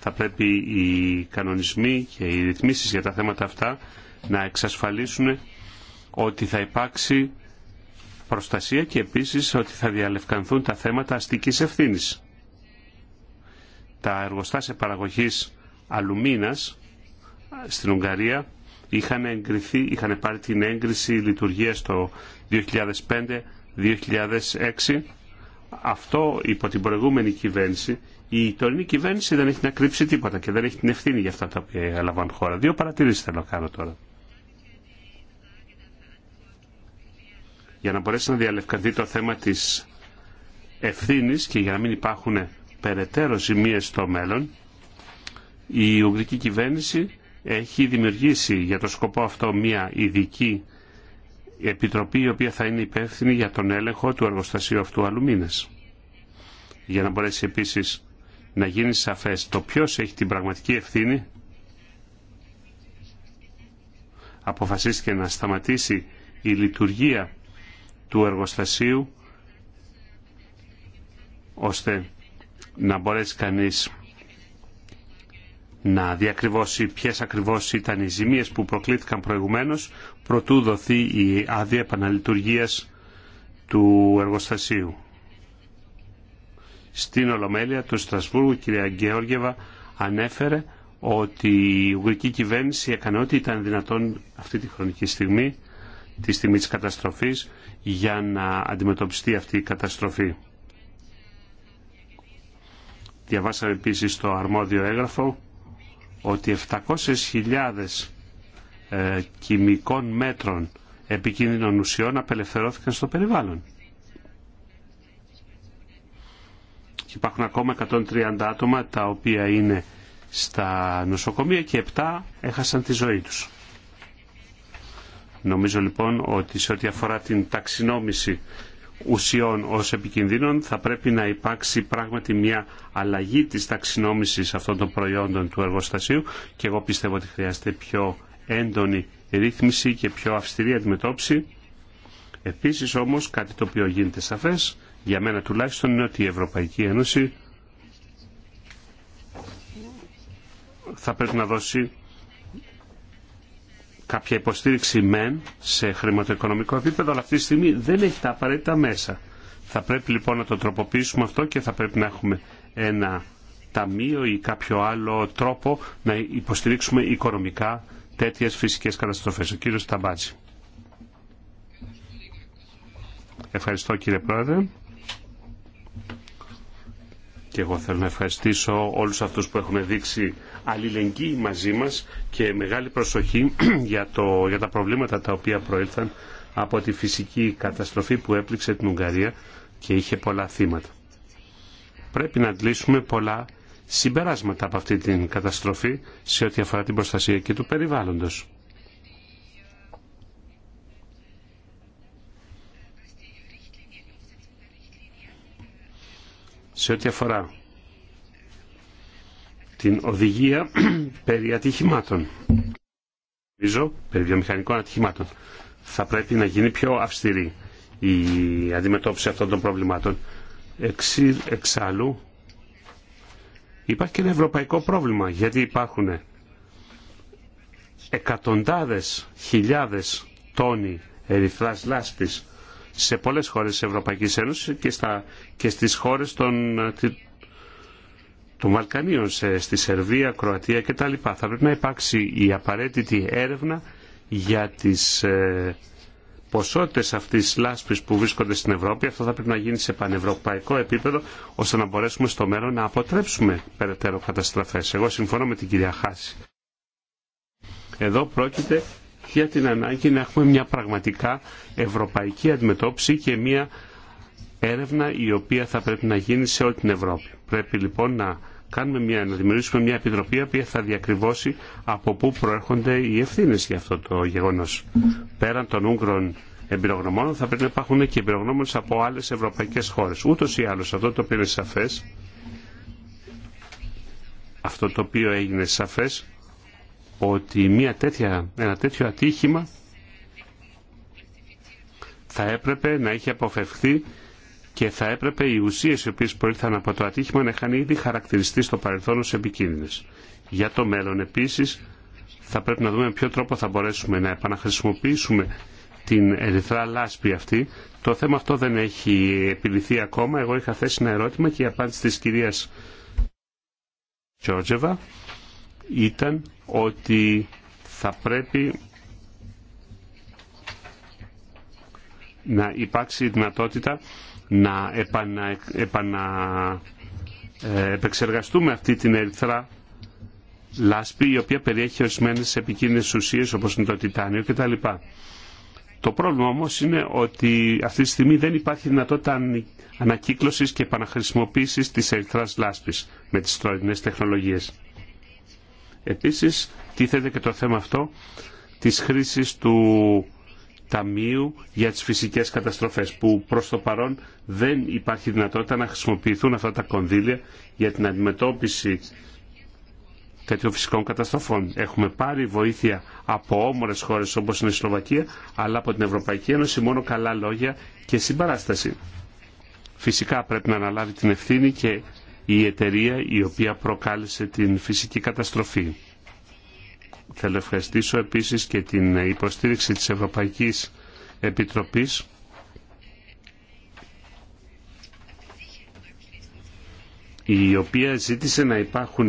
Θα πρέπει οι κανονισμοί και οι ρυθμίσεις για τα θέματα αυτά να εξασφαλίσουν ότι θα υπάρξει προστασία και επίσης ότι θα διαλευκανθούν τα θέματα αστικής ευθύνης. Τα εργοστάσια παραγωγής αλουμίνας στην Ουγγαρία είχαν εγκριθεί, είχαν πάρει την έγκριση λειτουργίας το 2005-2006. Αυτό υπό την προηγούμενη κυβέρνηση. Η τωρινή κυβέρνηση δεν έχει να κρύψει τίποτα και δεν έχει την ευθύνη για αυτά τα οποία έλαβαν χώρα. Δύο παρατηρήσεις θέλω να κάνω τώρα. Για να μπορέσει να διαλευκανθεί το θέμα της ευθύνης και για να μην υπάρχουν περαιτέρω ζημίες στο μέλλον, η Ουγγρική κυβέρνηση έχει δημιουργήσει για το σκοπό αυτό μια ειδική επιτροπή η οποία θα είναι υπεύθυνη για τον έλεγχο του εργοστασίου αυτού αλουμίνες. Για να μπορέσει επίσης να γίνει σαφές το ποιος έχει την πραγματική ευθύνη αποφασίστηκε να σταματήσει η λειτουργία του εργοστασίου ώστε να μπορέσει κανείς να διακριβώσει ποιε ακριβώ ήταν οι ζημίε που προκλήθηκαν προηγουμένως προτού δοθεί η άδεια επαναλειτουργία του εργοστασίου. Στην Ολομέλεια του Στρασβούργου, η κυρία Γκέοργεβα ανέφερε ότι η Ουγγρική κυβέρνηση έκανε ό,τι ήταν δυνατόν αυτή τη χρονική στιγμή, τη στιγμή της καταστροφής, για να αντιμετωπιστεί αυτή η καταστροφή. Διαβάσαμε επίσης το αρμόδιο έγγραφο ότι 700.000 ε, κιμικών μέτρων επικίνδυνων ουσιών απελευθερώθηκαν στο περιβάλλον. Υπάρχουν ακόμα 130 άτομα τα οποία είναι στα νοσοκομεία και 7 έχασαν τη ζωή τους. Νομίζω λοιπόν ότι σε ό,τι αφορά την ταξινόμηση ουσιών ως επικινδύνων θα πρέπει να υπάρξει πράγματι μια αλλαγή της ταξινόμησης αυτών των προϊόντων του εργοστασίου και εγώ πιστεύω ότι χρειάζεται πιο έντονη ρύθμιση και πιο αυστηρή αντιμετώπιση. Επίσης όμως κάτι το οποίο γίνεται σαφές για μένα τουλάχιστον είναι ότι η Ευρωπαϊκή Ένωση θα πρέπει να δώσει κάποια υποστήριξη μεν σε χρηματοοικονομικό επίπεδο, αλλά αυτή τη στιγμή δεν έχει τα απαραίτητα μέσα. Θα πρέπει λοιπόν να το τροποποιήσουμε αυτό και θα πρέπει να έχουμε ένα ταμείο ή κάποιο άλλο τρόπο να υποστηρίξουμε οικονομικά τέτοιες φυσικές καταστροφές. Ο κύριος Ταμπάτζη. Ευχαριστώ κύριε Πρόεδρε και εγώ θέλω να ευχαριστήσω όλους αυτούς που έχουν δείξει αλληλεγγύη μαζί μας και μεγάλη προσοχή <clears throat> για, το, για τα προβλήματα τα οποία προήλθαν από τη φυσική καταστροφή που έπληξε την Ουγγαρία και είχε πολλά θύματα. Πρέπει να αντλήσουμε πολλά συμπεράσματα από αυτή την καταστροφή σε ό,τι αφορά την προστασία και του περιβάλλοντος. σε ό,τι αφορά την οδηγία <clears throat> περί ατυχημάτων. Νομίζω, περί βιομηχανικών ατυχημάτων. Θα πρέπει να γίνει πιο αυστηρή η αντιμετώπιση αυτών των προβλημάτων. εξάλλου, υπάρχει και ένα ευρωπαϊκό πρόβλημα, γιατί υπάρχουν εκατοντάδες χιλιάδες τόνοι ερυθράς λάσπης σε πολλές χώρες της Ευρωπαϊκής Ένωσης και, στα, και στις χώρες των, των Βαλκανίων, στη Σερβία, Κροατία κτλ. Θα πρέπει να υπάρξει η απαραίτητη έρευνα για τις ε, ποσότητες αυτής της λάσπης που βρίσκονται στην Ευρώπη. Αυτό θα πρέπει να γίνει σε πανευρωπαϊκό επίπεδο, ώστε να μπορέσουμε στο μέλλον να αποτρέψουμε περαιτέρω καταστροφές. Εγώ συμφωνώ με την κυρία Χάση. Εδώ πρόκειται για την ανάγκη να έχουμε μια πραγματικά ευρωπαϊκή αντιμετώπιση και μια έρευνα η οποία θα πρέπει να γίνει σε όλη την Ευρώπη. Πρέπει λοιπόν να, κάνουμε μια, να δημιουργήσουμε μια επιτροπή η οποία θα διακριβώσει από πού προέρχονται οι ευθύνε για αυτό το γεγονό. Πέραν των Ούγγρων εμπειρογνωμόνων θα πρέπει να υπάρχουν και εμπειρογνώμονε από άλλε ευρωπαϊκέ χώρε. Ούτω ή άλλω αυτό το οποίο είναι σαφέ, αυτό το οποίο έγινε σαφές ότι μια τέτοια, ένα τέτοιο ατύχημα θα έπρεπε να είχε αποφευχθεί και θα έπρεπε οι ουσίες οι οποίες προήλθαν από το ατύχημα να είχαν ήδη χαρακτηριστεί στο παρελθόν ως επικίνδυνες. Για το μέλλον επίσης θα πρέπει να δούμε με ποιο τρόπο θα μπορέσουμε να επαναχρησιμοποιήσουμε την ερυθρά λάσπη αυτή. Το θέμα αυτό δεν έχει επιληθεί ακόμα. Εγώ είχα θέσει ένα ερώτημα και η απάντηση της κυρίας Τζόρτζεβα ήταν ότι θα πρέπει να υπάρξει η δυνατότητα να επανα, επανα, ε, επεξεργαστούμε αυτή την ερυθρά λάσπη η οποία περιέχει ορισμένε επικίνδυνες ουσίες όπως είναι το τιτάνιο κτλ. Το πρόβλημα όμως είναι ότι αυτή τη στιγμή δεν υπάρχει δυνατότητα ανακύκλωσης και επαναχρησιμοποίησης της ερυθράς λάσπης με τις τωρινές τεχνολογίες. Επίσης, τίθεται και το θέμα αυτό της χρήσης του Ταμείου για τις φυσικές καταστροφές που προς το παρόν δεν υπάρχει δυνατότητα να χρησιμοποιηθούν αυτά τα κονδύλια για την αντιμετώπιση τέτοιων φυσικών καταστροφών. Έχουμε πάρει βοήθεια από όμορες χώρες όπως είναι η Σλοβακία αλλά από την Ευρωπαϊκή Ένωση μόνο καλά λόγια και συμπαράσταση. Φυσικά πρέπει να αναλάβει την ευθύνη και η εταιρεία η οποία προκάλεσε την φυσική καταστροφή. Θέλω ευχαριστήσω επίσης και την υποστήριξη της Ευρωπαϊκής Επιτροπής η οποία ζήτησε να υπάρχουν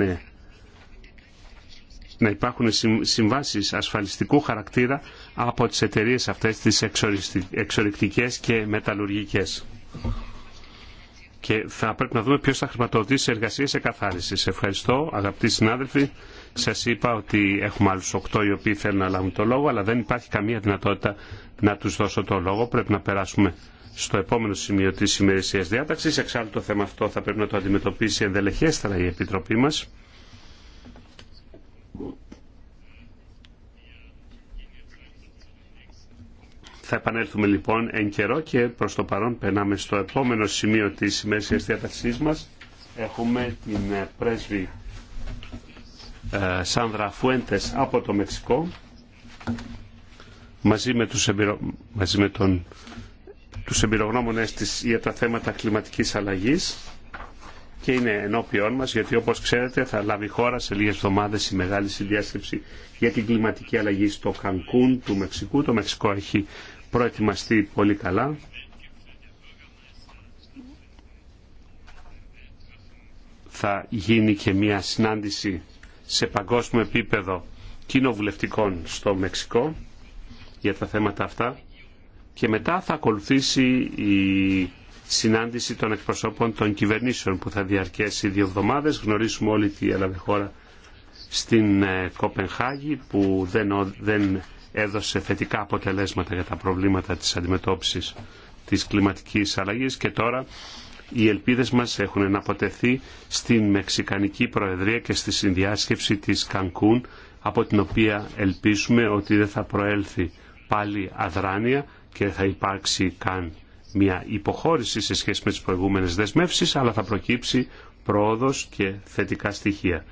να συμβάσεις ασφαλιστικού χαρακτήρα από τις εταιρείες αυτές τις εξορυκτικές και μεταλλουργικές και θα πρέπει να δούμε ποιο θα χρηματοδοτήσει εργασίε εκαθάριση. Ευχαριστώ αγαπητοί συνάδελφοι. Σα είπα ότι έχουμε αλλού οκτώ οι οποίοι θέλουν να λάβουν το λόγο, αλλά δεν υπάρχει καμία δυνατότητα να τους δώσω το λόγο. Πρέπει να περάσουμε στο επόμενο σημείο της ημερησία διάταξη. Εξάλλου το θέμα αυτό θα πρέπει να το αντιμετωπίσει ενδελεχέστερα η Επιτροπή μας. Θα επανέλθουμε λοιπόν εν καιρό και προς το παρόν περνάμε στο επόμενο σημείο της σημερινής διάταξής μας. Έχουμε την ε, πρέσβη ε, Σάνδρα Φουέντες από το Μεξικό μαζί με, τους εμπειρο... μαζί με τον... τους εμπειρογνώμονες της... για τα θέματα κλιματικής αλλαγής και είναι ενώπιόν μας γιατί όπως ξέρετε θα λάβει χώρα σε λίγες εβδομάδες η μεγάλη συνδιάσκεψη για την κλιματική αλλαγή στο Κανκούν του Μεξικού. Το Μεξικό έχει προετοιμαστεί πολύ καλά. Θα γίνει και μια συνάντηση σε παγκόσμιο επίπεδο κοινοβουλευτικών στο Μεξικό για τα θέματα αυτά και μετά θα ακολουθήσει η συνάντηση των εκπροσώπων των κυβερνήσεων που θα διαρκέσει δύο εβδομάδες. Γνωρίζουμε όλη τη Ελλάδα χώρα στην ε, Κοπενχάγη που δεν, δεν έδωσε θετικά αποτελέσματα για τα προβλήματα της αντιμετώπισης της κλιματικής αλλαγής και τώρα οι ελπίδες μας έχουν αναποτεθεί στην Μεξικανική Προεδρία και στη συνδιάσκεψη της Κανκούν από την οποία ελπίζουμε ότι δεν θα προέλθει πάλι αδράνεια και θα υπάρξει καν μια υποχώρηση σε σχέση με τις προηγούμενες δεσμεύσεις αλλά θα προκύψει πρόοδος και θετικά στοιχεία.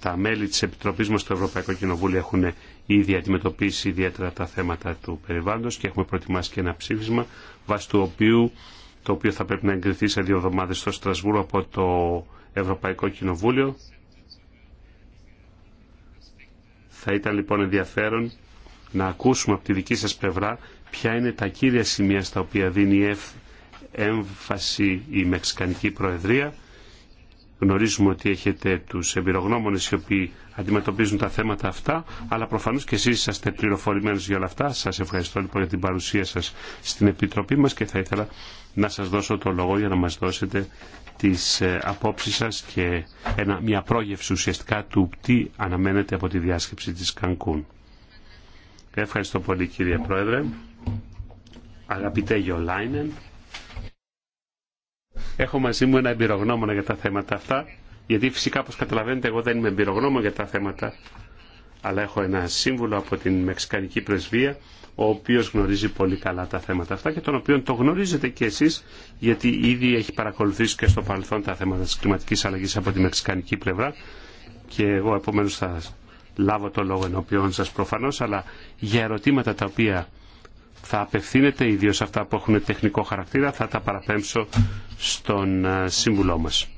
Τα μέλη της Επιτροπής μας στο Ευρωπαϊκό Κοινοβούλιο έχουν ήδη αντιμετωπίσει ιδιαίτερα τα θέματα του περιβάλλοντος και έχουμε προετοιμάσει και ένα ψήφισμα βάσει του οποίου το οποίο θα πρέπει να εγκριθεί σε δύο εβδομάδες στο Στρασβούργο από το Ευρωπαϊκό Κοινοβούλιο. Θα ήταν λοιπόν ενδιαφέρον να ακούσουμε από τη δική σας πλευρά ποια είναι τα κύρια σημεία στα οποία δίνει έμφαση η Μεξικανική Προεδρία Γνωρίζουμε ότι έχετε τους εμπειρογνώμονες οι οποίοι αντιμετωπίζουν τα θέματα αυτά, αλλά προφανώς και εσείς είσαστε πληροφορημένους για όλα αυτά. Σας ευχαριστώ λοιπόν για την παρουσία σας στην Επιτροπή μας και θα ήθελα να σας δώσω το λόγο για να μας δώσετε τις ε, απόψεις σας και ένα, μια πρόγευση ουσιαστικά του τι αναμένεται από τη διάσκεψη της Κανκούν. Ευχαριστώ πολύ κύριε Πρόεδρε. Αγαπητέ Γιολάινεν, Έχω μαζί μου ένα εμπειρογνώμονα για τα θέματα αυτά, γιατί φυσικά, όπως καταλαβαίνετε, εγώ δεν είμαι εμπειρογνώμο για τα θέματα, αλλά έχω ένα σύμβουλο από την Μεξικανική Πρεσβεία, ο οποίος γνωρίζει πολύ καλά τα θέματα αυτά και τον οποίο το γνωρίζετε και εσείς, γιατί ήδη έχει παρακολουθήσει και στο παρελθόν τα θέματα της κλιματικής αλλαγής από τη Μεξικανική πλευρά και εγώ επομένως θα λάβω το λόγο ενώπιον σας προφανώς, αλλά για ερωτήματα τα οποία θα απευθύνεται ιδίω αυτά που έχουν τεχνικό χαρακτήρα, θα τα παραπέμψω στον ε, σύμβουλό μας.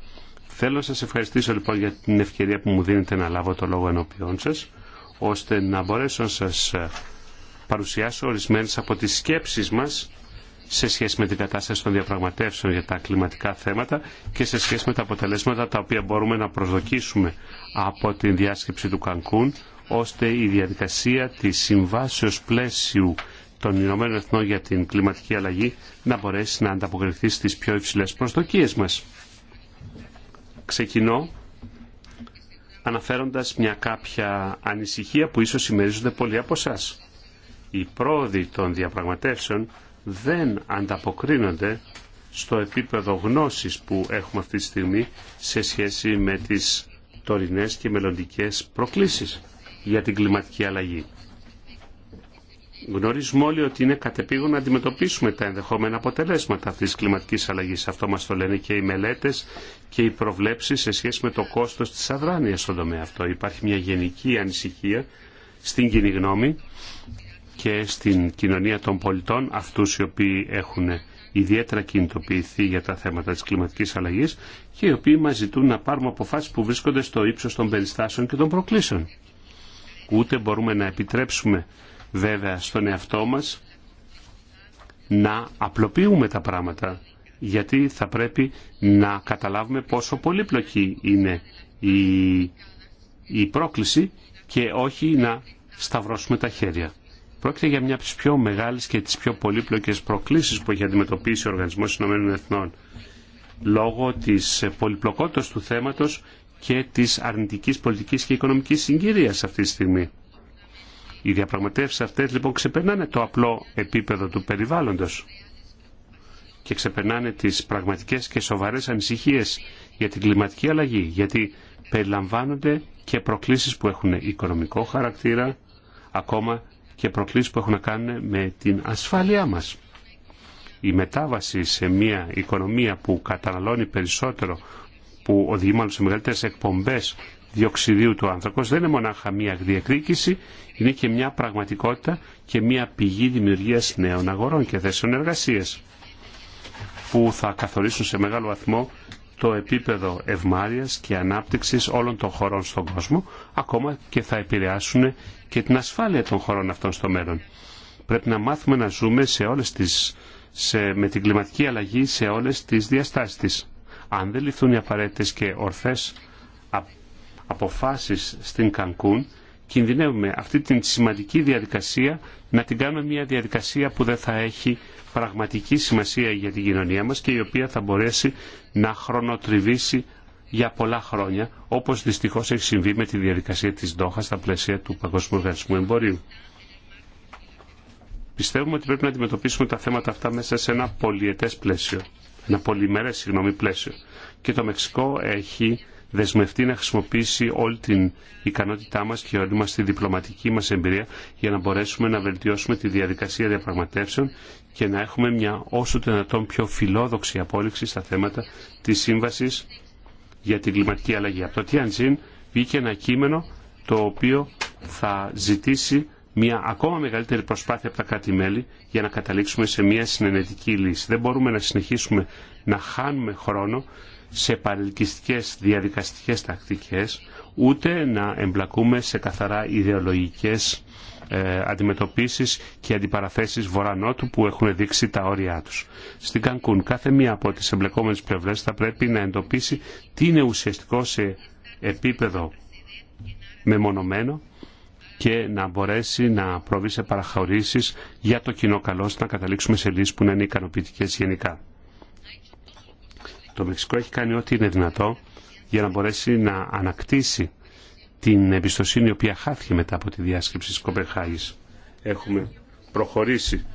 Θέλω να σας ευχαριστήσω λοιπόν για την ευκαιρία που μου δίνετε να λάβω το λόγο ενώπιόν σας, ώστε να μπορέσω να σας ε, παρουσιάσω ορισμένες από τις σκέψεις μας σε σχέση με την κατάσταση των διαπραγματεύσεων για τα κλιματικά θέματα και σε σχέση με τα αποτελέσματα τα οποία μπορούμε να προσδοκίσουμε από την διάσκεψη του Κανκούν, ώστε η διαδικασία της συμβάσεως πλαίσιου των Ηνωμένων Εθνών για την κλιματική αλλαγή να μπορέσει να ανταποκριθεί στις πιο υψηλές προσδοκίες μας. Ξεκινώ αναφέροντας μια κάποια ανησυχία που ίσως ημερίζονται πολλοί από εσά. Οι πρόοδοι των διαπραγματεύσεων δεν ανταποκρίνονται στο επίπεδο γνώσης που έχουμε αυτή τη στιγμή σε σχέση με τις τωρινές και μελλοντικές προκλήσεις για την κλιματική αλλαγή. Γνωρίζουμε όλοι ότι είναι κατεπήγον να αντιμετωπίσουμε τα ενδεχόμενα αποτελέσματα αυτής της κλιματικής αλλαγής. Αυτό μας το λένε και οι μελέτες και οι προβλέψεις σε σχέση με το κόστος της αδράνειας στον τομέα αυτό. Υπάρχει μια γενική ανησυχία στην κοινή γνώμη και στην κοινωνία των πολιτών, αυτούς οι οποίοι έχουν ιδιαίτερα κινητοποιηθεί για τα θέματα της κλιματικής αλλαγής και οι οποίοι μας ζητούν να πάρουμε αποφάσεις που βρίσκονται στο ύψο των περιστάσεων και των προκλήσεων. Ούτε μπορούμε να επιτρέψουμε βέβαια στον εαυτό μας να απλοποιούμε τα πράγματα γιατί θα πρέπει να καταλάβουμε πόσο πολύπλοκη είναι η, η πρόκληση και όχι να σταυρώσουμε τα χέρια. Πρόκειται για μια από τις πιο μεγάλες και τις πιο πολύπλοκες προκλήσεις που έχει αντιμετωπίσει ο Οργανισμός Εθνών λόγω της πολυπλοκότητας του θέματος και της αρνητικής πολιτικής και οικονομικής συγκυρίας αυτή τη στιγμή. Οι διαπραγματεύσεις αυτές λοιπόν ξεπερνάνε το απλό επίπεδο του περιβάλλοντος και ξεπερνάνε τις πραγματικές και σοβαρές ανησυχίες για την κλιματική αλλαγή, γιατί περιλαμβάνονται και προκλήσεις που έχουν οικονομικό χαρακτήρα, ακόμα και προκλήσεις που έχουν να κάνουν με την ασφάλειά μας. Η μετάβαση σε μια οικονομία που καταναλώνει περισσότερο, που οδηγεί μάλλον σε μεγαλύτερες εκπομπές διοξιδίου του άνθρακος δεν είναι μονάχα μια διεκδίκηση, είναι και μια πραγματικότητα και μια πηγή δημιουργίας νέων αγορών και θέσεων εργασία. που θα καθορίσουν σε μεγάλο βαθμό το επίπεδο ευμάρειας και ανάπτυξης όλων των χωρών στον κόσμο, ακόμα και θα επηρεάσουν και την ασφάλεια των χωρών αυτών στο μέλλον. Πρέπει να μάθουμε να ζούμε με την κλιματική αλλαγή σε όλες τις διαστάσεις της. Αν δεν ληφθούν οι απαραίτητες και ορθές αποφάσεις στην Κανκούν, κινδυνεύουμε αυτή την σημαντική διαδικασία να την κάνουμε μια διαδικασία που δεν θα έχει πραγματική σημασία για την κοινωνία μας και η οποία θα μπορέσει να χρονοτριβήσει για πολλά χρόνια, όπως δυστυχώς έχει συμβεί με τη διαδικασία της Ντόχα στα πλαίσια του Παγκόσμιου Οργανισμού Εμπορίου. Πιστεύουμε ότι πρέπει να αντιμετωπίσουμε τα θέματα αυτά μέσα σε ένα πολυετές πλαίσιο, ένα πολυμερές συγγνώμη πλαίσιο. Και το Μεξικό έχει δεσμευτεί να χρησιμοποιήσει όλη την ικανότητά μας και όλη μας τη διπλωματική μας εμπειρία για να μπορέσουμε να βελτιώσουμε τη διαδικασία διαπραγματεύσεων και να έχουμε μια όσο το δυνατόν πιο φιλόδοξη απόλυξη στα θέματα της Σύμβασης για την κλιματική αλλαγή. Από το Tianjin βγήκε ένα κείμενο το οποίο θα ζητήσει μια ακόμα μεγαλύτερη προσπάθεια από τα κράτη-μέλη για να καταλήξουμε σε μια συνενετική λύση. Δεν μπορούμε να συνεχίσουμε να χάνουμε χρόνο σε παρελκυστικές διαδικαστικές τακτικές, ούτε να εμπλακούμε σε καθαρά ιδεολογικές ε, αντιμετωπίσεις και αντιπαραθέσεις βορανότου που έχουν δείξει τα όρια τους. Στην Κανκούν κάθε μία από τις εμπλεκόμενες πλευρές θα πρέπει να εντοπίσει τι είναι ουσιαστικό σε επίπεδο μεμονωμένο και να μπορέσει να προβεί σε παραχωρήσεις για το κοινό καλό να καταλήξουμε σε λύσεις που να είναι ικανοποιητικές γενικά. Το Μεξικό έχει κάνει ό,τι είναι δυνατό για να μπορέσει να ανακτήσει την εμπιστοσύνη η οποία χάθηκε μετά από τη διάσκεψη της Κοπεχάγης. Έχουμε προχωρήσει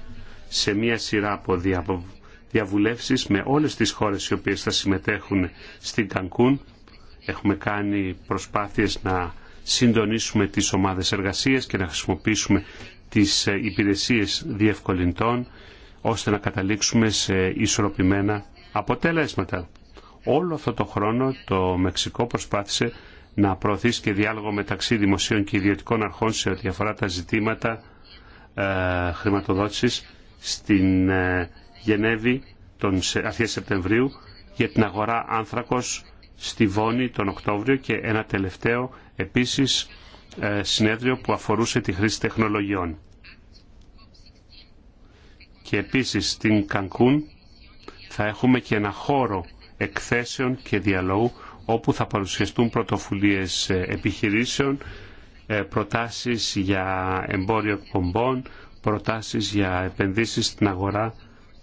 σε μία σειρά από διαβουλεύσεις με όλες τις χώρες οι οποίες θα συμμετέχουν στην Κανκούν. Έχουμε κάνει προσπάθειες να συντονίσουμε τις ομάδες εργασίας και να χρησιμοποιήσουμε τις ε, υπηρεσίες διευκολυντών ώστε να καταλήξουμε σε ισορροπημένα αποτελέσματα. Όλο αυτό το χρόνο το Μεξικό προσπάθησε να προωθήσει και διάλογο μεταξύ δημοσίων και ιδιωτικών αρχών σε ό,τι αφορά τα ζητήματα ε, χρηματοδότησης στην ε, Γενέβη τον αρχές Σεπτεμβρίου για την αγορά άνθρακος στη Βόνη τον Οκτώβριο και ένα τελευταίο επίσης ε, συνέδριο που αφορούσε τη χρήση τεχνολογιών. Και επίσης στην Κανκούν θα έχουμε και ένα χώρο εκθέσεων και διαλόγου όπου θα παρουσιαστούν πρωτοφουλίες ε, επιχειρήσεων, ε, προτάσεις για εμπόριο εκπομπών, προτάσεις για επενδύσεις στην αγορά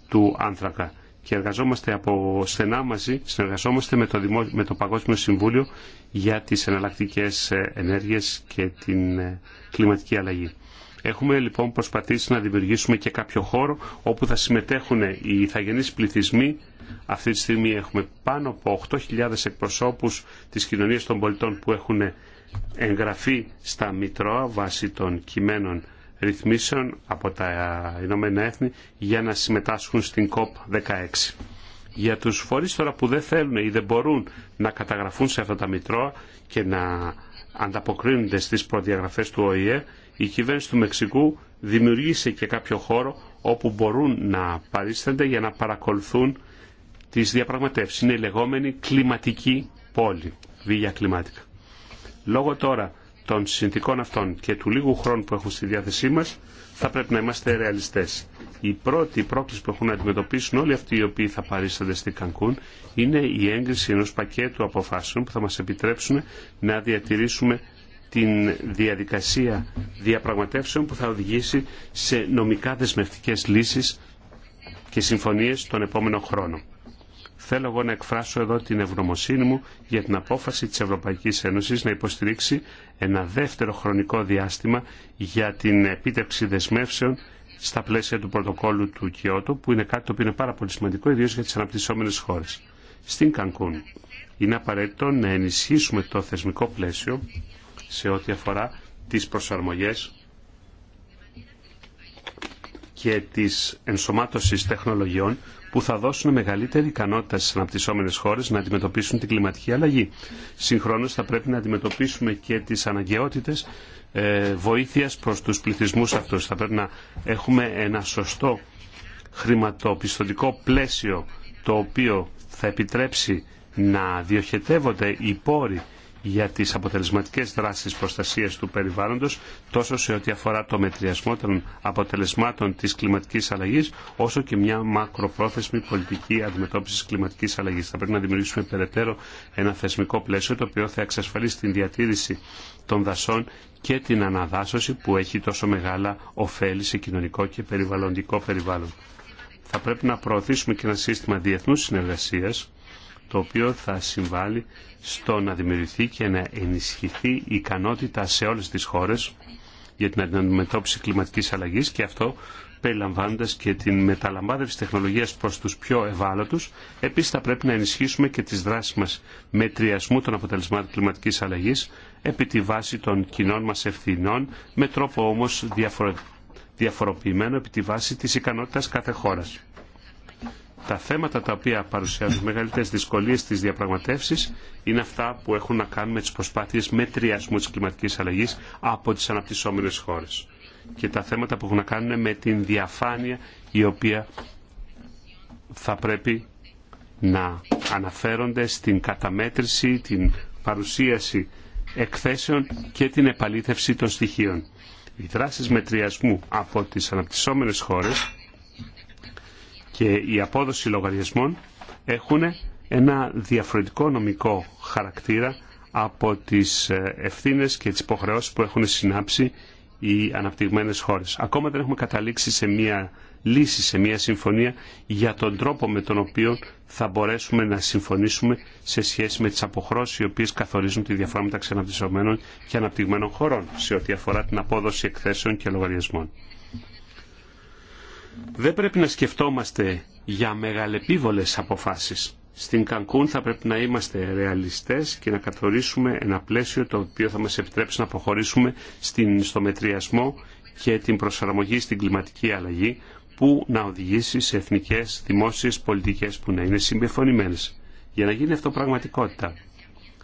του άνθρακα. Και εργαζόμαστε από στενά μαζί, συνεργαζόμαστε με το, Παγκόσμιο Συμβούλιο για τις εναλλακτικέ ε, ενέργειες και την κλιματική αλλαγή. Έχουμε λοιπόν προσπαθήσει να δημιουργήσουμε και κάποιο χώρο όπου θα συμμετέχουν οι ηθαγενείς πληθυσμοί. Αυτή τη στιγμή έχουμε πάνω από 8.000 εκπροσώπους της κοινωνίας των πολιτών που έχουν εγγραφεί στα Μητρώα βάσει των κειμένων ρυθμίσεων από τα Ηνωμένα Έθνη για να συμμετάσχουν στην COP16. Για τους φορείς τώρα που δεν θέλουν ή δεν μπορούν να καταγραφούν σε αυτά τα Μητρώα και να ανταποκρίνονται στις προδιαγραφές του ΟΗΕ, η κυβέρνηση του Μεξικού δημιουργήσε και κάποιο χώρο όπου μπορούν να παρίστανται για να παρακολουθούν τις διαπραγματεύσεις. Είναι η λεγόμενη κλιματική πόλη, βίγια κλιμάτικα. Λόγω τώρα των συνθήκων αυτών και του λίγου χρόνου που έχουν στη διάθεσή μας, θα πρέπει να είμαστε ρεαλιστές. Η πρώτη πρόκληση που έχουν να αντιμετωπίσουν όλοι αυτοί οι οποίοι θα παρίστανται στη Κανκούν είναι η έγκριση ενός πακέτου αποφάσεων που θα μας επιτρέψουν να διατηρήσουμε την διαδικασία διαπραγματεύσεων που θα οδηγήσει σε νομικά δεσμευτικές λύσεις και συμφωνίες τον επόμενο χρόνο. Θέλω εγώ να εκφράσω εδώ την ευγνωμοσύνη μου για την απόφαση της Ευρωπαϊκής Ένωσης να υποστηρίξει ένα δεύτερο χρονικό διάστημα για την επίτευξη δεσμεύσεων στα πλαίσια του πρωτοκόλλου του Κιώτο, που είναι κάτι το οποίο είναι πάρα πολύ σημαντικό, ιδίω για τι αναπτυσσόμενε χώρε. Στην Κανκούν, είναι απαραίτητο να ενισχύσουμε το θεσμικό πλαίσιο σε ό,τι αφορά τις προσαρμογές και τις ενσωμάτωσης τεχνολογιών που θα δώσουν μεγαλύτερη ικανότητα στις αναπτυσσόμενες χώρες να αντιμετωπίσουν την κλιματική αλλαγή. Συγχρόνως θα πρέπει να αντιμετωπίσουμε και τις αναγκαιότητες ε, βοήθειας προς τους πληθυσμούς αυτούς. Θα πρέπει να έχουμε ένα σωστό χρηματοπιστωτικό πλαίσιο το οποίο θα επιτρέψει να διοχετεύονται οι πόροι για τις αποτελεσματικές δράσεις προστασίας του περιβάλλοντος τόσο σε ό,τι αφορά το μετριασμό των αποτελεσμάτων της κλιματικής αλλαγής όσο και μια μακροπρόθεσμη πολιτική αντιμετώπιση κλιματικής αλλαγής. Θα πρέπει να δημιουργήσουμε περαιτέρω ένα θεσμικό πλαίσιο το οποίο θα εξασφαλίσει την διατήρηση των δασών και την αναδάσωση που έχει τόσο μεγάλα ωφέλη σε κοινωνικό και περιβαλλοντικό περιβάλλον. Θα πρέπει να προωθήσουμε και ένα σύστημα διεθνούς συνεργασίας το οποίο θα συμβάλλει στο να δημιουργηθεί και να ενισχυθεί η ικανότητα σε όλες τις χώρες για την αντιμετώπιση κλιματικής αλλαγής και αυτό περιλαμβάνοντας και την μεταλαμβάνευση τεχνολογίας προς τους πιο ευάλωτους. Επίσης θα πρέπει να ενισχύσουμε και τις δράσεις μας μετριασμού των αποτελεσμάτων κλιματικής αλλαγής επί τη βάση των κοινών μας ευθυνών με τρόπο όμως διαφοροποιημένο επί τη βάση της ικανότητας κάθε χώρας τα θέματα τα οποία παρουσιάζουν μεγαλύτερε δυσκολίες στις διαπραγματεύσεις είναι αυτά που έχουν να κάνουν με τις προσπάθειες μετριασμού τη κλιματική αλλαγή από τις αναπτυσσόμενες χώρες και τα θέματα που έχουν να κάνουν με την διαφάνεια η οποία θα πρέπει να αναφέρονται στην καταμέτρηση, την παρουσίαση εκθέσεων και την επαλήθευση των στοιχείων. Οι δράσεις μετριασμού από τις αναπτυσσόμενες χώρες και η απόδοση λογαριασμών έχουν ένα διαφορετικό νομικό χαρακτήρα από τις ε, ευθύνες και τις υποχρεώσεις που έχουν συνάψει οι αναπτυγμένες χώρες. Ακόμα δεν έχουμε καταλήξει σε μια λύση, σε μια συμφωνία για τον τρόπο με τον οποίο θα μπορέσουμε να συμφωνήσουμε σε σχέση με τις αποχρώσεις οι οποίες καθορίζουν τη διαφορά μεταξύ αναπτυσσομένων και αναπτυγμένων χωρών σε ό,τι αφορά την απόδοση εκθέσεων και λογαριασμών δεν πρέπει να σκεφτόμαστε για μεγαλεπίβολες αποφάσεις. Στην Κανκούν θα πρέπει να είμαστε ρεαλιστές και να καθορίσουμε ένα πλαίσιο το οποίο θα μας επιτρέψει να προχωρήσουμε στην, στο μετριασμό και την προσαρμογή στην κλιματική αλλαγή που να οδηγήσει σε εθνικές δημόσιες πολιτικές που να είναι συμπεφωνημένες. Για να γίνει αυτό πραγματικότητα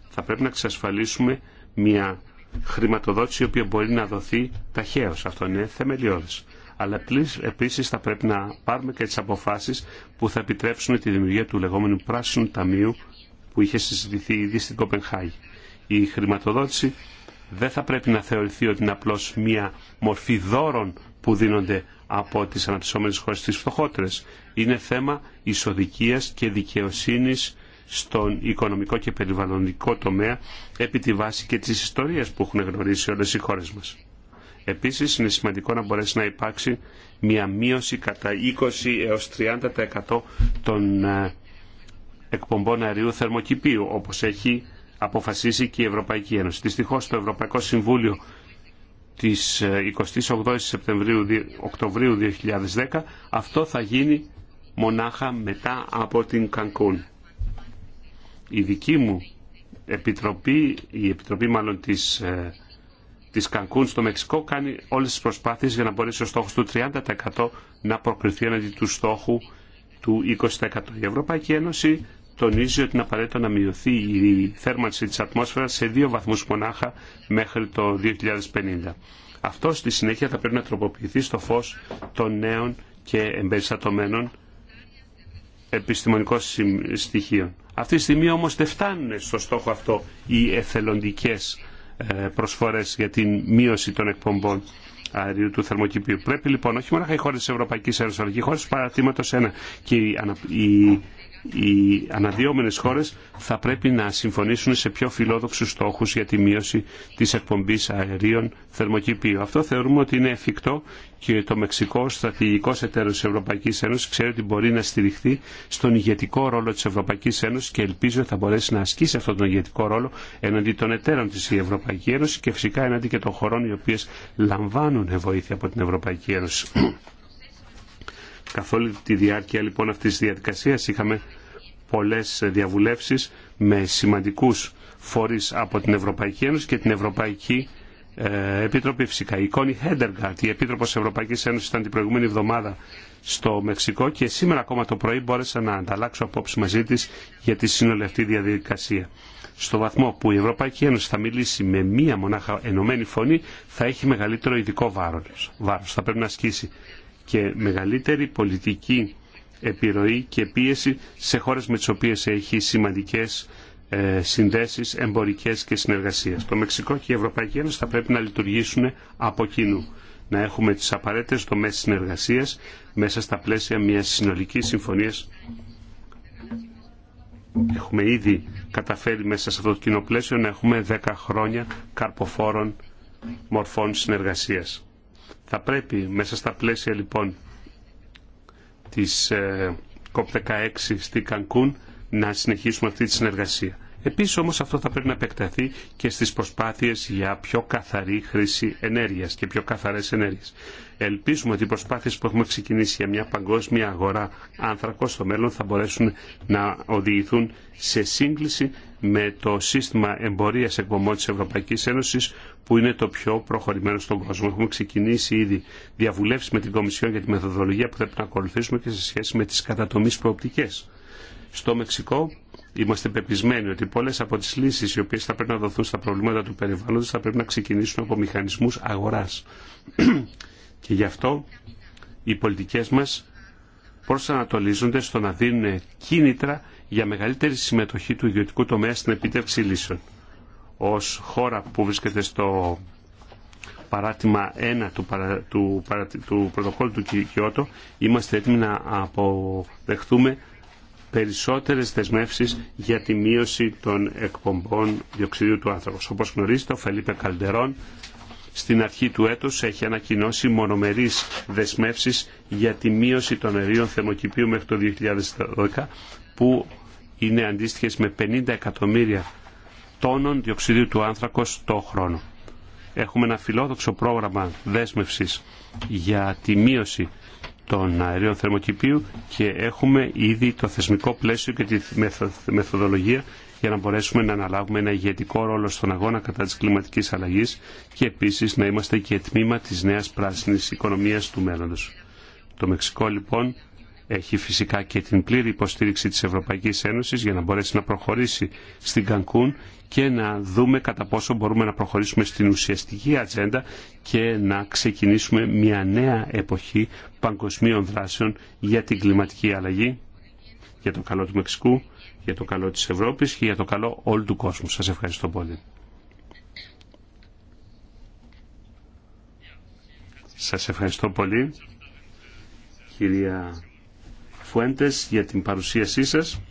θα πρέπει να εξασφαλίσουμε μια χρηματοδότηση η οποία μπορεί να δοθεί ταχαίως. Αυτό είναι θεμελιώδες αλλά επίσης θα πρέπει να πάρουμε και τι αποφάσει που θα επιτρέψουν τη δημιουργία του λεγόμενου πράσινου ταμείου που είχε συζητηθεί ήδη στην Κοπενχάγη. Η χρηματοδότηση δεν θα πρέπει να θεωρηθεί ότι είναι απλώ μία μορφή δώρων που δίνονται από τι αναπτυσσόμενες χώρε τι φτωχότερε, Είναι θέμα ισοδικία και δικαιοσύνη στον οικονομικό και περιβαλλοντικό τομέα επί τη βάση και της ιστορίας που έχουν γνωρίσει όλες οι χώρες μας. Επίσης είναι σημαντικό να μπορέσει να υπάρξει μια μείωση κατά 20 έως 30% των ε, εκπομπών αερίου θερμοκηπίου, όπως έχει αποφασίσει και η Ευρωπαϊκή Ένωση. Δυστυχώς το Ευρωπαϊκό Συμβούλιο της 28 ε, Σεπτεμβρίου, Οκτωβρίου 2010 αυτό θα γίνει μονάχα μετά από την Κανκούν. Η δική μου επιτροπή, η επιτροπή μάλλον της ε, της Κανκούν στο Μεξικό κάνει όλες τις προσπάθειες για να μπορέσει ο στόχο του 30% να προκριθεί έναντι του στόχου του 20%. Η Ευρωπαϊκή Ένωση τονίζει ότι είναι απαραίτητο να μειωθεί η θέρμανση της ατμόσφαιρας σε δύο βαθμούς μονάχα μέχρι το 2050. Αυτό στη συνέχεια θα πρέπει να τροποποιηθεί στο φως των νέων και εμπεριστατωμένων επιστημονικών στοιχείων. Αυτή τη στιγμή όμως δεν φτάνουν στο στόχο αυτό οι εθελοντικές ε, προσφορές για την μείωση των εκπομπών αερίου του θερμοκηπίου. Πρέπει λοιπόν όχι μόνο οι χώρε τη Ευρωπαϊκή Ένωση, αλλά και οι χώρε παρατήματο 1 και οι αναδυόμενες χώρες θα πρέπει να συμφωνήσουν σε πιο φιλόδοξους στόχους για τη μείωση της εκπομπής αερίων θερμοκηπίου. Αυτό θεωρούμε ότι είναι εφικτό και το Μεξικό στρατηγικό εταίρος της Ευρωπαϊκής Ένωσης ξέρει ότι μπορεί να στηριχθεί στον ηγετικό ρόλο της Ευρωπαϊκής Ένωσης και ελπίζω θα μπορέσει να ασκήσει αυτόν τον ηγετικό ρόλο εναντί των εταίρων της Ευρωπαϊκής Ευρωπαϊκή Ένωση και φυσικά εναντί και των χωρών οι οποίες λαμβάνουν βοήθεια από την Ευρωπαϊκή Ένωση. Καθ' όλη τη διάρκεια λοιπόν αυτής της διαδικασίας είχαμε πολλές διαβουλεύσεις με σημαντικούς φορείς από την Ευρωπαϊκή Ένωση και την Ευρωπαϊκή ε, Επίτροπη φυσικά. Η Κόνη Χέντεργαρτ, η Επίτροπος Ευρωπαϊκής Ένωσης, ήταν την προηγούμενη εβδομάδα στο Μεξικό και σήμερα ακόμα το πρωί μπόρεσα να ανταλλάξω απόψη μαζί της για τη σύνολη διαδικασία. Στο βαθμό που η Ευρωπαϊκή Ένωση θα μιλήσει με μία μονάχα ενωμένη φωνή θα έχει μεγαλύτερο ειδικό βάρος. βάρος. Θα πρέπει να ασκήσει και μεγαλύτερη πολιτική επιρροή και πίεση σε χώρες με τις οποίες έχει σημαντικές ε, συνδέσεις εμπορικές και συνεργασίες. Το Μεξικό και η Ευρωπαϊκή Ένωση θα πρέπει να λειτουργήσουν από κοινού. Να έχουμε τις απαραίτητες δομές συνεργασίας μέσα στα πλαίσια μιας συνολικής συμφωνίας. Έχουμε ήδη καταφέρει μέσα σε αυτό το κοινό να έχουμε 10 χρόνια καρποφόρων μορφών συνεργασίας. Θα πρέπει μέσα στα πλαίσια λοιπόν της COP16 ε, στη Κανκούν να συνεχίσουμε αυτή τη συνεργασία. Επίση όμω αυτό θα πρέπει να επεκταθεί και στι προσπάθειε για πιο καθαρή χρήση ενέργεια και πιο καθαρέ ενέργειε. Ελπίζουμε ότι οι προσπάθειε που έχουμε ξεκινήσει για μια παγκόσμια αγορά άνθρακο στο μέλλον θα μπορέσουν να οδηγηθούν σε σύγκληση με το σύστημα εμπορίας εκπομπών τη Ευρωπαϊκή Ένωση, που είναι το πιο προχωρημένο στον κόσμο. Έχουμε ξεκινήσει ήδη διαβουλεύσει με την Κομισιόν για τη μεθοδολογία που θα πρέπει να ακολουθήσουμε και σε σχέση με τι κατατομής προοπτικέ Στο Μεξικό Είμαστε πεπισμένοι ότι πολλέ από τι λύσει οι οποίε θα πρέπει να δοθούν στα προβλήματα του περιβάλλοντο θα πρέπει να ξεκινήσουν από μηχανισμού αγορά. <clears throat> και γι' αυτό οι πολιτικέ μα προσανατολίζονται στο να δίνουν κίνητρα για μεγαλύτερη συμμετοχή του ιδιωτικού τομέα στην επίτευξη λύσεων. Ω χώρα που βρίσκεται στο παράτημα 1 του, του, του πρωτοκόλλου του Κιώτο, είμαστε έτοιμοι να αποδεχθούμε περισσότερες δεσμεύσεις για τη μείωση των εκπομπών διοξιδίου του άνθρακος. Όπως γνωρίζετε, ο Φελίπε Καλντερών στην αρχή του έτους έχει ανακοινώσει μονομερείς δεσμεύσεις για τη μείωση των αερίων θερμοκηπίου μέχρι το 2012 που είναι αντίστοιχες με 50 εκατομμύρια τόνων διοξιδίου του άνθρακος το χρόνο. Έχουμε ένα φιλόδοξο πρόγραμμα δέσμευσης για τη μείωση των αερίων θερμοκηπίου και έχουμε ήδη το θεσμικό πλαίσιο και τη μεθοδολογία για να μπορέσουμε να αναλάβουμε ένα ηγετικό ρόλο στον αγώνα κατά της κλιματικής αλλαγής και επίσης να είμαστε και τμήμα της νέας πράσινης οικονομίας του μέλλοντος. Το Μεξικό λοιπόν έχει φυσικά και την πλήρη υποστήριξη της Ευρωπαϊκής Ένωσης για να μπορέσει να προχωρήσει στην Κανκούν και να δούμε κατά πόσο μπορούμε να προχωρήσουμε στην ουσιαστική ατζέντα και να ξεκινήσουμε μια νέα εποχή παγκοσμίων δράσεων για την κλιματική αλλαγή, για το καλό του Μεξικού, για το καλό της Ευρώπης και για το καλό όλου του κόσμου. Σας ευχαριστώ πολύ. Σας ευχαριστώ πολύ, κυρία Φουέντες για την παρουσίασή σας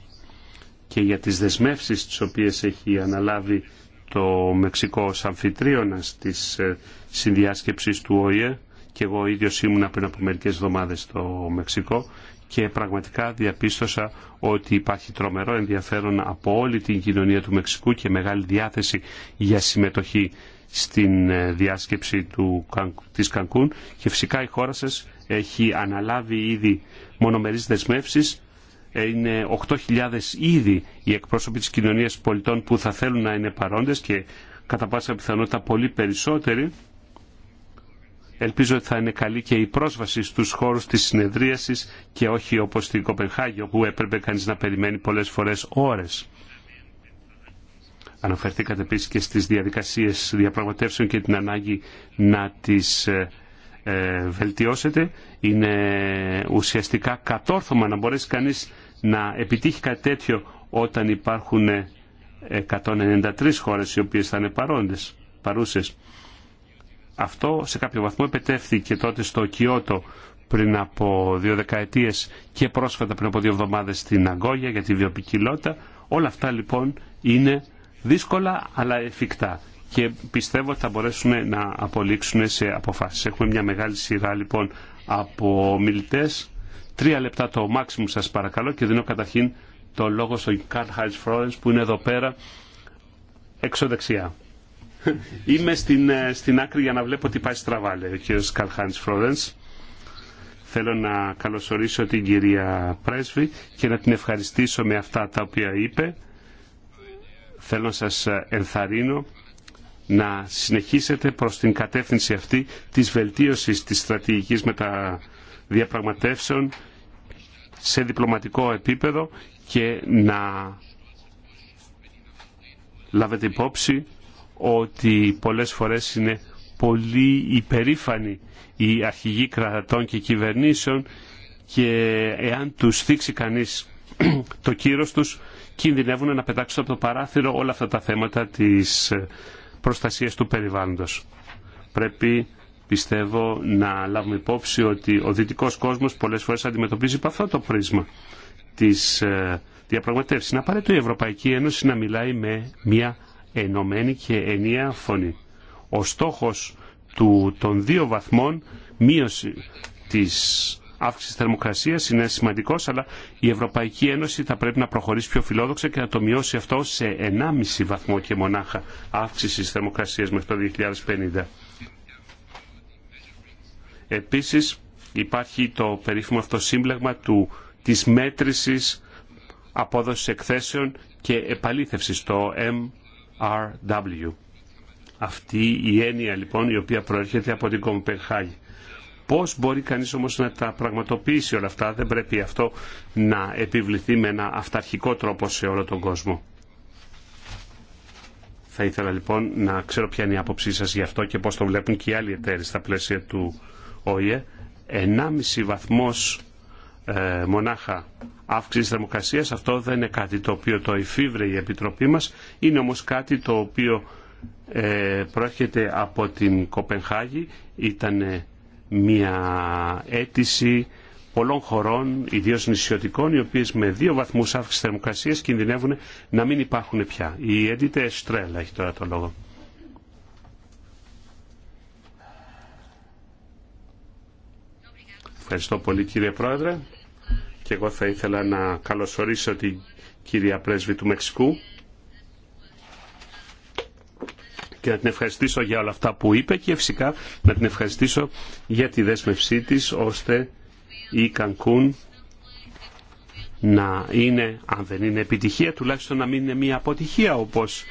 και για τις δεσμεύσεις τις οποίες έχει αναλάβει το Μεξικό ως αμφιτρίωνας της ε, συνδιάσκεψης του ΟΗΕ και εγώ ίδιος ήμουν πριν από μερικές εβδομάδες στο Μεξικό και πραγματικά διαπίστωσα ότι υπάρχει τρομερό ενδιαφέρον από όλη την κοινωνία του Μεξικού και μεγάλη διάθεση για συμμετοχή στην ε, διάσκεψη του, της Κανκούν και φυσικά η χώρα σας έχει αναλάβει ήδη μονομερείς δεσμεύσει ε, Είναι 8.000 ήδη οι εκπρόσωποι της κοινωνίας πολιτών που θα θέλουν να είναι παρόντες και κατά πάσα πιθανότητα πολύ περισσότεροι. Ελπίζω ότι θα είναι καλή και η πρόσβαση στους χώρους της συνεδρίασης και όχι όπως στην Κοπενχάγη όπου έπρεπε κανείς να περιμένει πολλές φορές ώρες. Αναφερθήκατε επίσης και στις διαδικασίες διαπραγματεύσεων και την ανάγκη να τις ε, ε, βελτιώσετε. Είναι ουσιαστικά κατόρθωμα να μπορέσει κανείς να επιτύχει κάτι τέτοιο όταν υπάρχουν 193 ε, χώρες οι οποίες θα είναι παρόντες, παρούσες. Αυτό σε κάποιο βαθμό επετεύθηκε τότε στο Κιώτο πριν από δύο δεκαετίες και πρόσφατα πριν από δύο εβδομάδες στην Αγκόγια για τη βιοπικιλότητα. Όλα αυτά λοιπόν είναι δύσκολα αλλά εφικτά και πιστεύω ότι θα μπορέσουν να απολύξουν σε αποφάσεις. Έχουμε μια μεγάλη σειρά λοιπόν από μιλητέ, Τρία λεπτά το μάξιμου σας παρακαλώ και δίνω καταρχήν το λόγο στον Καρλ Χάιτς Φρόρενς που είναι εδώ πέρα έξω δεξιά. Είμαι στην, ε, στην άκρη για να βλέπω τι πάει στραβά, ο κ. Καρλ Χάιτς Θέλω να καλωσορίσω την κυρία Πρέσβη και να την ευχαριστήσω με αυτά τα οποία είπε. Θέλω να σας ε, ενθαρρύνω να συνεχίσετε προς την κατεύθυνση αυτή της βελτίωσης της στρατηγικής μεταδιαπραγματεύσεων σε διπλωματικό επίπεδο και να λάβετε υπόψη ότι πολλές φορές είναι πολύ υπερήφανοι οι αρχηγοί κρατών και κυβερνήσεων και εάν τους θίξει κανείς <clears throat> το κύρος τους κινδυνεύουν να πετάξουν από το παράθυρο όλα αυτά τα θέματα της προστασίας του περιβάλλοντος. Πρέπει πιστεύω να λάβουμε υπόψη ότι ο δυτικός κόσμος πολλές φορές αντιμετωπίζει από αυτό το πρίσμα της ε, διαπραγματεύσης. Να απαραίτητο η Ευρωπαϊκή Ένωση να μιλάει με μια ενωμένη και ενιαία φωνή. Ο στόχος του, των δύο βαθμών μείωση της αύξηση θερμοκρασία είναι σημαντικό, αλλά η Ευρωπαϊκή Ένωση θα πρέπει να προχωρήσει πιο φιλόδοξα και να το μειώσει αυτό σε 1,5 βαθμό και μονάχα αύξηση τη θερμοκρασία μέχρι το 2050. Επίση, υπάρχει το περίφημο αυτό σύμπλεγμα του, της μέτρησης απόδοσης εκθέσεων και επαλήθευσης, το MRW. Αυτή η έννοια λοιπόν η οποία προέρχεται από την Κομπεχάγη. Πώς μπορεί κανείς όμως να τα πραγματοποιήσει όλα αυτά, δεν πρέπει αυτό να επιβληθεί με ένα αυταρχικό τρόπο σε όλο τον κόσμο. Θα ήθελα λοιπόν να ξέρω ποια είναι η άποψή σας γι' αυτό και πώς το βλέπουν και οι άλλοι εταίροι στα πλαίσια του ΟΗΕ. 1,5 βαθμός ε, μονάχα αύξηση θερμοκρασία, αυτό δεν είναι κάτι το οποίο το εφήβρε η Επιτροπή μας, είναι όμως κάτι το οποίο ε, από την Κοπενχάγη, ήταν μια αίτηση πολλών χωρών, ιδίως νησιωτικών, οι οποίες με δύο βαθμούς αύξησης θερμοκρασίας κινδυνεύουν να μην υπάρχουν πια. Η Edith Εστρέλα έχει τώρα το λόγο. Ευχαριστώ πολύ κύριε Πρόεδρε και εγώ θα ήθελα να καλωσορίσω την κυρία Πρέσβη του Μεξικού και να την ευχαριστήσω για όλα αυτά που είπε και φυσικά να την ευχαριστήσω για τη δέσμευσή της ώστε η Κανκούν να είναι, αν δεν είναι επιτυχία, τουλάχιστον να μην είναι μια αποτυχία όπως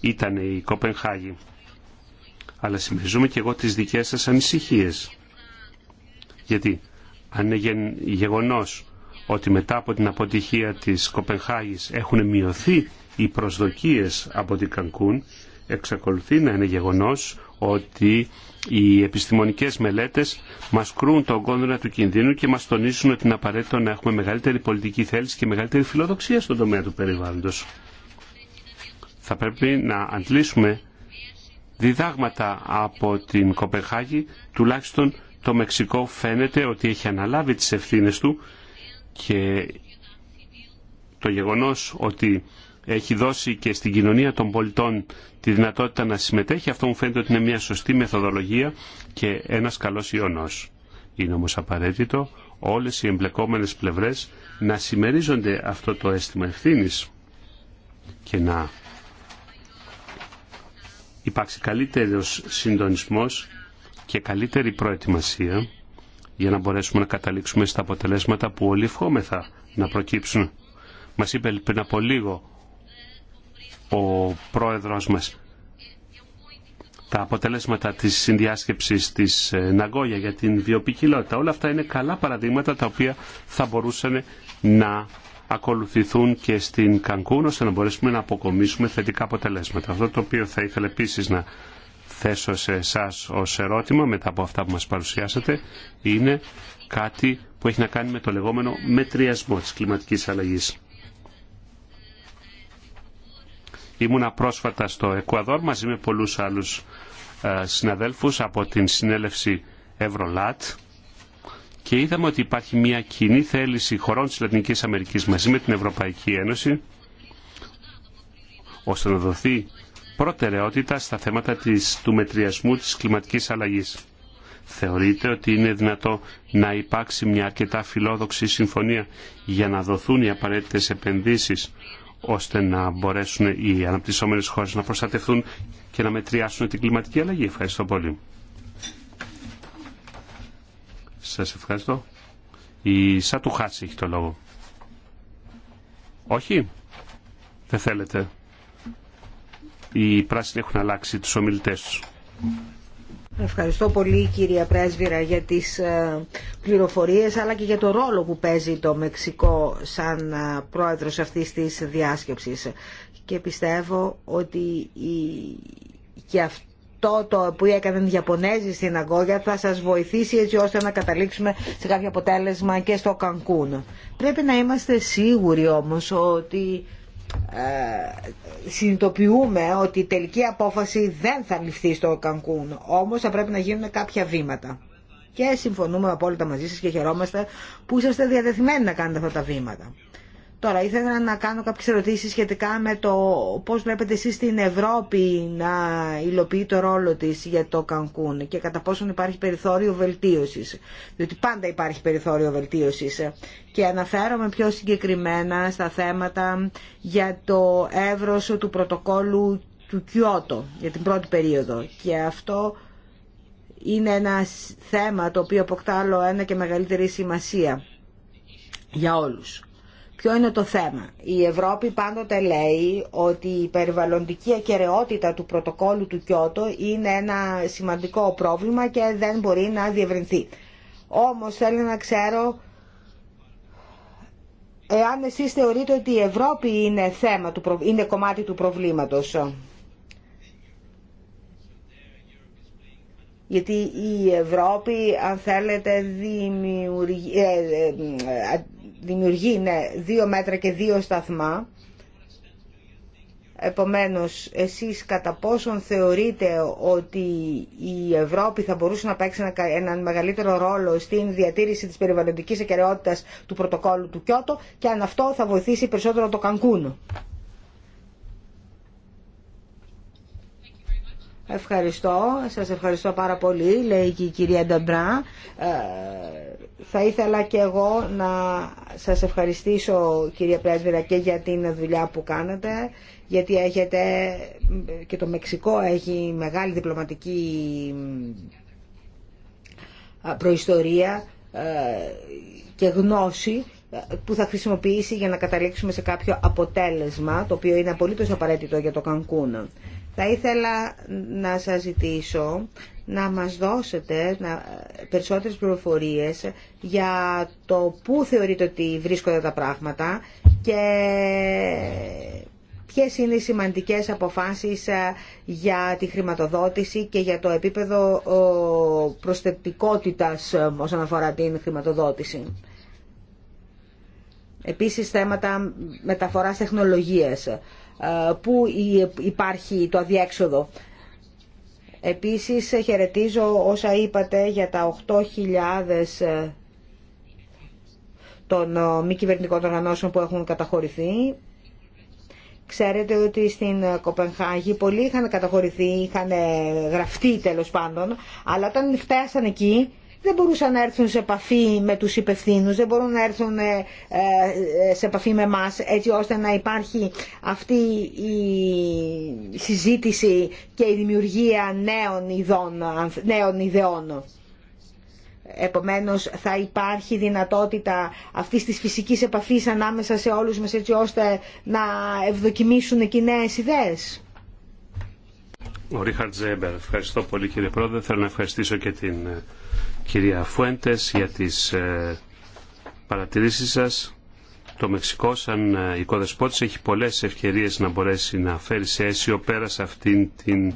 ήταν η Κοπενχάγη. Αλλά συμμεριζούμε και εγώ τις δικές σας ανησυχίες. Γιατί αν είναι γεγονός ότι μετά από την αποτυχία της Κοπενχάγης έχουν μειωθεί οι προσδοκίες από την Κανκούν, εξακολουθεί να είναι γεγονός ότι οι επιστημονικές μελέτες μας κρούν τον κόνδυνα του κινδύνου και μας τονίζουν ότι είναι απαραίτητο να έχουμε μεγαλύτερη πολιτική θέληση και μεγαλύτερη φιλοδοξία στον τομέα του περιβάλλοντος. Θα πρέπει να αντλήσουμε διδάγματα από την Κοπεχάγη, τουλάχιστον το Μεξικό φαίνεται ότι έχει αναλάβει τις ευθύνες του και το γεγονός ότι έχει δώσει και στην κοινωνία των πολιτών τη δυνατότητα να συμμετέχει, αυτό μου φαίνεται ότι είναι μια σωστή μεθοδολογία και ένας καλός ιονός. Είναι όμως απαραίτητο όλες οι εμπλεκόμενες πλευρές να συμμερίζονται αυτό το αίσθημα ευθύνη και να υπάρξει καλύτερος συντονισμός και καλύτερη προετοιμασία για να μπορέσουμε να καταλήξουμε στα αποτελέσματα που όλοι ευχόμεθα να προκύψουν. Μας είπε πριν από λίγο ο πρόεδρος μας τα αποτελέσματα της συνδιάσκεψης της ε, Ναγκόγια για την βιοπικιλότητα. Όλα αυτά είναι καλά παραδείγματα τα οποία θα μπορούσαν να ακολουθηθούν και στην Κανκούν ώστε να μπορέσουμε να αποκομίσουμε θετικά αποτελέσματα. Αυτό το οποίο θα ήθελα επίσης να θέσω σε εσά ω ερώτημα μετά από αυτά που μας παρουσιάσατε είναι κάτι που έχει να κάνει με το λεγόμενο μετριασμό της κλιματικής αλλαγής. Ήμουνα πρόσφατα στο Εκουαδόρ μαζί με πολλούς άλλους ε, συναδέλφους από την συνέλευση Ευρωλάτ και είδαμε ότι υπάρχει μια κοινή θέληση χωρών της Λατινικής Αμερικής μαζί με την Ευρωπαϊκή Ένωση ώστε να δοθεί προτεραιότητα στα θέματα της, του μετριασμού της κλιματικής αλλαγής. Θεωρείτε ότι είναι δυνατό να υπάρξει μια αρκετά φιλόδοξη συμφωνία για να δοθούν οι απαραίτητες επενδύσεις ώστε να μπορέσουν οι αναπτυσσόμενες χώρες να προστατευτούν και να μετριάσουν την κλιματική αλλαγή. Ευχαριστώ πολύ. Σας ευχαριστώ. Η Σάτου Χάση έχει το λόγο. Όχι. Δεν θέλετε. Οι πράσινοι έχουν αλλάξει τους ομιλητές τους. Ευχαριστώ πολύ κυρία Πρέσβυρα για τις ε, πληροφορίες αλλά και για το ρόλο που παίζει το Μεξικό σαν ε, πρόεδρος αυτής της διάσκεψης. Και πιστεύω ότι και αυτό το που έκαναν οι Ιαπωνέζοι στην Αγκόγια θα σας βοηθήσει έτσι ώστε να καταλήξουμε σε κάποιο αποτέλεσμα και στο Κανκούν. Πρέπει να είμαστε σίγουροι όμως ότι ε, συνειδητοποιούμε ότι η τελική απόφαση δεν θα ληφθεί στο Κανκούν. Όμως θα πρέπει να γίνουν κάποια βήματα. Και συμφωνούμε απόλυτα μαζί σας και χαιρόμαστε που είσαστε διατεθειμένοι να κάνετε αυτά τα βήματα. Τώρα ήθελα να κάνω κάποιες ερωτήσεις σχετικά με το πώς βλέπετε εσείς την Ευρώπη να υλοποιεί το ρόλο της για το Κανκούν και κατά πόσον υπάρχει περιθώριο βελτίωσης. Διότι πάντα υπάρχει περιθώριο βελτίωσης. Και αναφέρομαι πιο συγκεκριμένα στα θέματα για το εύρο του πρωτοκόλλου του Κιώτο για την πρώτη περίοδο. Και αυτό είναι ένα θέμα το οποίο αποκτά άλλο ένα και μεγαλύτερη σημασία για όλους Ποιο είναι το θέμα. Η Ευρώπη πάντοτε λέει ότι η περιβαλλοντική ακαιρεότητα του πρωτοκόλου του Κιώτο είναι ένα σημαντικό πρόβλημα και δεν μπορεί να διευρυνθεί. Όμως θέλω να ξέρω εάν εσείς θεωρείτε ότι η Ευρώπη είναι, θέμα, είναι κομμάτι του προβλήματος. γιατί η Ευρώπη αν θέλετε δημιουργεί, ε, ε, ε, δημιουργεί ναι, δύο μέτρα και δύο σταθμά. Επομένως, εσείς κατά πόσον θεωρείτε ότι η Ευρώπη θα μπορούσε να παίξει έναν μεγαλύτερο ρόλο στην διατήρηση της περιβαλλοντικής ακεραιότητας του πρωτοκόλλου του Κιώτο και αν αυτό θα βοηθήσει περισσότερο το Κανκούνο; Ευχαριστώ, σας ευχαριστώ πάρα πολύ, λέει και η κυρία Νταμπρά. Ε, θα ήθελα και εγώ να σας ευχαριστήσω, κυρία Πρέσβυρα, και για την δουλειά που κάνατε, γιατί έχετε, και το Μεξικό έχει μεγάλη διπλωματική ε, προϊστορία ε, και γνώση που θα χρησιμοποιήσει για να καταλήξουμε σε κάποιο αποτέλεσμα, το οποίο είναι απολύτως απαραίτητο για το Κανκούν. Θα ήθελα να σας ζητήσω να μας δώσετε να, περισσότερες πληροφορίες για το πού θεωρείτε ότι βρίσκονται τα πράγματα και ποιες είναι οι σημαντικές αποφάσεις ε, για τη χρηματοδότηση και για το επίπεδο προσθετικότητας ε, όσον αφορά την χρηματοδότηση. Επίσης θέματα μεταφοράς τεχνολογίας ε, που υπάρχει το αδιέξοδο. Επίσης χαιρετίζω όσα είπατε για τα 8.000 ε, των ε, μη κυβερνητικών οργανώσεων που έχουν καταχωρηθεί. Ξέρετε ότι στην Κοπενχάγη πολλοί είχαν καταχωρηθεί, είχαν γραφτεί τέλος πάντων, αλλά όταν φτάσαν εκεί δεν μπορούσαν να έρθουν σε επαφή με τους υπευθύνους, δεν μπορούν να έρθουν ε, ε, σε επαφή με μας έτσι ώστε να υπάρχει αυτή η συζήτηση και η δημιουργία νέων, ειδών, νέων ιδεών. Επομένως θα υπάρχει δυνατότητα αυτής της φυσικής επαφής ανάμεσα σε όλους μας έτσι ώστε να ευδοκιμήσουν και οι ιδέες. Ο Ρίχαρτ Ζέμπερ, ευχαριστώ πολύ κύριε Πρόεδρε. Θέλω να ευχαριστήσω και την ε, κυρία Φουέντες για τις ε, παρατηρήσεις σας. Το Μεξικό σαν ε, οικοδεσπότης έχει πολλές ευκαιρίες να μπορέσει να φέρει σε αίσιο πέρα σε αυτήν την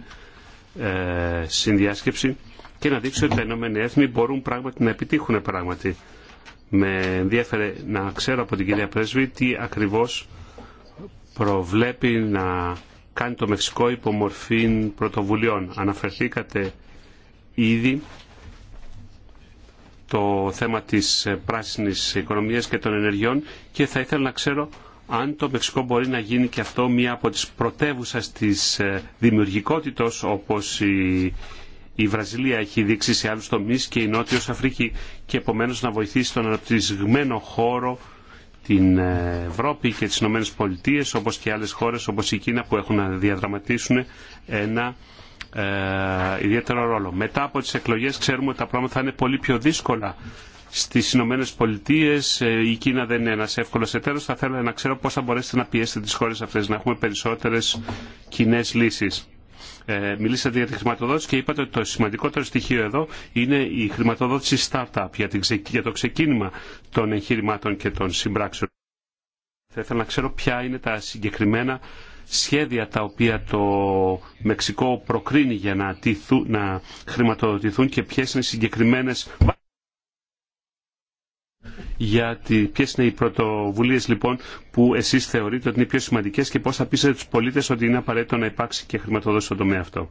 ε, συνδιάσκεψη και να δείξει ότι τα Ηνωμένα Έθνη μπορούν πράγματι να επιτύχουν πράγματι. Με ενδιαφέρε να ξέρω από την κυρία Πρέσβη τι ακριβώς προβλέπει να κάνει το Μεξικό υπό μορφή πρωτοβουλειών. Αναφερθήκατε ήδη το θέμα της ε, πράσινης οικονομίας και των ενεργειών και θα ήθελα να ξέρω αν το Μεξικό μπορεί να γίνει και αυτό μία από τις πρωτεύουσα της ε, δημιουργικότητος όπως η, η Βραζιλία έχει δείξει σε άλλους τομείς και η Νότιος Αφρική και επομένως να βοηθήσει τον αναπτυσσμένο χώρο την ε, Ευρώπη και τις Ηνωμένες Πολιτείες όπως και άλλες χώρες όπως η Κίνα που έχουν να διαδραματίσουν ένα ε, ιδιαίτερο ρόλο. Μετά από τις εκλογές ξέρουμε ότι τα πράγματα θα είναι πολύ πιο δύσκολα στις Ηνωμένε Πολιτείε. Ε, η Κίνα δεν είναι ένας εύκολος εταίρος. Θα θέλω να ξέρω πώς θα μπορέσετε να πιέσετε τις χώρες αυτές να έχουμε περισσότερες κοινέ λύσεις. Ε, μιλήσατε για τη χρηματοδότηση και είπατε ότι το σημαντικότερο στοιχείο εδώ είναι η χρηματοδότηση startup για, την, για το ξεκίνημα των εγχειρημάτων και των συμπράξεων. Θα ήθελα να ξέρω ποια είναι τα συγκεκριμένα σχέδια τα οποία το Μεξικό προκρίνει για να, τυθού, να χρηματοδοτηθούν και ποιες είναι συγκεκριμένες για τι, ποιες είναι οι πρωτοβουλίες λοιπόν που εσείς θεωρείτε ότι είναι πιο σημαντικές και πώς θα πείσετε τους πολίτες ότι είναι απαραίτητο να υπάρξει και χρηματοδότηση στον τομέα αυτό.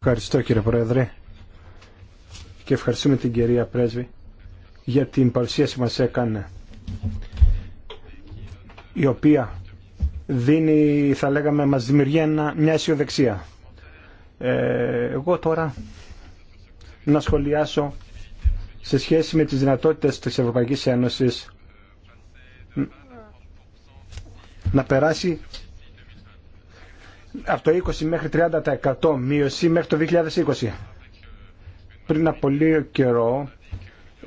Ευχαριστώ κύριε Πρόεδρε και ευχαριστούμε την κυρία Πρέσβη για την παρουσίαση μας έκανε η οποία δίνει, θα λέγαμε, μας δημιουργεί μια αισιοδεξία. Ε, εγώ τώρα να σχολιάσω σε σχέση με τις δυνατότητες της Ευρωπαϊκής Ένωσης να περάσει από το 20 μέχρι 30% μείωση μέχρι το 2020. Πριν από λίγο καιρό,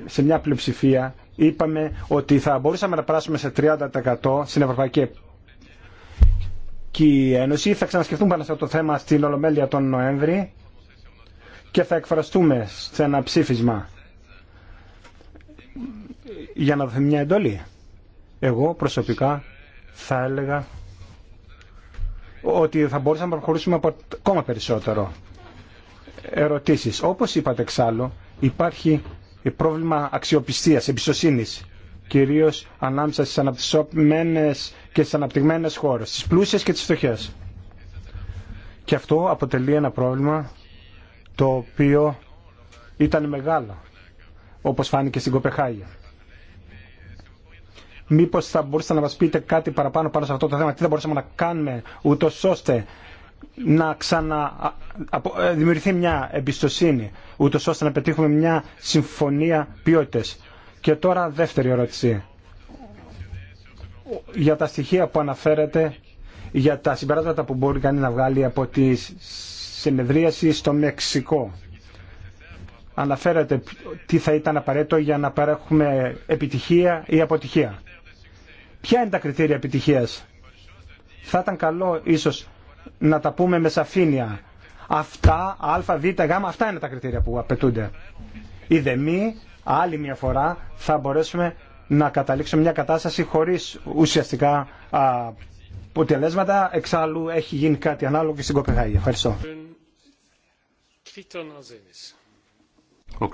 σε μια πλειοψηφία είπαμε ότι θα μπορούσαμε να περάσουμε σε 30% στην Ευρωπαϊκή η Ένωση. Θα ξανασκεφτούμε πάνω σε αυτό το θέμα στην Ολομέλεια τον Νοέμβρη και θα εκφραστούμε σε ένα ψήφισμα για να δοθεί μια εντολή. Εγώ προσωπικά θα έλεγα ότι θα μπορούσαμε να προχωρήσουμε από ακόμα περισσότερο. Ερωτήσεις. Όπως είπατε εξάλλου, υπάρχει πρόβλημα αξιοπιστίας, εμπιστοσύνης κυρίως ανάμεσα στις αναπτυσσόμενες και στις αναπτυγμένες χώρες, στις πλούσιες και τις φτωχές. Και αυτό αποτελεί ένα πρόβλημα το οποίο ήταν μεγάλο, όπως φάνηκε στην Κοπεχάγια. Μήπως θα μπορούσατε να μας πείτε κάτι παραπάνω πάνω σε αυτό το θέμα, τι θα μπορούσαμε να κάνουμε ούτω ώστε να ξαναδημιουργηθεί ε, μια εμπιστοσύνη, ούτως ώστε να πετύχουμε μια συμφωνία ποιότητες. Και τώρα δεύτερη ερώτηση. Για τα στοιχεία που αναφέρετε, για τα συμπεράσματα που μπορεί κανείς να βγάλει από τη συνεδρίαση στο Μεξικό. Αναφέρετε τι θα ήταν απαραίτητο για να παρέχουμε επιτυχία ή αποτυχία. Ποια είναι τα κριτήρια επιτυχίας. Θα ήταν καλό ίσως να τα πούμε με σαφήνεια. Αυτά, α, β, γ, αυτά είναι τα κριτήρια που απαιτούνται. Η μη, άλλη μια φορά, θα μπορέσουμε να καταλήξουμε μια κατάσταση χωρίς ουσιαστικά αποτελέσματα. Εξάλλου έχει γίνει κάτι ανάλογο και στην Κοπεχάγη. Ευχαριστώ. Ο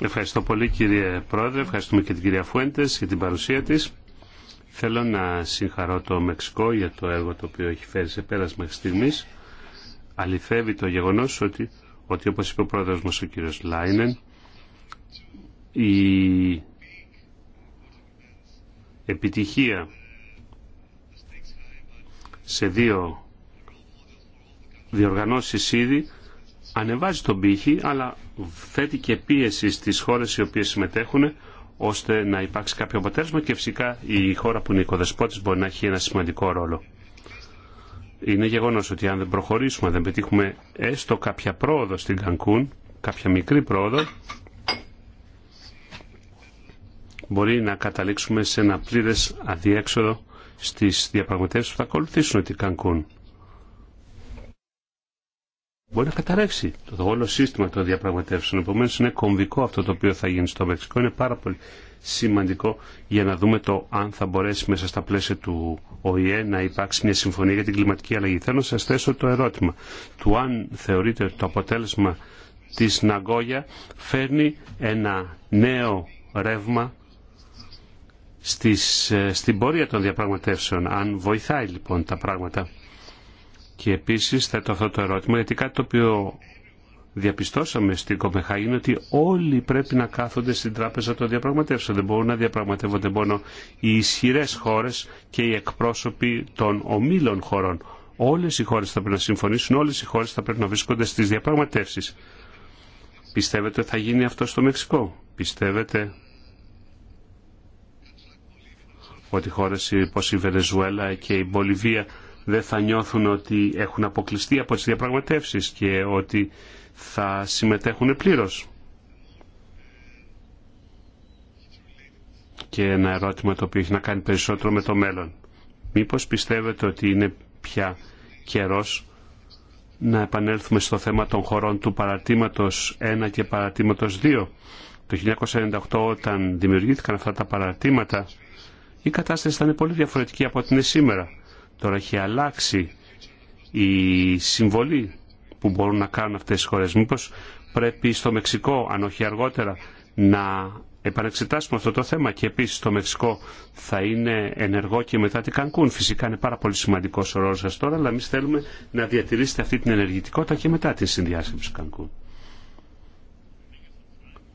Ευχαριστώ πολύ κύριε Πρόεδρε, ευχαριστούμε και την κυρία Φουέντες για την παρουσία της. Θέλω να συγχαρώ το Μεξικό για το έργο το οποίο έχει φέρει σε πέρας μέχρι στιγμής. Αληθεύει το γεγονός ότι, ότι όπως είπε ο πρόεδρος μας ο κύριος Λάινεν, η επιτυχία σε δύο διοργανώσεις ήδη ανεβάζει τον πύχη αλλά θέτει και πίεση στις χώρες οι οποίες συμμετέχουν ώστε να υπάρξει κάποιο αποτέλεσμα και φυσικά η χώρα που είναι οικοδεσπότης μπορεί να έχει ένα σημαντικό ρόλο. Είναι γεγονός ότι αν δεν προχωρήσουμε, δεν πετύχουμε έστω κάποια πρόοδο στην Κανκούν, κάποια μικρή πρόοδο, μπορεί να καταλήξουμε σε ένα πλήρες αδιέξοδο στις διαπραγματεύσεις που θα ακολουθήσουν την Κανκούν μπορεί να καταρρεύσει το όλο σύστημα των διαπραγματεύσεων. Επομένω, είναι κομβικό αυτό το οποίο θα γίνει στο Μεξικό. Είναι πάρα πολύ σημαντικό για να δούμε το αν θα μπορέσει μέσα στα πλαίσια του ΟΗΕ να υπάρξει μια συμφωνία για την κλιματική αλλαγή. Θέλω να σα θέσω το ερώτημα του αν θεωρείτε το αποτέλεσμα τη Ναγκόγια φέρνει ένα νέο ρεύμα στις, ε, στην πορεία των διαπραγματεύσεων, αν βοηθάει λοιπόν τα πράγματα. Και επίσης θέτω αυτό το ερώτημα, γιατί κάτι το οποίο διαπιστώσαμε στην Κομεχά είναι ότι όλοι πρέπει να κάθονται στην τράπεζα των διαπραγματεύσεων. Δεν μπορούν να διαπραγματεύονται μόνο οι ισχυρέ χώρε και οι εκπρόσωποι των ομίλων χωρών. Όλε οι χώρε θα πρέπει να συμφωνήσουν, όλε οι χώρε θα πρέπει να βρίσκονται στι διαπραγματεύσει. Πιστεύετε ότι θα γίνει αυτό στο Μεξικό. Πιστεύετε ότι χώρε όπω η Βενεζουέλα και η Μπολιβία δεν θα νιώθουν ότι έχουν αποκλειστεί από τις διαπραγματεύσεις και ότι θα συμμετέχουν πλήρως. Και ένα ερώτημα το οποίο έχει να κάνει περισσότερο με το μέλλον. Μήπως πιστεύετε ότι είναι πια καιρός να επανέλθουμε στο θέμα των χωρών του παρατήματος 1 και παρατήματος 2. Το 1998 όταν δημιουργήθηκαν αυτά τα παρατήματα η κατάσταση ήταν πολύ διαφορετική από ό,τι είναι σήμερα. Τώρα έχει αλλάξει η συμβολή που μπορούν να κάνουν αυτές οι χώρες. Μήπως πρέπει στο Μεξικό, αν όχι αργότερα, να επανεξετάσουμε αυτό το θέμα και επίσης το Μεξικό θα είναι ενεργό και μετά την Κανκούν. Φυσικά είναι πάρα πολύ σημαντικό ο ρόλος σας τώρα, αλλά εμεί θέλουμε να διατηρήσετε αυτή την ενεργητικότητα και μετά την συνδιάσκεψη Κανκούν.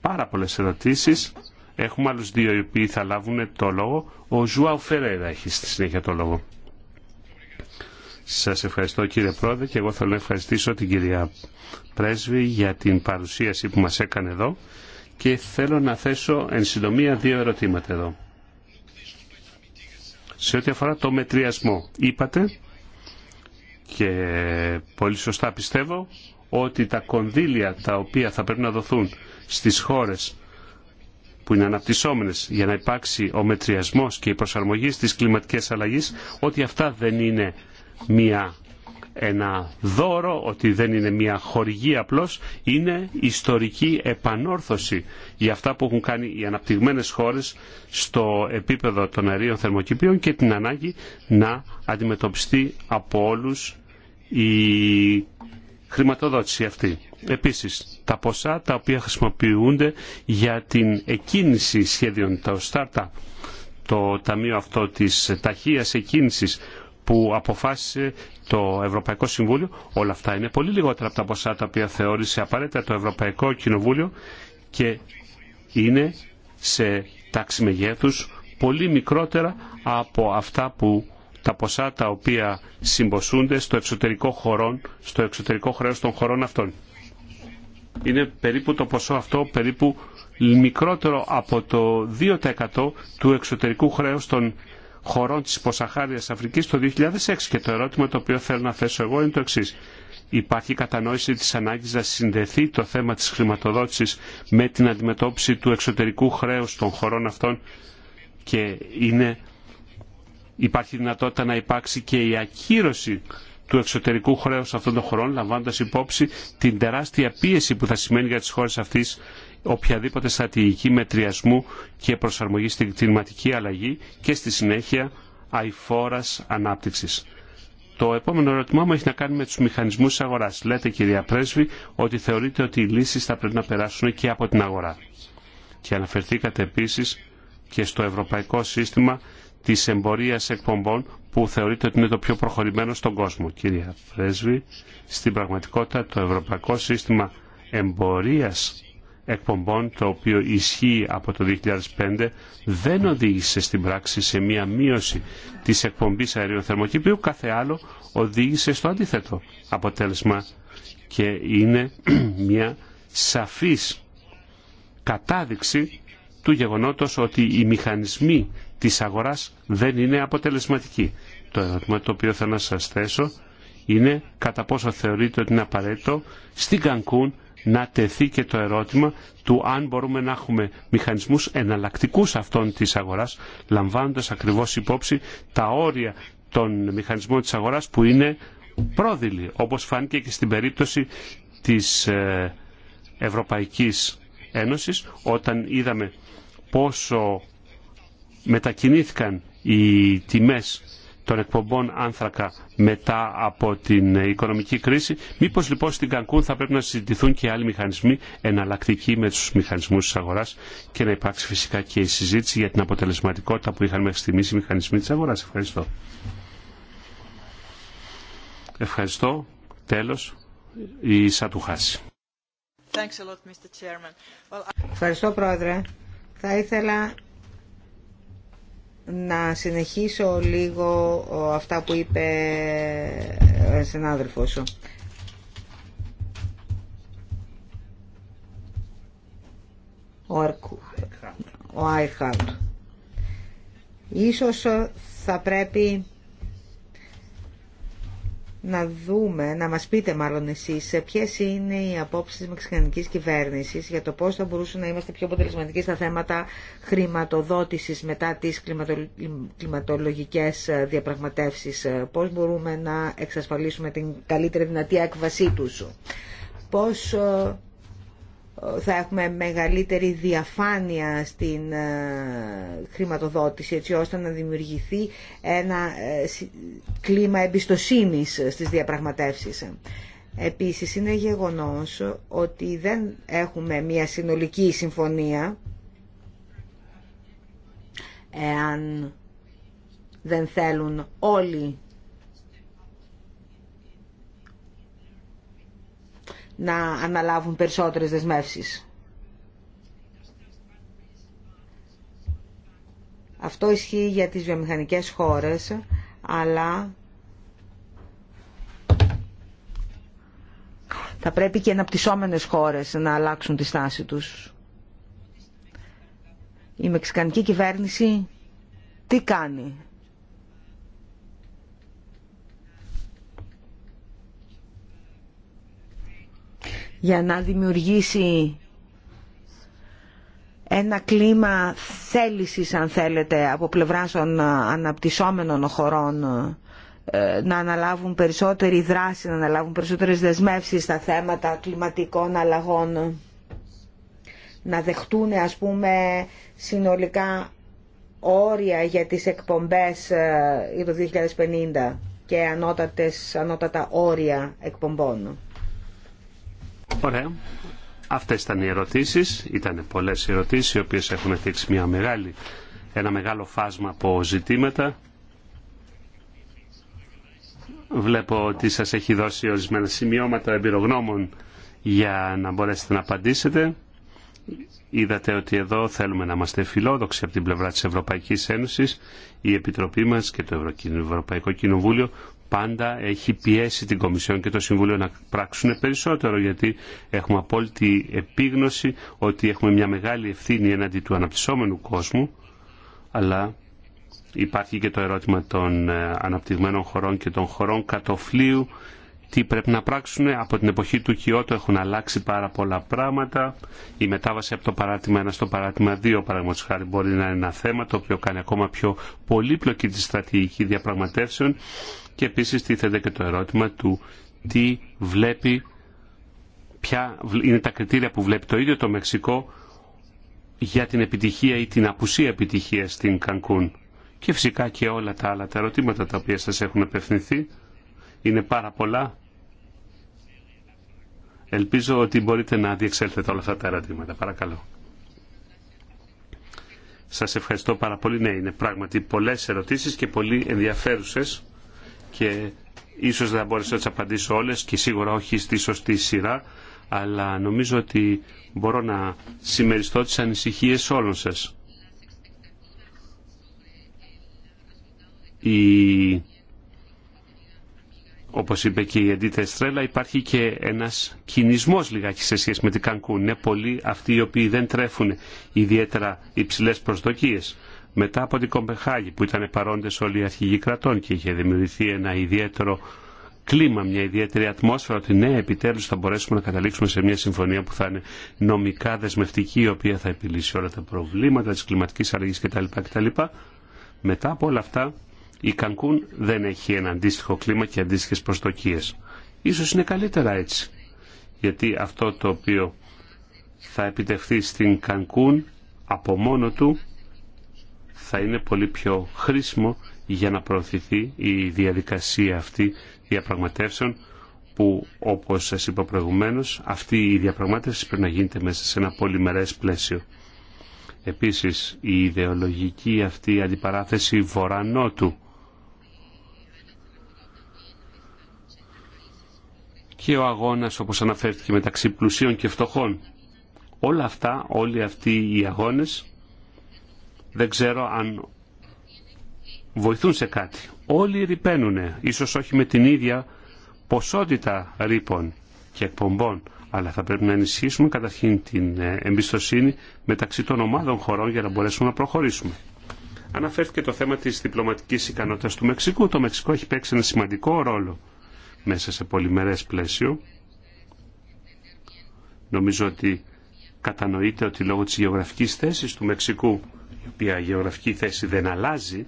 Πάρα πολλές ερωτήσεις. Έχουμε άλλους δύο οι οποίοι θα λάβουν το λόγο. Ο Ζουάου Φερέρα έχει στη συνέχεια το λόγο. Σας ευχαριστώ κύριε Πρόεδρε και εγώ θέλω να ευχαριστήσω την κυρία Πρέσβη για την παρουσίαση που μας έκανε εδώ και θέλω να θέσω εν συντομία δύο ερωτήματα εδώ. Σε ό,τι αφορά το μετριασμό, είπατε και πολύ σωστά πιστεύω ότι τα κονδύλια τα οποία θα πρέπει να δοθούν στις χώρες που είναι αναπτυσσόμενες για να υπάρξει ο μετριασμός και η προσαρμογή στις κλιματικές αλλαγές, ότι αυτά δεν είναι μια, ένα δώρο, ότι δεν είναι μια χορηγή απλώς, είναι ιστορική επανόρθωση για αυτά που έχουν κάνει οι αναπτυγμένες χώρες στο επίπεδο των αερίων θερμοκηπίων και την ανάγκη να αντιμετωπιστεί από όλους η χρηματοδότηση αυτή. Επίσης, τα ποσά τα οποία χρησιμοποιούνται για την εκκίνηση σχέδιων, το startup, το ταμείο αυτό της ταχείας εκκίνησης που αποφάσισε το Ευρωπαϊκό Συμβούλιο. Όλα αυτά είναι πολύ λιγότερα από τα ποσά τα οποία θεώρησε απαραίτητα το Ευρωπαϊκό Κοινοβούλιο και είναι σε τάξη μεγέθους πολύ μικρότερα από αυτά που τα ποσά τα οποία συμποσούνται στο εξωτερικό, χωρών, στο εξωτερικό χρέος των χωρών αυτών. Είναι περίπου το ποσό αυτό περίπου μικρότερο από το 2% του εξωτερικού χρέους των χωρών της Ποσαχάριας Αφρικής το 2006 και το ερώτημα το οποίο θέλω να θέσω εγώ είναι το εξής. Υπάρχει κατανόηση της ανάγκης να συνδεθεί το θέμα της χρηματοδότησης με την αντιμετώπιση του εξωτερικού χρέους των χωρών αυτών και είναι, υπάρχει δυνατότητα να υπάρξει και η ακύρωση του εξωτερικού χρέους αυτών των χωρών λαμβάνοντας υπόψη την τεράστια πίεση που θα σημαίνει για τις χώρες αυτής οποιαδήποτε στρατηγική μετριασμού και προσαρμογή στην κλιματική αλλαγή και στη συνέχεια αηφόρας ανάπτυξης. Το επόμενο ερώτημά μου έχει να κάνει με τους μηχανισμούς αγοράς. Λέτε κυρία Πρέσβη ότι θεωρείτε ότι οι λύσεις θα πρέπει να περάσουν και από την αγορά. Και αναφερθήκατε επίσης και στο ευρωπαϊκό σύστημα της εμπορίας εκπομπών που θεωρείτε ότι είναι το πιο προχωρημένο στον κόσμο. Κυρία Πρέσβη, στην πραγματικότητα το ευρωπαϊκό σύστημα εμπορίας εκπομπών, το οποίο ισχύει από το 2005, δεν οδήγησε στην πράξη σε μία μείωση της εκπομπής αερίων θερμοκηπίου, κάθε άλλο οδήγησε στο αντίθετο αποτέλεσμα και είναι <clears throat> μία σαφής κατάδειξη του γεγονότος ότι οι μηχανισμοί της αγοράς δεν είναι αποτελεσματικοί. Το ερώτημα το οποίο θέλω να σας θέσω είναι κατά πόσο θεωρείτε ότι είναι απαραίτητο στην Κανκούν να τεθεί και το ερώτημα του αν μπορούμε να έχουμε μηχανισμούς εναλλακτικούς αυτών της αγοράς, λαμβάνοντας ακριβώς υπόψη τα όρια των μηχανισμών της αγοράς που είναι πρόδειλοι, όπως φάνηκε και στην περίπτωση της ε, Ευρωπαϊκής Ένωσης, όταν είδαμε πόσο μετακινήθηκαν οι τιμές των εκπομπών άνθρακα μετά από την οικονομική κρίση. Μήπως λοιπόν στην Κανκούν θα πρέπει να συζητηθούν και άλλοι μηχανισμοί εναλλακτικοί με τους μηχανισμούς τη αγορά και να υπάρξει φυσικά και η συζήτηση για την αποτελεσματικότητα που είχαν μέχρι στιγμή οι μηχανισμοί της αγοράς. Ευχαριστώ. Ευχαριστώ. Τέλος, η Σατουχάση. Ευχαριστώ, Πρόεδρε. Θα ήθελα να συνεχίσω λίγο αυτά που είπε ο συνάδελφος. Ο, Αρκου, ο Ίσως ε, θα πρέπει να δούμε, να μας πείτε μάλλον εσείς, ποιες είναι οι απόψεις της μεξικανικής κυβέρνησης για το πώς θα μπορούσαμε να είμαστε πιο αποτελεσματικοί στα θέματα χρηματοδότησης μετά τις κλιματολογικές διαπραγματεύσεις. Πώς μπορούμε να εξασφαλίσουμε την καλύτερη δυνατή έκβασή τους. Πώς θα έχουμε μεγαλύτερη διαφάνεια στην ε, χρηματοδότηση έτσι ώστε να δημιουργηθεί ένα ε, κλίμα εμπιστοσύνης στις διαπραγματεύσεις. Επίσης είναι γεγονός ότι δεν έχουμε μια συνολική συμφωνία εάν δεν θέλουν όλοι να αναλάβουν περισσότερες δεσμεύσεις. Αυτό ισχύει για τις βιομηχανικές χώρες, αλλά θα πρέπει και οι αναπτυσσόμενες χώρες να αλλάξουν τη στάση τους. Η μεξικανική κυβέρνηση τι κάνει για να δημιουργήσει ένα κλίμα θέλησης αν θέλετε από πλευράς των αναπτυσσόμενων χωρών ε, να αναλάβουν περισσότερη δράση, να αναλάβουν περισσότερες δεσμεύσεις στα θέματα κλιματικών αλλαγών να δεχτούν ας πούμε συνολικά όρια για τις εκπομπές ε, για το 2050 και ανώτατες, ανώτατα όρια εκπομπών. Ωραία. Αυτές ήταν οι ερωτήσεις. Ήταν πολλές ερωτήσεις, οι οποίες έχουν θίξει μια μεγάλη, ένα μεγάλο φάσμα από ζητήματα. Βλέπω ότι σας έχει δώσει ορισμένα σημειώματα εμπειρογνώμων για να μπορέσετε να απαντήσετε. Είδατε ότι εδώ θέλουμε να είμαστε φιλόδοξοι από την πλευρά της Ευρωπαϊκής Ένωσης. Η Επιτροπή μας και το Ευρωπαϊκό Κοινοβούλιο πάντα έχει πιέσει την Κομισιόν και το Συμβούλιο να πράξουν περισσότερο γιατί έχουμε απόλυτη επίγνωση ότι έχουμε μια μεγάλη ευθύνη έναντι του αναπτυσσόμενου κόσμου αλλά υπάρχει και το ερώτημα των ε, αναπτυγμένων χωρών και των χωρών κατοφλίου τι πρέπει να πράξουν. Από την εποχή του Κιώτο έχουν αλλάξει πάρα πολλά πράγματα. Η μετάβαση από το παράτημα 1 στο παράτημα 2, παραδείγματο χάρη, μπορεί να είναι ένα θέμα το οποίο κάνει ακόμα πιο πολύπλοκη τη στρατηγική διαπραγματεύσεων και επίσης τίθεται και το ερώτημα του τι βλέπει, ποια είναι τα κριτήρια που βλέπει το ίδιο το Μεξικό για την επιτυχία ή την απουσία επιτυχία στην Κανκούν. Και φυσικά και όλα τα άλλα τα ερωτήματα τα οποία σας έχουν απευθυνθεί είναι πάρα πολλά. Ελπίζω ότι μπορείτε να διεξέλθετε όλα αυτά τα ερωτήματα. Παρακαλώ. Σας ευχαριστώ πάρα πολύ. Ναι, είναι πράγματι πολλές ερωτήσεις και πολύ ενδιαφέρουσες και ίσως δεν μπορέσω να τι απαντήσω όλες και σίγουρα όχι στη σωστή σειρά αλλά νομίζω ότι μπορώ να συμμεριστώ τις ανησυχίες όλων σας. Η... Όπως είπε και η Εντίτα Εστρέλα, υπάρχει και ένας κινησμός λιγάκι σε σχέση με την Κανκούν. Είναι πολλοί αυτοί οι οποίοι δεν τρέφουν ιδιαίτερα υψηλές προσδοκίες μετά από την Κομπεχάγη που ήταν παρόντες όλοι οι αρχηγοί κρατών και είχε δημιουργηθεί ένα ιδιαίτερο κλίμα, μια ιδιαίτερη ατμόσφαιρα ότι ναι, επιτέλους θα μπορέσουμε να καταλήξουμε σε μια συμφωνία που θα είναι νομικά δεσμευτική, η οποία θα επιλύσει όλα τα προβλήματα της κλιματικής αλλαγής κτλ. κτλ. Μετά από όλα αυτά, η Κανκούν δεν έχει ένα αντίστοιχο κλίμα και αντίστοιχες προσδοκίες. Ίσως είναι καλύτερα έτσι, γιατί αυτό το οποίο θα επιτευχθεί στην Κανκούν από μόνο του θα είναι πολύ πιο χρήσιμο για να προωθηθεί η διαδικασία αυτή διαπραγματεύσεων που όπως σας είπα προηγουμένως αυτή η διαπραγμάτευση πρέπει να γίνεται μέσα σε ένα πολυμερές πλαίσιο. Επίσης η ιδεολογική αυτή αντιπαράθεση βορανότου και ο αγώνας όπως αναφέρθηκε μεταξύ πλουσίων και φτωχών. Όλα αυτά, όλοι αυτοί οι αγώνες δεν ξέρω αν βοηθούν σε κάτι. Όλοι ρηπαίνουν, ίσως όχι με την ίδια ποσότητα ρήπων και εκπομπών, αλλά θα πρέπει να ενισχύσουμε καταρχήν την ε, εμπιστοσύνη μεταξύ των ομάδων χωρών για να μπορέσουμε να προχωρήσουμε. Αναφέρθηκε το θέμα της διπλωματικής ικανότητας του Μεξικού. Το Μεξικό έχει παίξει ένα σημαντικό ρόλο μέσα σε πολυμερές πλαίσιο. Νομίζω ότι κατανοείται ότι λόγω της γεωγραφικής θέσης του Μεξικού η οποία γεωγραφική θέση δεν αλλάζει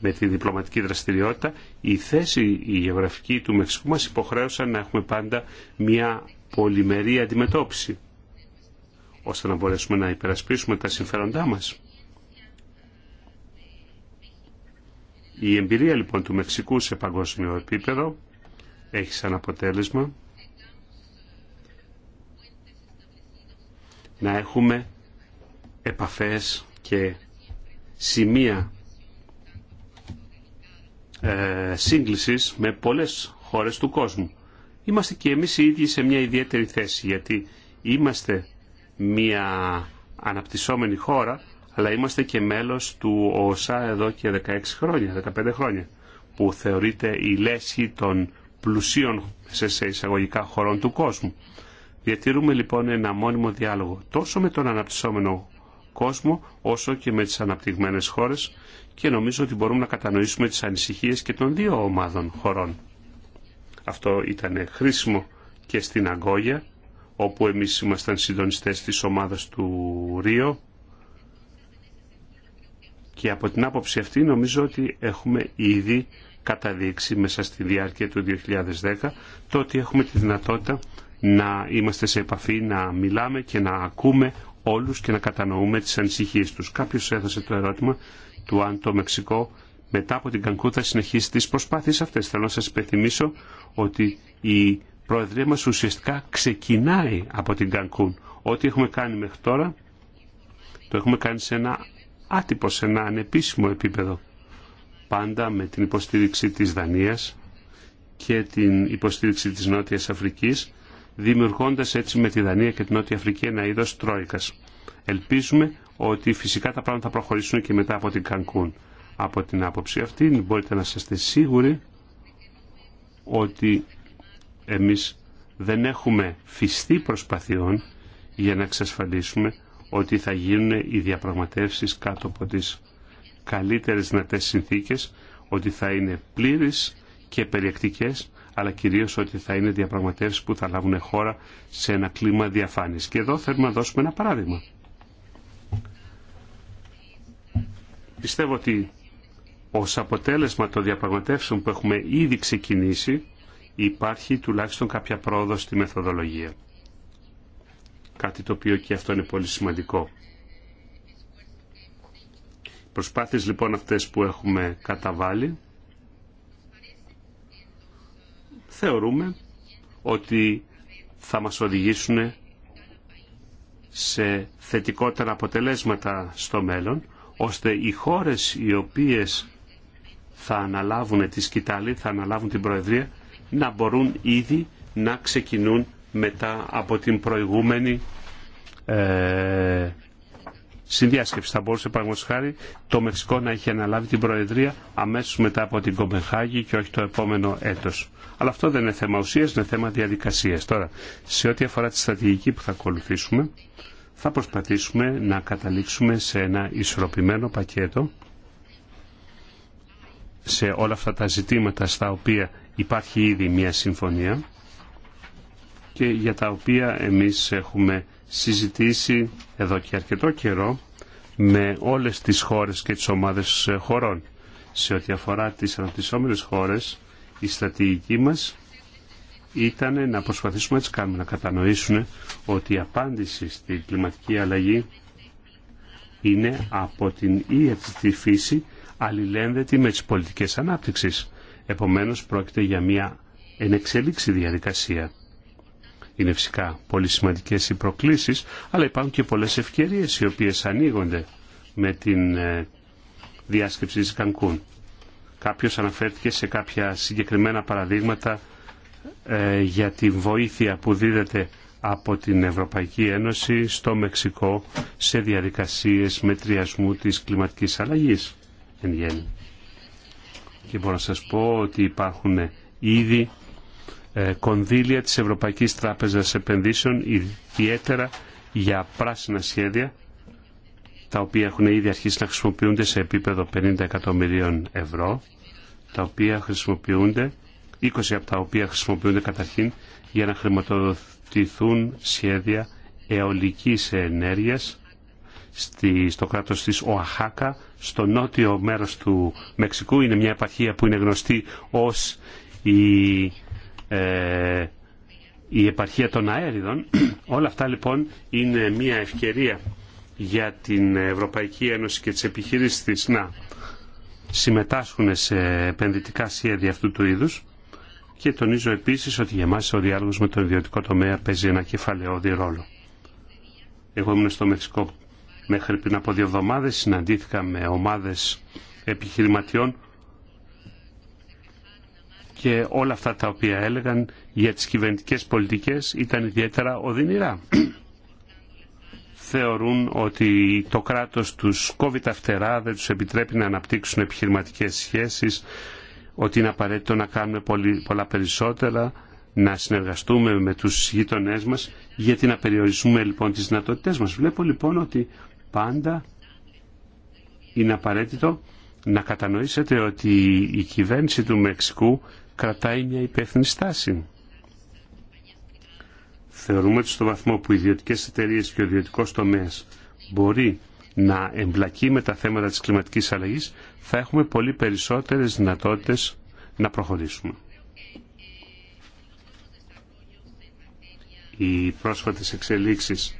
με τη διπλωματική δραστηριότητα, η θέση η γεωγραφική του Μεξικού μας υποχρέωσαν να έχουμε πάντα μια πολυμερή αντιμετώπιση ώστε να μπορέσουμε να υπερασπίσουμε τα συμφέροντά μας. Η εμπειρία λοιπόν του Μεξικού σε παγκόσμιο επίπεδο έχει σαν αποτέλεσμα να έχουμε επαφές και σημεία ε, σύγκλησης με πολλές χώρες του κόσμου. Είμαστε και εμείς οι ίδιοι σε μια ιδιαίτερη θέση γιατί είμαστε μια αναπτυσσόμενη χώρα αλλά είμαστε και μέλος του ΟΣΑ εδώ και 16 χρόνια, 15 χρόνια που θεωρείται η λέσχη των πλουσίων σε εισαγωγικά χωρών του κόσμου. Διατηρούμε λοιπόν ένα μόνιμο διάλογο τόσο με τον αναπτυσσόμενο κόσμο όσο και με τις αναπτυγμένες χώρες και νομίζω ότι μπορούμε να κατανοήσουμε τις ανησυχίες και των δύο ομάδων χωρών. Αυτό ήταν χρήσιμο και στην Αγκόγια όπου εμείς ήμασταν συντονιστές της ομάδας του Ρίο και από την άποψη αυτή νομίζω ότι έχουμε ήδη καταδείξει μέσα στη διάρκεια του 2010 το ότι έχουμε τη δυνατότητα να είμαστε σε επαφή, να μιλάμε και να ακούμε όλους και να κατανοούμε τις ανησυχίες τους. Κάποιος έθεσε το ερώτημα του αν το Μεξικό μετά από την Κανκού θα συνεχίσει τις προσπάθειες αυτές. Θέλω να σας υπενθυμίσω ότι η Προεδρία μας ουσιαστικά ξεκινάει από την Κανκούν. Ό,τι έχουμε κάνει μέχρι τώρα το έχουμε κάνει σε ένα άτυπο, σε ένα ανεπίσημο επίπεδο. Πάντα με την υποστήριξη της Δανίας και την υποστήριξη της Νότιας Αφρικής δημιουργώντας έτσι με τη Δανία και την Νότια Αφρική ένα είδος τρόικας. Ελπίζουμε ότι φυσικά τα πράγματα θα προχωρήσουν και μετά από την Κανκούν. Από την άποψη αυτή μπορείτε να είστε σίγουροι ότι εμείς δεν έχουμε φυστεί προσπαθειών για να εξασφαλίσουμε ότι θα γίνουν οι διαπραγματεύσεις κάτω από τις καλύτερες δυνατές συνθήκες, ότι θα είναι πλήρες και περιεκτικές αλλά κυρίω ότι θα είναι διαπραγματεύσεις που θα λάβουν χώρα σε ένα κλίμα διαφάνειας. Και εδώ θέλουμε να δώσουμε ένα παράδειγμα. Πιστεύω ότι ως αποτέλεσμα των διαπραγματεύσεων που έχουμε ήδη ξεκινήσει υπάρχει τουλάχιστον κάποια πρόοδο στη μεθοδολογία. Κάτι το οποίο και αυτό είναι πολύ σημαντικό. λοιπόν αυτές που έχουμε καταβάλει θεωρούμε ότι θα μας οδηγήσουν σε θετικότερα αποτελέσματα στο μέλλον, ώστε οι χώρες οι οποίες θα αναλάβουν τη σκητάλη, θα αναλάβουν την Προεδρία, να μπορούν ήδη να ξεκινούν μετά από την προηγούμενη ε, συνδιάσκεψη. Θα μπορούσε παραδείγματο χάρη το Μεξικό να έχει αναλάβει την Προεδρία αμέσως μετά από την Κομπεχάγη και όχι το επόμενο έτος. Αλλά αυτό δεν είναι θέμα ουσία, είναι θέμα διαδικασία. Τώρα, σε ό,τι αφορά τη στρατηγική που θα ακολουθήσουμε, θα προσπαθήσουμε να καταλήξουμε σε ένα ισορροπημένο πακέτο σε όλα αυτά τα ζητήματα στα οποία υπάρχει ήδη μια συμφωνία και για τα οποία εμείς έχουμε συζητήσει εδώ και αρκετό καιρό με όλες τις χώρες και τις ομάδες χωρών. Σε ό,τι αφορά τις αναπτυσσόμενες χώρες, η στρατηγική μας ήταν να προσπαθήσουμε έτσι κάνουμε, να κατανοήσουν ότι η απάντηση στην κλιματική αλλαγή είναι από την ίδια τη φύση αλληλένδετη με τις πολιτικές ανάπτυξης. Επομένως πρόκειται για μια ενεξελίξη διαδικασία. Είναι φυσικά πολύ σημαντικές οι προκλήσεις, αλλά υπάρχουν και πολλές ευκαιρίες οι οποίες ανοίγονται με την ε, διάσκεψη της Κανκούν. Κάποιος αναφέρθηκε σε κάποια συγκεκριμένα παραδείγματα ε, για τη βοήθεια που δίδεται από την Ευρωπαϊκή Ένωση στο Μεξικό σε διαδικασίες μετριασμού της κλιματικής αλλαγής εν Και μπορώ να σας πω ότι υπάρχουν ήδη ε, κονδύλια της Ευρωπαϊκής Τράπεζας Επενδύσεων, ιδιαίτερα για πράσινα σχέδια, τα οποία έχουν ήδη αρχίσει να χρησιμοποιούνται σε επίπεδο 50 εκατομμυρίων ευρώ, τα οποία χρησιμοποιούνται, 20 από τα οποία χρησιμοποιούνται καταρχήν για να χρηματοδοτηθούν σχέδια αιωλικής ενέργειας στη, στο κράτος της Οαχάκα, στο νότιο μέρος του Μεξικού. Είναι μια επαρχία που είναι γνωστή ως η ε, η επαρχία των αέριδων. <clears throat> Όλα αυτά λοιπόν είναι μια ευκαιρία για την Ευρωπαϊκή Ένωση και τις επιχειρήσεις της να συμμετάσχουν σε επενδυτικά σχέδια αυτού του είδους και τονίζω επίσης ότι για μας ο διάλογος με τον ιδιωτικό τομέα παίζει ένα κεφαλαιόδη ρόλο. Εγώ ήμουν στο Μεξικό μέχρι πριν από δύο εβδομάδες, συναντήθηκα με ομάδες επιχειρηματιών και όλα αυτά τα οποία έλεγαν για τις κυβερνητικές πολιτικές ήταν ιδιαίτερα οδυνηρά. Θεωρούν ότι το κράτος τους κόβει τα φτερά, δεν τους επιτρέπει να αναπτύξουν επιχειρηματικές σχέσεις, ότι είναι απαραίτητο να κάνουμε πολλά περισσότερα, να συνεργαστούμε με τους γείτονέ μας, γιατί να περιορισμούμε λοιπόν τις δυνατότητές μας. Βλέπω λοιπόν ότι πάντα είναι απαραίτητο να κατανοήσετε ότι η κυβέρνηση του Μεξικού κρατάει μια υπεύθυνη στάση. Θεωρούμε ότι στο βαθμό που οι ιδιωτικές εταιρείες και ο ιδιωτικός τομέας μπορεί να εμπλακεί με τα θέματα της κλιματικής αλλαγής, θα έχουμε πολύ περισσότερες δυνατότητες να προχωρήσουμε. Οι πρόσφατες εξελίξεις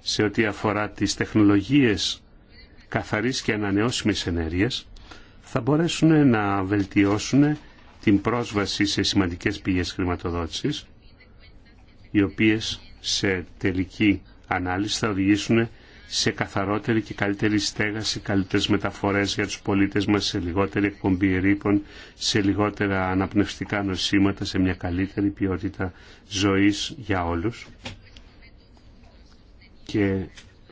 σε ό,τι αφορά τις τεχνολογίες καθαρής και ανανεώσιμης ενέργειας θα μπορέσουν να βελτιώσουν την πρόσβαση σε σημαντικές πηγές χρηματοδότησης, οι οποίες σε τελική ανάλυση θα οδηγήσουν σε καθαρότερη και καλύτερη στέγαση, καλύτερες μεταφορές για τους πολίτες μας, σε λιγότερη εκπομπή ρήπων, σε λιγότερα αναπνευστικά νοσήματα, σε μια καλύτερη ποιότητα ζωής για όλους και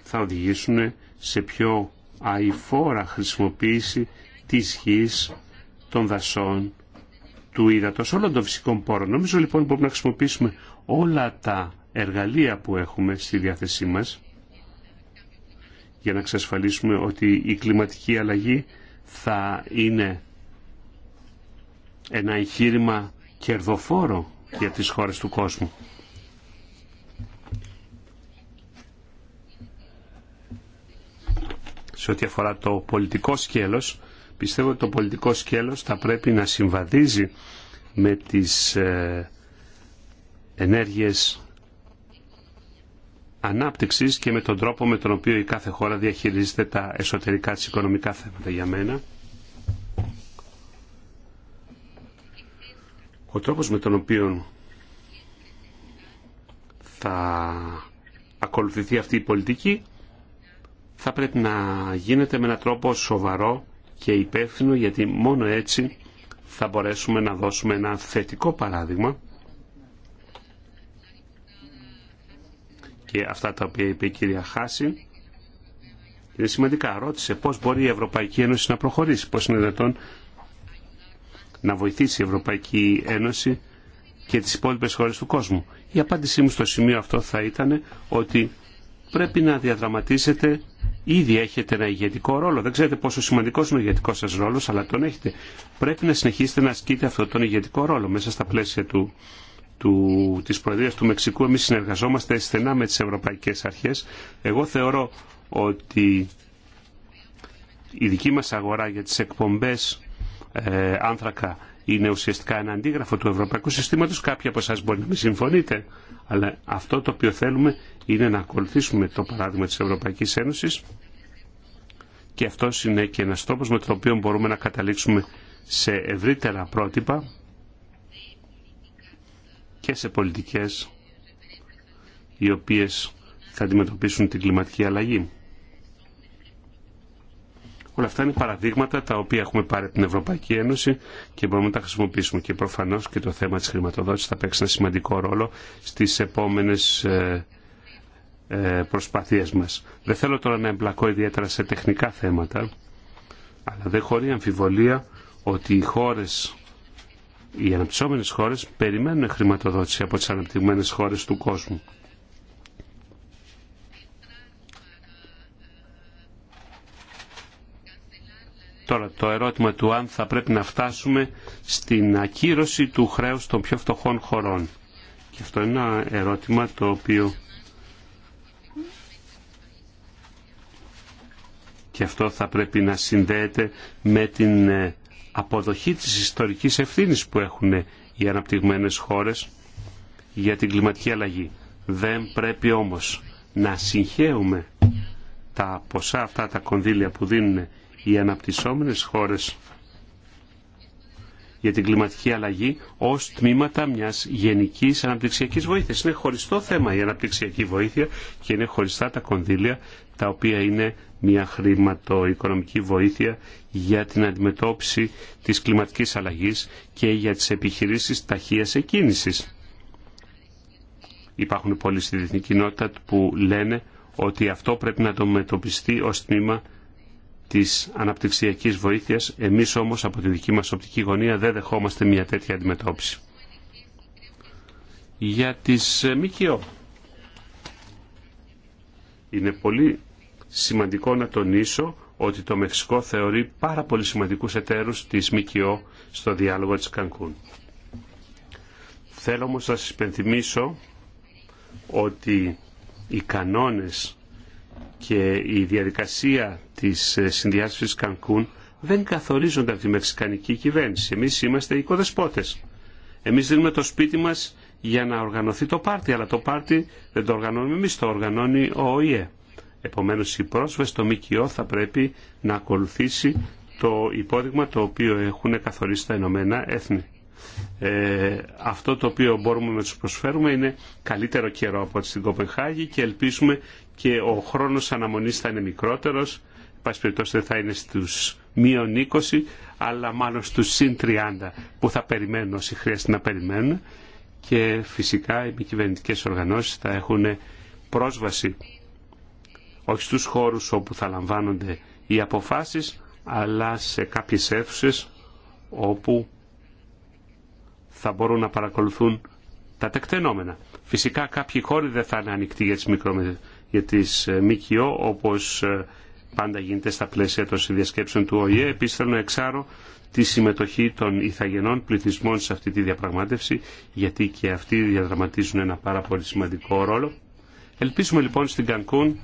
θα οδηγήσουν σε πιο αηφόρα χρησιμοποίηση της γης, των δασών, του ύδατος, όλων των φυσικών πόρων. Νομίζω λοιπόν μπορούμε να χρησιμοποιήσουμε όλα τα εργαλεία που έχουμε στη διάθεσή μας για να εξασφαλίσουμε ότι η κλιματική αλλαγή θα είναι ένα εγχείρημα κερδοφόρο για τις χώρες του κόσμου. Σε ό,τι αφορά το πολιτικό σκέλος, Πιστεύω ότι το πολιτικό σκέλος θα πρέπει να συμβαδίζει με τις ε, ενέργειες ανάπτυξης και με τον τρόπο με τον οποίο η κάθε χώρα διαχειρίζεται τα εσωτερικά της οικονομικά θέματα για μένα. Ο τρόπος με τον οποίο θα ακολουθηθεί αυτή η πολιτική θα πρέπει να γίνεται με έναν τρόπο σοβαρό και υπεύθυνο γιατί μόνο έτσι θα μπορέσουμε να δώσουμε ένα θετικό παράδειγμα και αυτά τα οποία είπε η κυρία Χάση είναι σημαντικά. Ρώτησε πώς μπορεί η Ευρωπαϊκή Ένωση να προχωρήσει, πώς είναι δυνατόν να βοηθήσει η Ευρωπαϊκή Ένωση και τις υπόλοιπε χώρες του κόσμου. Η απάντησή μου στο σημείο αυτό θα ήταν ότι πρέπει να διαδραματίσετε Ήδη έχετε ένα ηγετικό ρόλο. Δεν ξέρετε πόσο σημαντικό είναι ο ηγετικό σα ρόλο, αλλά τον έχετε. Πρέπει να συνεχίσετε να ασκείτε αυτόν τον ηγετικό ρόλο μέσα στα πλαίσια του, του, της Προεδρίας του Μεξικού. Εμείς συνεργαζόμαστε στενά με τις ευρωπαϊκές αρχές. Εγώ θεωρώ ότι η δική μας αγορά για τις εκπομπές ε, άνθρακα είναι ουσιαστικά ένα αντίγραφο του ευρωπαϊκού Συστήματο, Κάποιοι από εσά μπορεί να μην συμφωνείτε, αλλά αυτό το οποίο θέλουμε είναι να ακολουθήσουμε το παράδειγμα τη Ευρωπαϊκή Ένωση, και αυτό είναι και ένα τρόπο με τον οποίο μπορούμε να καταλήξουμε σε ευρύτερα πρότυπα και σε πολιτικές οι οποίες θα αντιμετωπίσουν την κλιματική αλλαγή. Όλα αυτά είναι παραδείγματα τα οποία έχουμε πάρει από την Ευρωπαϊκή Ένωση και μπορούμε να τα χρησιμοποιήσουμε. Και προφανώ και το θέμα τη χρηματοδότηση θα παίξει ένα σημαντικό ρόλο στι επόμενε ε, προσπαθίε μα. Δεν θέλω τώρα να εμπλακώ ιδιαίτερα σε τεχνικά θέματα, αλλά δεν χωρεί αμφιβολία ότι οι χώρε οι αναπτυσσόμενες χώρες περιμένουν χρηματοδότηση από τις αναπτυγμένες χώρες του κόσμου. Τώρα το ερώτημα του αν θα πρέπει να φτάσουμε στην ακύρωση του χρέους των πιο φτωχών χωρών. Και αυτό είναι ένα ερώτημα το οποίο... Και αυτό θα πρέπει να συνδέεται με την ε, αποδοχή της ιστορικής ευθύνης που έχουν οι αναπτυγμένες χώρες για την κλιματική αλλαγή. Δεν πρέπει όμως να συγχαίουμε τα ποσά αυτά τα κονδύλια που δίνουν οι αναπτυσσόμενες χώρες για την κλιματική αλλαγή ως τμήματα μιας γενικής αναπτυξιακής βοήθειας. Είναι χωριστό θέμα η αναπτυξιακή βοήθεια και είναι χωριστά τα κονδύλια τα οποία είναι μια χρηματοοικονομική βοήθεια για την αντιμετώπιση της κλιματικής αλλαγής και για τις επιχειρήσεις ταχείας εκκίνησης. Υπάρχουν πολλοί στη διεθνή κοινότητα που λένε ότι αυτό πρέπει να το μετωπιστεί ως τμήμα της αναπτυξιακής βοήθειας. Εμείς όμως από τη δική μας οπτική γωνία δεν δεχόμαστε μια τέτοια αντιμετώπιση. Για τις ε, ΜΚΟ. Είναι πολύ σημαντικό να τονίσω ότι το Μεξικό θεωρεί πάρα πολύ σημαντικού εταίρους της ΜΚΟ στο διάλογο της Κανκούν. Θέλω όμως να σας υπενθυμίσω ότι οι κανόνες και η διαδικασία της ε, συνδιάσκεψης Κανκούν δεν καθορίζονται από τη μεξικανική κυβέρνηση. Εμεί είμαστε οικοδεσπότες. Εμεί δίνουμε το σπίτι μα για να οργανωθεί το πάρτι, αλλά το πάρτι δεν το οργανώνουμε εμεί, το οργανώνει ο ΟΗΕ. Επομένως η πρόσβαση στο ΜΚΟ θα πρέπει να ακολουθήσει το υπόδειγμα το οποίο έχουν καθορίσει τα Ηνωμένα Έθνη. Ε, αυτό το οποίο μπορούμε να του προσφέρουμε είναι καλύτερο καιρό από ό,τι στην Κοπενχάγη και ελπίζουμε και ο χρόνος αναμονής θα είναι μικρότερος, πάση δεν θα είναι στους μείον 20, αλλά μάλλον στους συν 30 που θα περιμένουν όσοι χρειάζεται να περιμένουν και φυσικά οι μη κυβερνητικέ οργανώσεις θα έχουν πρόσβαση όχι στους χώρους όπου θα λαμβάνονται οι αποφάσεις, αλλά σε κάποιες αίθουσες όπου θα μπορούν να παρακολουθούν τα τεκτενόμενα. Φυσικά κάποιοι χώροι δεν θα είναι ανοιχτοί για τις για τις ε, ΜΚΟ όπως ε, πάντα γίνεται στα πλαίσια των συνδιασκέψεων του ΟΗΕ. Επίσης θέλω να εξάρω τη συμμετοχή των ηθαγενών πληθυσμών σε αυτή τη διαπραγμάτευση γιατί και αυτοί διαδραματίζουν ένα πάρα πολύ σημαντικό ρόλο. Ελπίσουμε λοιπόν στην Κανκούν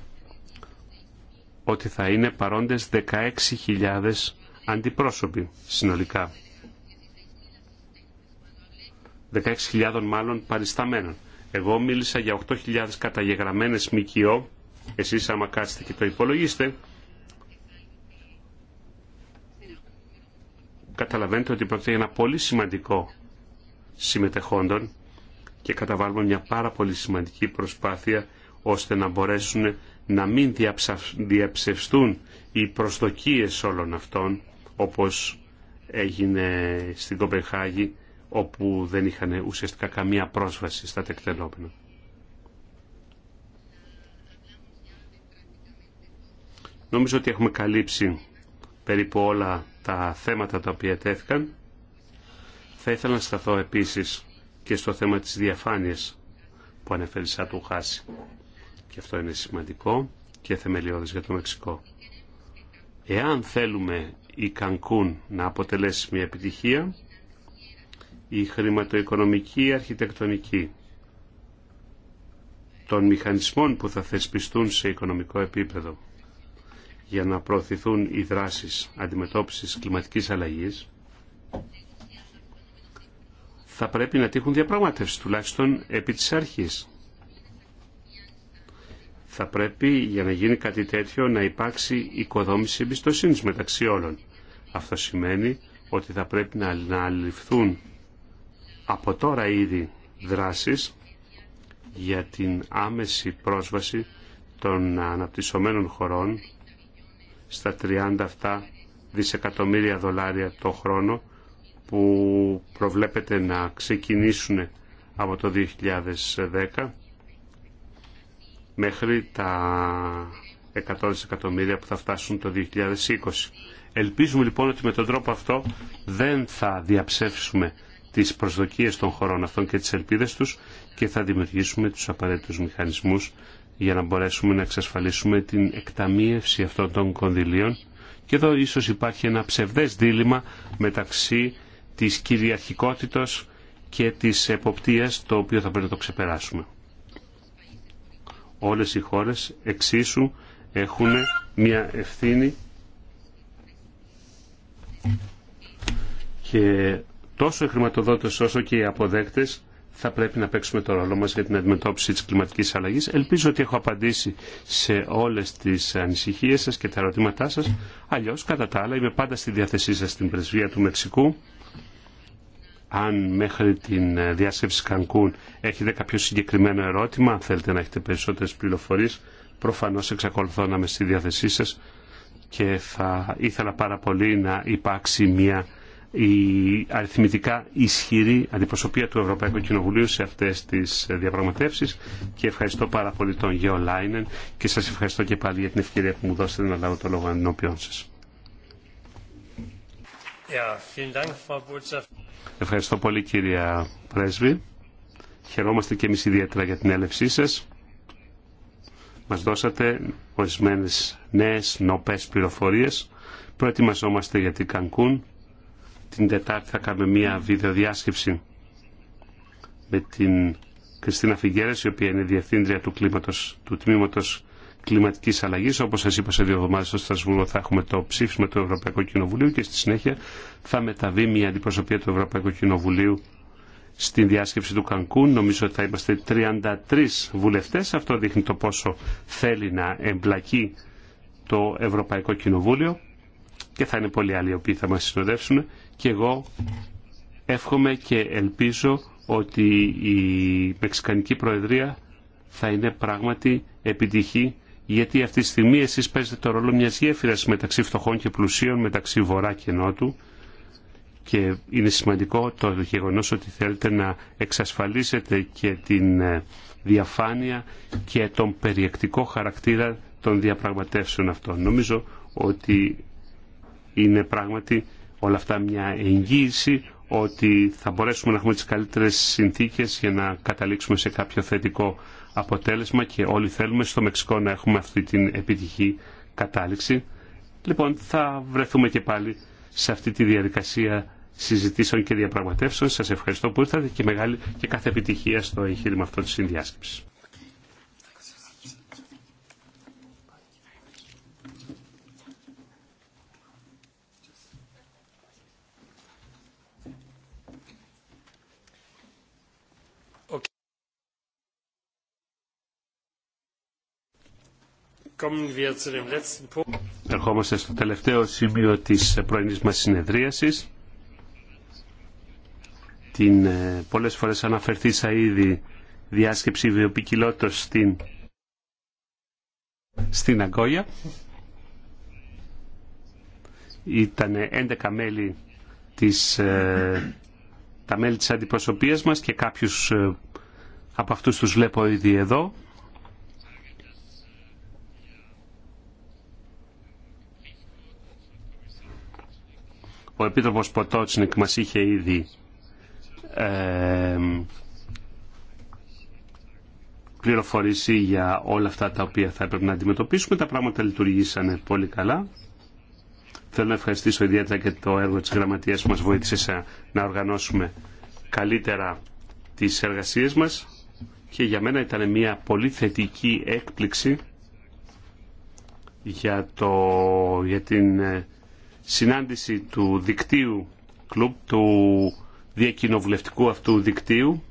ότι θα είναι παρόντες 16.000 αντιπρόσωποι συνολικά. 16.000 μάλλον παρισταμένων. Εγώ μίλησα για 8.000 καταγεγραμμένες ΜΚΟ. Εσείς άμα κάτσετε και το υπολογίστε, καταλαβαίνετε ότι πρόκειται για ένα πολύ σημαντικό συμμετεχόντων και καταβάλουμε μια πάρα πολύ σημαντική προσπάθεια ώστε να μπορέσουν να μην διαψευστούν οι προσδοκίες όλων αυτών όπως έγινε στην Κοπεχάγη όπου δεν είχαν ουσιαστικά καμία πρόσβαση στα τεκτενόμενα. Νομίζω ότι έχουμε καλύψει περίπου όλα τα θέματα τα οποία τέθηκαν. Θα ήθελα να σταθώ επίσης και στο θέμα της διαφάνειας που ανέφερε σαν του χάσει. Και αυτό είναι σημαντικό και θεμελιώδης για το Μεξικό. Εάν θέλουμε η Κανκούν να αποτελέσει μια επιτυχία, η χρηματοοικονομική αρχιτεκτονική των μηχανισμών που θα θεσπιστούν σε οικονομικό επίπεδο για να προωθηθούν οι δράσεις αντιμετώπισης κλιματικής αλλαγής θα πρέπει να τύχουν διαπραγματεύσει τουλάχιστον επί της αρχής. Θα πρέπει για να γίνει κάτι τέτοιο να υπάρξει οικοδόμηση εμπιστοσύνη μεταξύ όλων. Αυτό σημαίνει ότι θα πρέπει να αναλυφθούν από τώρα ήδη δράσεις για την άμεση πρόσβαση των αναπτυσσομένων χωρών στα 30 δισεκατομμύρια δολάρια το χρόνο που προβλέπεται να ξεκινήσουν από το 2010 μέχρι τα 100 δισεκατομμύρια που θα φτάσουν το 2020. Ελπίζουμε λοιπόν ότι με τον τρόπο αυτό δεν θα διαψεύσουμε τις προσδοκίες των χωρών αυτών και τις ελπίδες τους και θα δημιουργήσουμε τους απαραίτητους μηχανισμούς για να μπορέσουμε να εξασφαλίσουμε την εκταμείευση αυτών των κονδυλίων και εδώ ίσως υπάρχει ένα ψευδές δίλημα μεταξύ της κυριαρχικότητας και της εποπτείας το οποίο θα πρέπει να το ξεπεράσουμε. Όλες οι χώρες εξίσου έχουν μια ευθύνη και τόσο οι χρηματοδότε όσο και οι αποδέκτε θα πρέπει να παίξουμε το ρόλο μας για την αντιμετώπιση της κλιματικής αλλαγής. Ελπίζω ότι έχω απαντήσει σε όλες τις ανησυχίες σας και τα ερωτήματά σας. Αλλιώς, κατά τα άλλα, είμαι πάντα στη διάθεσή σας στην Πρεσβεία του Μεξικού. Αν μέχρι την διάσκεψη Κανκούν έχετε κάποιο συγκεκριμένο ερώτημα, αν θέλετε να έχετε περισσότερες πληροφορίες, προφανώς εξακολουθώ να είμαι στη διάθεσή σας και θα ήθελα πάρα πολύ να υπάρξει μια η αριθμητικά ισχυρή αντιπροσωπεία του Ευρωπαϊκού Κοινοβουλίου σε αυτές τις διαπραγματεύσεις και ευχαριστώ πάρα πολύ τον Γεω Λάινεν και σας ευχαριστώ και πάλι για την ευκαιρία που μου δώσετε να λάβω το λόγο ενώπιον σας. ευχαριστώ πολύ κυρία Πρέσβη. Χαιρόμαστε και εμείς ιδιαίτερα για την έλευσή σας. Μας δώσατε ορισμένες νέες νοπές πληροφορίες. Προετοιμαζόμαστε για την Κανκούν την Τετάρτη θα κάνουμε μία βιντεοδιάσκεψη με την Κριστίνα Φιγγέρες, η οποία είναι διευθύντρια του, κλίματος, του τμήματος κλιματικής αλλαγής. Όπως σας είπα σε δύο εβδομάδες στο Στρασβούργο θα έχουμε το ψήφισμα του Ευρωπαϊκού Κοινοβουλίου και στη συνέχεια θα μεταβεί μια αντιπροσωπεία του Ευρωπαϊκού Κοινοβουλίου στη διάσκεψη του Κανκούν. Νομίζω ότι θα είμαστε 33 βουλευτές. Αυτό δείχνει το πόσο θέλει να εμπλακεί το Ευρωπαϊκό Κοινοβούλιο και θα είναι πολλοί άλλοι οι οποίοι θα μας συνοδεύσουν και εγώ εύχομαι και ελπίζω ότι η Μεξικανική Προεδρία θα είναι πράγματι επιτυχή γιατί αυτή τη στιγμή εσείς παίζετε το ρόλο μιας γέφυρας μεταξύ φτωχών και πλουσίων, μεταξύ βορρά και νότου και είναι σημαντικό το γεγονός ότι θέλετε να εξασφαλίσετε και την ε, διαφάνεια και τον περιεκτικό χαρακτήρα των διαπραγματεύσεων αυτών. Νομίζω ότι είναι πράγματι όλα αυτά μια εγγύηση ότι θα μπορέσουμε να έχουμε τις καλύτερες συνθήκες για να καταλήξουμε σε κάποιο θετικό αποτέλεσμα και όλοι θέλουμε στο Μεξικό να έχουμε αυτή την επιτυχή κατάληξη. Λοιπόν, θα βρεθούμε και πάλι σε αυτή τη διαδικασία συζητήσεων και διαπραγματεύσεων. Σας ευχαριστώ που ήρθατε και μεγάλη και κάθε επιτυχία στο εγχείρημα αυτό της συνδιάσκεψης. Ερχόμαστε στο τελευταίο σημείο της πρωινής μας συνεδρίασης. Την ε, πολλές φορές αναφερθήσα ήδη διάσκεψη βιοπικιλότητας στην, στην Αγκόγια. Ήταν 11 μέλη της, ε, τα μέλη της αντιπροσωπείας μας και κάποιους ε, από αυτούς τους βλέπω ήδη εδώ. Ο Επίτροπος Ποτότσνικ μας είχε ήδη ε, πληροφορήσει για όλα αυτά τα οποία θα έπρεπε να αντιμετωπίσουμε. Τα πράγματα λειτουργήσανε πολύ καλά. Θέλω να ευχαριστήσω ιδιαίτερα και το έργο της Γραμματείας που μας βοήθησε να οργανώσουμε καλύτερα τις εργασίες μας και για μένα ήταν μια πολύ θετική έκπληξη για, το, για την ε, συνάντηση του δικτύου κλουμπ, του διακοινοβουλευτικού αυτού δικτύου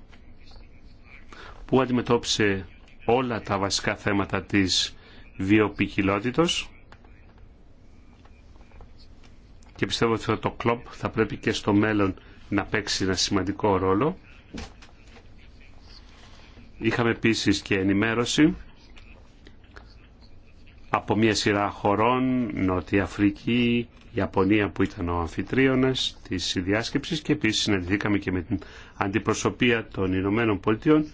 που αντιμετώπισε όλα τα βασικά θέματα της βιοποικιλότητος και πιστεύω ότι το κλοπ θα πρέπει και στο μέλλον να παίξει ένα σημαντικό ρόλο. Είχαμε επίσης και ενημέρωση από μια σειρά χωρών, Νότια Αφρική, Ιαπωνία που ήταν ο αμφιτρίωνας της συνδιάσκεψης και επίσης συναντηθήκαμε και με την αντιπροσωπεία των Ηνωμένων Πολιτειών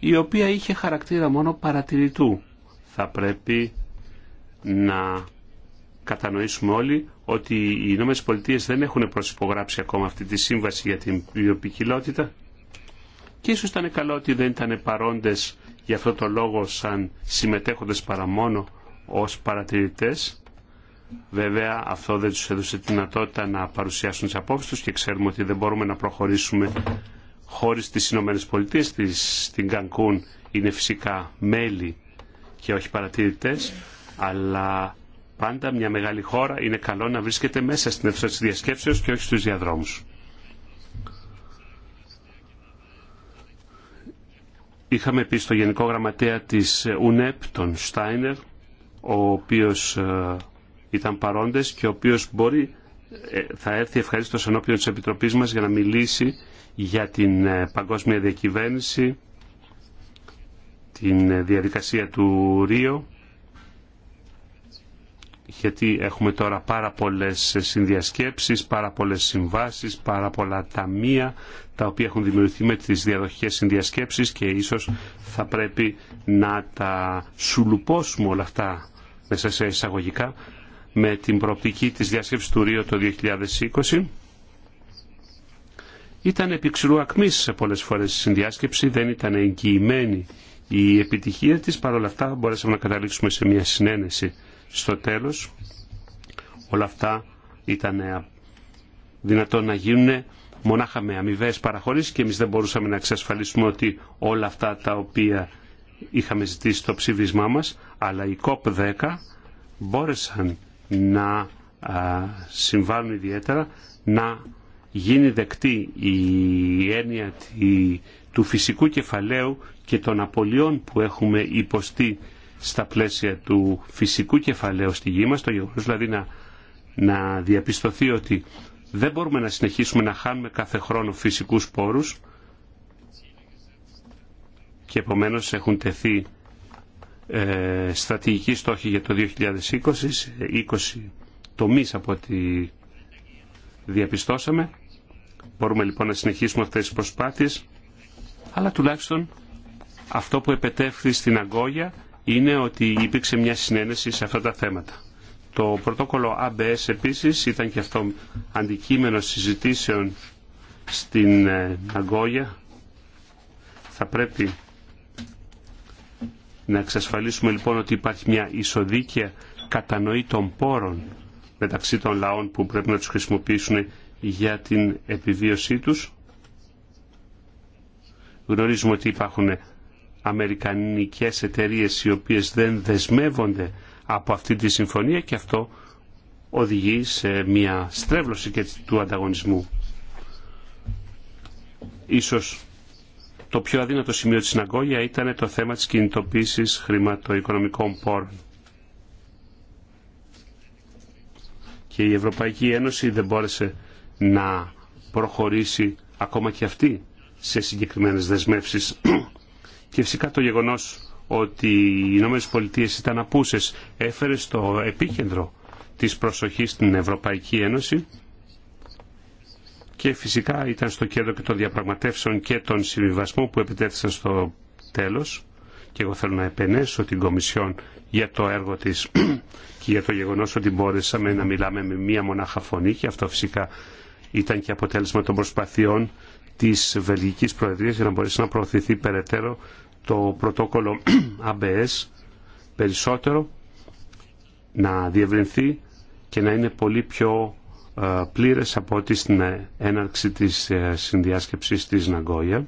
η οποία είχε χαρακτήρα μόνο παρατηρητού. Θα πρέπει να κατανοήσουμε όλοι ότι οι Ηνωμένες Πολιτείες δεν έχουν προσυπογράψει ακόμα αυτή τη σύμβαση για την βιοποικιλότητα και ίσως ήταν καλό ότι δεν ήταν παρόντες για αυτό το λόγο σαν συμμετέχοντες παρά μόνο ως παρατηρητές Βέβαια αυτό δεν τους έδωσε τη δυνατότητα να παρουσιάσουν τις απόψεις τους και ξέρουμε ότι δεν μπορούμε να προχωρήσουμε χωρίς τις Ηνωμένες Πολιτείες. Στην Κανκούν είναι φυσικά μέλη και όχι παρατηρητές, αλλά πάντα μια μεγάλη χώρα είναι καλό να βρίσκεται μέσα στην αίθουσα της διασκέψεως και όχι στους διαδρόμους. Είχαμε επίσης το Γενικό Γραμματέα της UNEP, τον Στάινερ, ο οποίος ε, ήταν παρόντες και ο οποίος μπορεί, ε, θα έρθει ευχαρίστως ενώπιον της Επιτροπής μας για να μιλήσει για την ε, παγκόσμια διακυβέρνηση, την ε, διαδικασία του Ρίο, γιατί έχουμε τώρα πάρα πολλές συνδιασκέψεις, πάρα πολλές συμβάσεις, πάρα πολλά ταμεία τα οποία έχουν δημιουργηθεί με τις διαδοχικές συνδιασκέψεις και ίσως θα πρέπει να τα σουλουπώσουμε όλα αυτά μέσα σε εισαγωγικά με την προοπτική της διάσκεψης του Ρίο το 2020. Ήταν επί ξηρού ακμής σε πολλές φορές η συνδιάσκεψη, δεν ήταν εγγυημένη η επιτυχία της, παρόλα αυτά μπορέσαμε να καταλήξουμε σε μια συνένεση στο τέλος. Όλα αυτά ήταν ε, δυνατόν να γίνουν μονάχα με αμοιβέ παραχώρησει και εμείς δεν μπορούσαμε να εξασφαλίσουμε ότι όλα αυτά τα οποία είχαμε ζητήσει στο ψήφισμά μας, αλλά η COP10 μπόρεσαν να συμβάλλουν ιδιαίτερα να γίνει δεκτή η έννοια του φυσικού κεφαλαίου και των απολειών που έχουμε υποστεί στα πλαίσια του φυσικού κεφαλαίου στη γη μας, το γεγονός δηλαδή να, να διαπιστωθεί ότι δεν μπορούμε να συνεχίσουμε να χάνουμε κάθε χρόνο φυσικούς πόρους και επομένως έχουν τεθεί ε, στρατηγική στόχη για το 2020, 20 τομείς από ό,τι διαπιστώσαμε. Μπορούμε λοιπόν να συνεχίσουμε αυτές τις προσπάθειες, αλλά τουλάχιστον αυτό που επετέφθη στην Αγκόγια είναι ότι υπήρξε μια συνένεση σε αυτά τα θέματα. Το πρωτόκολλο ABS επίσης ήταν και αυτό αντικείμενο συζητήσεων στην ε, Αγκόγια. Θα πρέπει να εξασφαλίσουμε λοιπόν ότι υπάρχει μια ισοδίκαια κατανοή των πόρων μεταξύ των λαών που πρέπει να τους χρησιμοποιήσουν για την επιβίωσή τους. Γνωρίζουμε ότι υπάρχουν αμερικανικές εταιρείες οι οποίες δεν δεσμεύονται από αυτή τη συμφωνία και αυτό οδηγεί σε μια στρέβλωση και του ανταγωνισμού. Ίσως το πιο αδύνατο σημείο της Ναγκόγια ήταν το θέμα της κινητοποίησης χρηματοοικονομικών πόρων. Και η Ευρωπαϊκή Ένωση δεν μπόρεσε να προχωρήσει ακόμα και αυτή σε συγκεκριμένες δεσμεύσεις. <clears throat> Και φυσικά το γεγονός ότι οι Ηνωμένες Πολιτείες ήταν απούσες έφερε στο επίκεντρο της προσοχής στην Ευρωπαϊκή Ένωση και φυσικά ήταν στο κέντρο και των διαπραγματεύσεων και των συμβιβασμών που επιτέθησαν στο τέλος και εγώ θέλω να επενέσω την Κομισιόν για το έργο της <clears throat> και για το γεγονός ότι μπόρεσαμε να μιλάμε με μία μονάχα φωνή και αυτό φυσικά ήταν και αποτέλεσμα των προσπαθειών της Βελγικής Προεδρίας για να μπορέσει να προωθηθεί περαιτέρω το πρωτόκολλο ABS <clears throat> περισσότερο να διευρυνθεί και να είναι πολύ πιο ε, πλήρες από ό,τι στην ε, έναρξη της ε, συνδιάσκεψης της Ναγκόια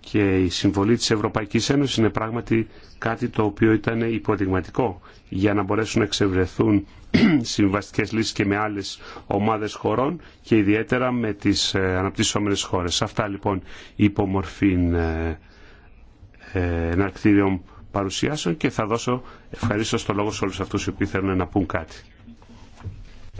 και η συμβολή της Ευρωπαϊκής Ένωσης είναι πράγματι κάτι το οποίο ήταν υποδειγματικό για να μπορέσουν να εξευρεθούν <clears throat> συμβαστικές λύσεις και με άλλες ομάδες χωρών και ιδιαίτερα με τις αναπτυσσόμενες χώρες. Αυτά λοιπόν υπομορφήν εναρκτήριων παρουσιάσεων και θα δώσω ευχαρίστως το λόγο σε όλους αυτούς οι οποίοι θέλουν να πούν κάτι.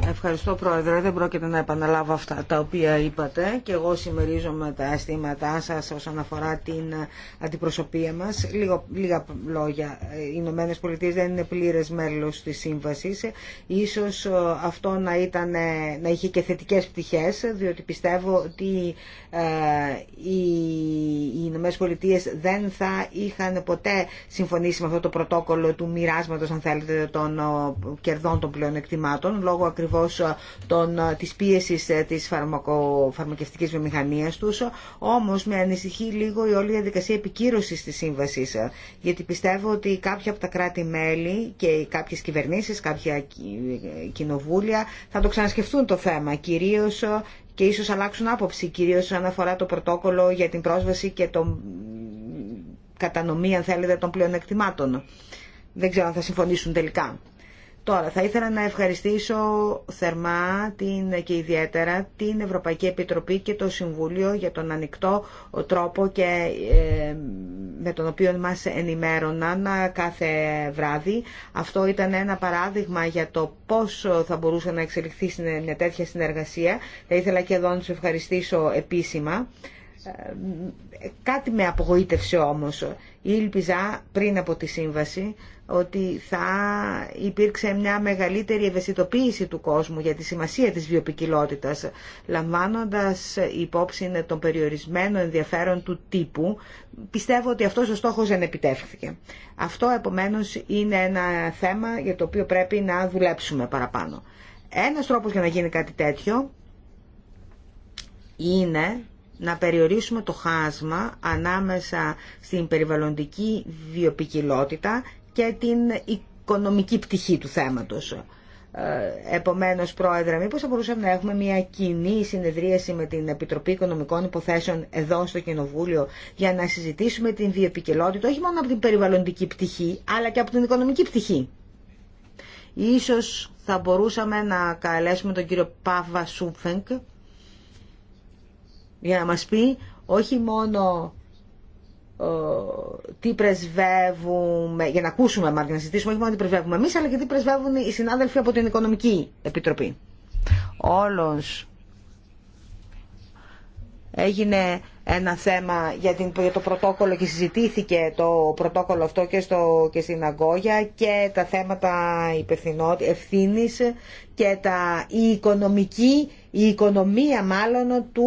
Ευχαριστώ Πρόεδρε, δεν πρόκειται να επαναλάβω αυτά τα οποία είπατε και εγώ συμμερίζομαι τα αισθήματά σας όσον αφορά την αντιπροσωπεία μας. Λίγο, λίγα λόγια, οι Ηνωμένε Πολιτείε δεν είναι πλήρες μέλος της σύμβασης. Ίσως ε, αυτό να, ήταν, να είχε και θετικές πτυχές, διότι πιστεύω ότι ε, οι, οι Ηνωμένε Πολιτείε δεν θα είχαν ποτέ συμφωνήσει με αυτό το πρωτόκολλο του μοιράσματο αν θέλετε, των ε, κερδών των πλεονεκτημάτων, λόγω ακριβώς των, της πίεσης ε, της φαρμακο, φαρμακευτικής βιομηχανίας τους, όμως με ανησυχεί λίγο η όλη διαδικασία επικύρωσης της σύμβασης, γιατί πιστεύω ότι κάποια από τα κράτη-μέλη και κάποιες κυβερνήσεις, κάποια κοινοβούλια θα το ξανασκεφτούν το θέμα, κυρίως και ίσως αλλάξουν άποψη, κυρίως αν αφορά το πρωτόκολλο για την πρόσβαση και τον κατανομή, αν θέλετε, των πλεονεκτημάτων. Δεν ξέρω αν θα συμφωνήσουν τελικά. Τώρα, θα ήθελα να ευχαριστήσω θερμά την, και ιδιαίτερα την Ευρωπαϊκή Επιτροπή και το Συμβούλιο για τον ανοιχτό τρόπο και ε, με τον οποίο μας ενημέρωναν κάθε βράδυ. Αυτό ήταν ένα παράδειγμα για το πώς θα μπορούσε να εξελιχθεί μια τέτοια συνεργασία. Θα ήθελα και εδώ να του ευχαριστήσω επίσημα. Ε, κάτι με απογοήτευσε όμως. Ήλπιζα πριν από τη σύμβαση ότι θα υπήρξε μια μεγαλύτερη ευαισθητοποίηση του κόσμου για τη σημασία της βιοπικιλότητας, λαμβάνοντας υπόψη τον περιορισμένο ενδιαφέρον του τύπου, πιστεύω ότι αυτός ο στόχος δεν επιτεύχθηκε. Αυτό επομένως είναι ένα θέμα για το οποίο πρέπει να δουλέψουμε παραπάνω. Ένας τρόπος για να γίνει κάτι τέτοιο είναι να περιορίσουμε το χάσμα ανάμεσα στην περιβαλλοντική βιοπικιλότητα και την οικονομική πτυχή του θέματος. Ε, επομένως, Πρόεδρε, μήπως θα μπορούσαμε να έχουμε μια κοινή συνεδρίαση με την Επιτροπή Οικονομικών Υποθέσεων εδώ στο Κοινοβούλιο για να συζητήσουμε την διεπικελότητα όχι μόνο από την περιβαλλοντική πτυχή αλλά και από την οικονομική πτυχή. Ίσως θα μπορούσαμε να καλέσουμε τον κύριο Πάβα Σούμφενκ για να μας πει όχι μόνο ε, τι πρεσβεύουμε, για να ακούσουμε μάλλον, να συζητήσουμε όχι μόνο τι πρεσβεύουμε εμείς, αλλά και τι πρεσβεύουν οι συνάδελφοι από την Οικονομική Επιτροπή. Όλος έγινε ένα θέμα για, το πρωτόκολλο και συζητήθηκε το πρωτόκολλο αυτό και, στο, και στην Αγκόγια και τα θέματα ευθύνη και τα, η οικονομική η οικονομία μάλλον του,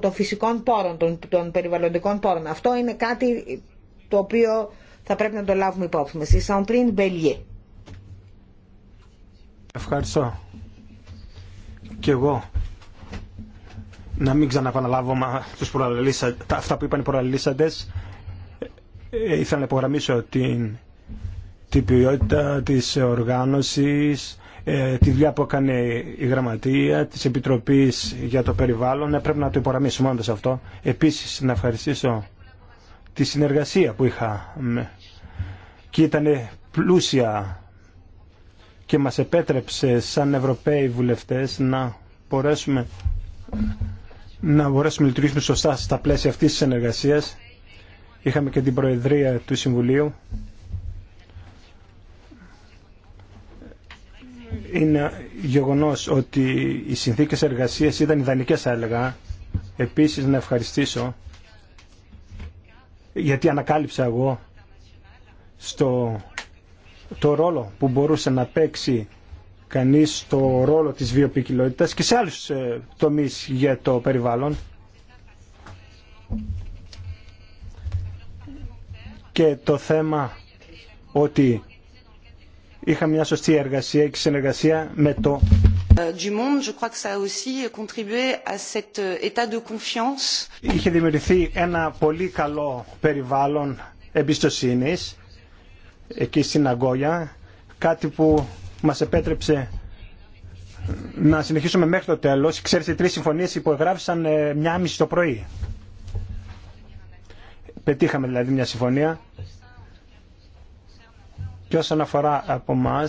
των φυσικών πόρων, των, των περιβαλλοντικών πόρων. Αυτό είναι κάτι το οποίο θα πρέπει να το λάβουμε υπόψη μας. Η Σαντρίν Μπελιέ. Ευχαριστώ. Και εγώ να μην ξαναπαναλάβω τους αυτά που είπαν οι προαλληλήσαντες. Ε, ήθελα να υπογραμμίσω την, την ποιότητα της οργάνωσης, ε, τη δουλειά που έκανε η Γραμματεία της Επιτροπής για το Περιβάλλον. Ε, πρέπει να το μόνο σε αυτό. Επίσης, να ευχαριστήσω τη συνεργασία που είχα και ήταν πλούσια και μας επέτρεψε σαν Ευρωπαίοι βουλευτές να μπορέσουμε να μπορέσουμε να λειτουργήσουμε σωστά στα πλαίσια αυτής της ενεργασίας. Είχαμε και την Προεδρία του Συμβουλίου. Είναι γεγονός ότι οι συνθήκες εργασίας ήταν ιδανικές θα έλεγα. Επίσης να ευχαριστήσω γιατί ανακάλυψα εγώ στο, το ρόλο που μπορούσε να παίξει κανείς το ρόλο της βιοποικιλότητας και σε άλλους ε, τομείς για το περιβάλλον. Και το θέμα ότι είχα μια σωστή εργασία και συνεργασία με το Είχε δημιουργηθεί ένα πολύ καλό περιβάλλον εμπιστοσύνης εκεί στην Αγκόγια, κάτι που μας επέτρεψε να συνεχίσουμε μέχρι το τέλος. οι τρεις συμφωνίες υπογράφησαν ε, μια μισή το πρωί. Πετύχαμε δηλαδή μια συμφωνία. Και όσον αφορά από εμά,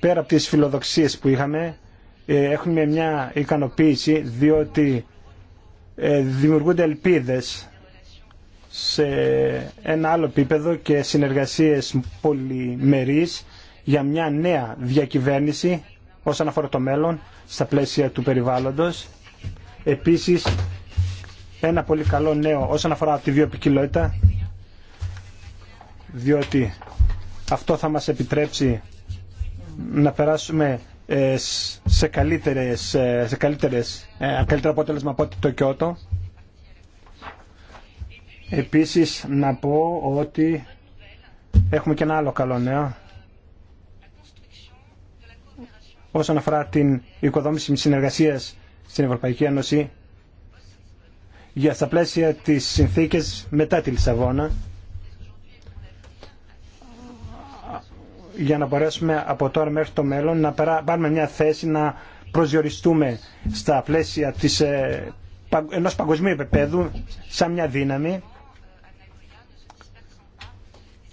πέρα από τις φιλοδοξίες που είχαμε, ε, έχουμε μια ικανοποίηση διότι ε, δημιουργούνται ελπίδες σε ένα άλλο επίπεδο και συνεργασίες πολυμερείς για μια νέα διακυβέρνηση όσον αφορά το μέλλον στα πλαίσια του περιβάλλοντος. Επίσης, ένα πολύ καλό νέο όσον αφορά τη βιοπικιλότητα, διότι αυτό θα μας επιτρέψει να περάσουμε ε, σε, καλύτερες, ε, σε καλύτερες, ε, καλύτερο αποτέλεσμα από το Κιώτο Επίσης να πω ότι έχουμε και ένα άλλο καλό νέο όσον αφορά την οικοδόμηση συνεργασίας στην Ευρωπαϊκή Ένωση για στα πλαίσια της συνθήκες μετά τη Λισαβόνα για να μπορέσουμε από τώρα μέχρι το μέλλον να πάρουμε μια θέση να προσδιοριστούμε στα πλαίσια της, ε, ενός παγκοσμίου επίπεδου σαν μια δύναμη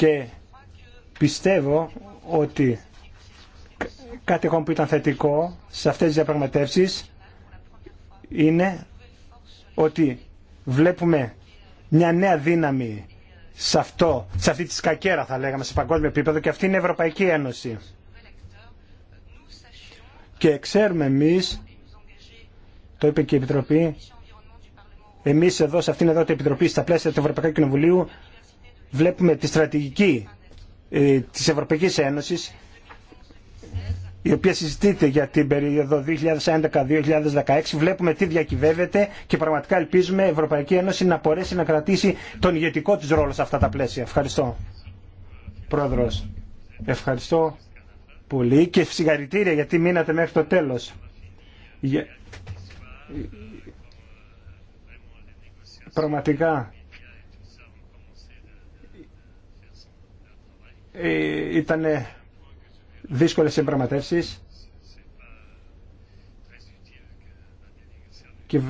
και πιστεύω ότι κάτι ακόμα που ήταν θετικό σε αυτές τις διαπραγματεύσεις είναι ότι βλέπουμε μια νέα δύναμη σε, αυτό, σε αυτή τη σκακέρα θα λέγαμε σε παγκόσμιο επίπεδο και αυτή είναι η Ευρωπαϊκή Ένωση. Και ξέρουμε εμείς, το είπε και η Επιτροπή, εμείς εδώ σε αυτήν εδώ την Επιτροπή στα πλαίσια του Ευρωπαϊκού Κοινοβουλίου βλέπουμε τη στρατηγική ε, της Ευρωπαϊκής Ένωσης η οποία συζητείται για την περίοδο 2011-2016 βλέπουμε τι διακυβεύεται και πραγματικά ελπίζουμε η Ευρωπαϊκή Ένωση να μπορέσει να κρατήσει τον ηγετικό της ρόλο σε αυτά τα πλαίσια. Ευχαριστώ. Πρόεδρος, ευχαριστώ πολύ και συγχαρητήρια γιατί μείνατε μέχρι το τέλος. Πραγματικά Ε, ήταν δύσκολες εμπραγματεύσεις και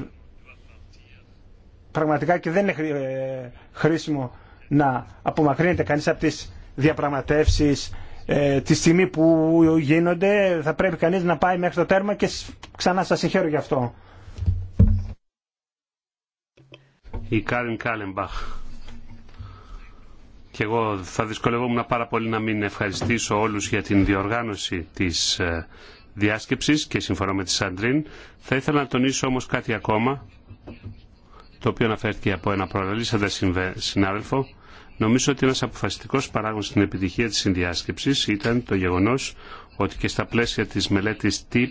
πραγματικά και δεν είναι ε, χρήσιμο να απομακρύνεται κανείς από τις διαπραγματεύσεις ε, τη στιγμή που γίνονται θα πρέπει κανείς να πάει μέχρι το τέρμα και ξανά σας συγχαίρω γι' αυτό. Η Κάριν Κάλεμπαχ. Και εγώ θα δυσκολεύομαι πάρα πολύ να μην ευχαριστήσω όλους για την διοργάνωση της ε, διάσκεψης και συμφωνώ με τη Σαντρίν. Θα ήθελα να τονίσω όμως κάτι ακόμα, το οποίο αναφέρθηκε από ένα προαναλύσαντα συνάδελφο. Νομίζω ότι ένας αποφασιστικός παράγοντας στην επιτυχία της συνδιάσκεψης ήταν το γεγονός ότι και στα πλαίσια της μελέτης TIP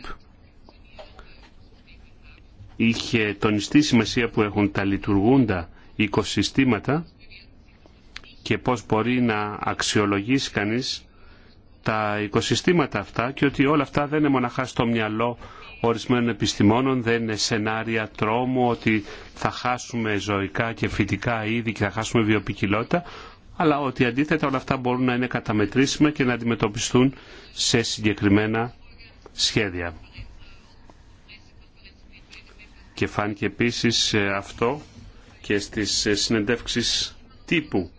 είχε τονιστεί η σημασία που έχουν τα λειτουργούντα οικοσυστήματα και πώς μπορεί να αξιολογήσει κανείς τα οικοσυστήματα αυτά και ότι όλα αυτά δεν είναι μοναχά στο μυαλό ορισμένων επιστημόνων, δεν είναι σενάρια τρόμου ότι θα χάσουμε ζωικά και φυτικά είδη και θα χάσουμε βιοπικιλότητα, αλλά ότι αντίθετα όλα αυτά μπορούν να είναι καταμετρήσιμα και να αντιμετωπιστούν σε συγκεκριμένα σχέδια. Και φάνηκε επίσης ε, αυτό και στις συνεντεύξεις τύπου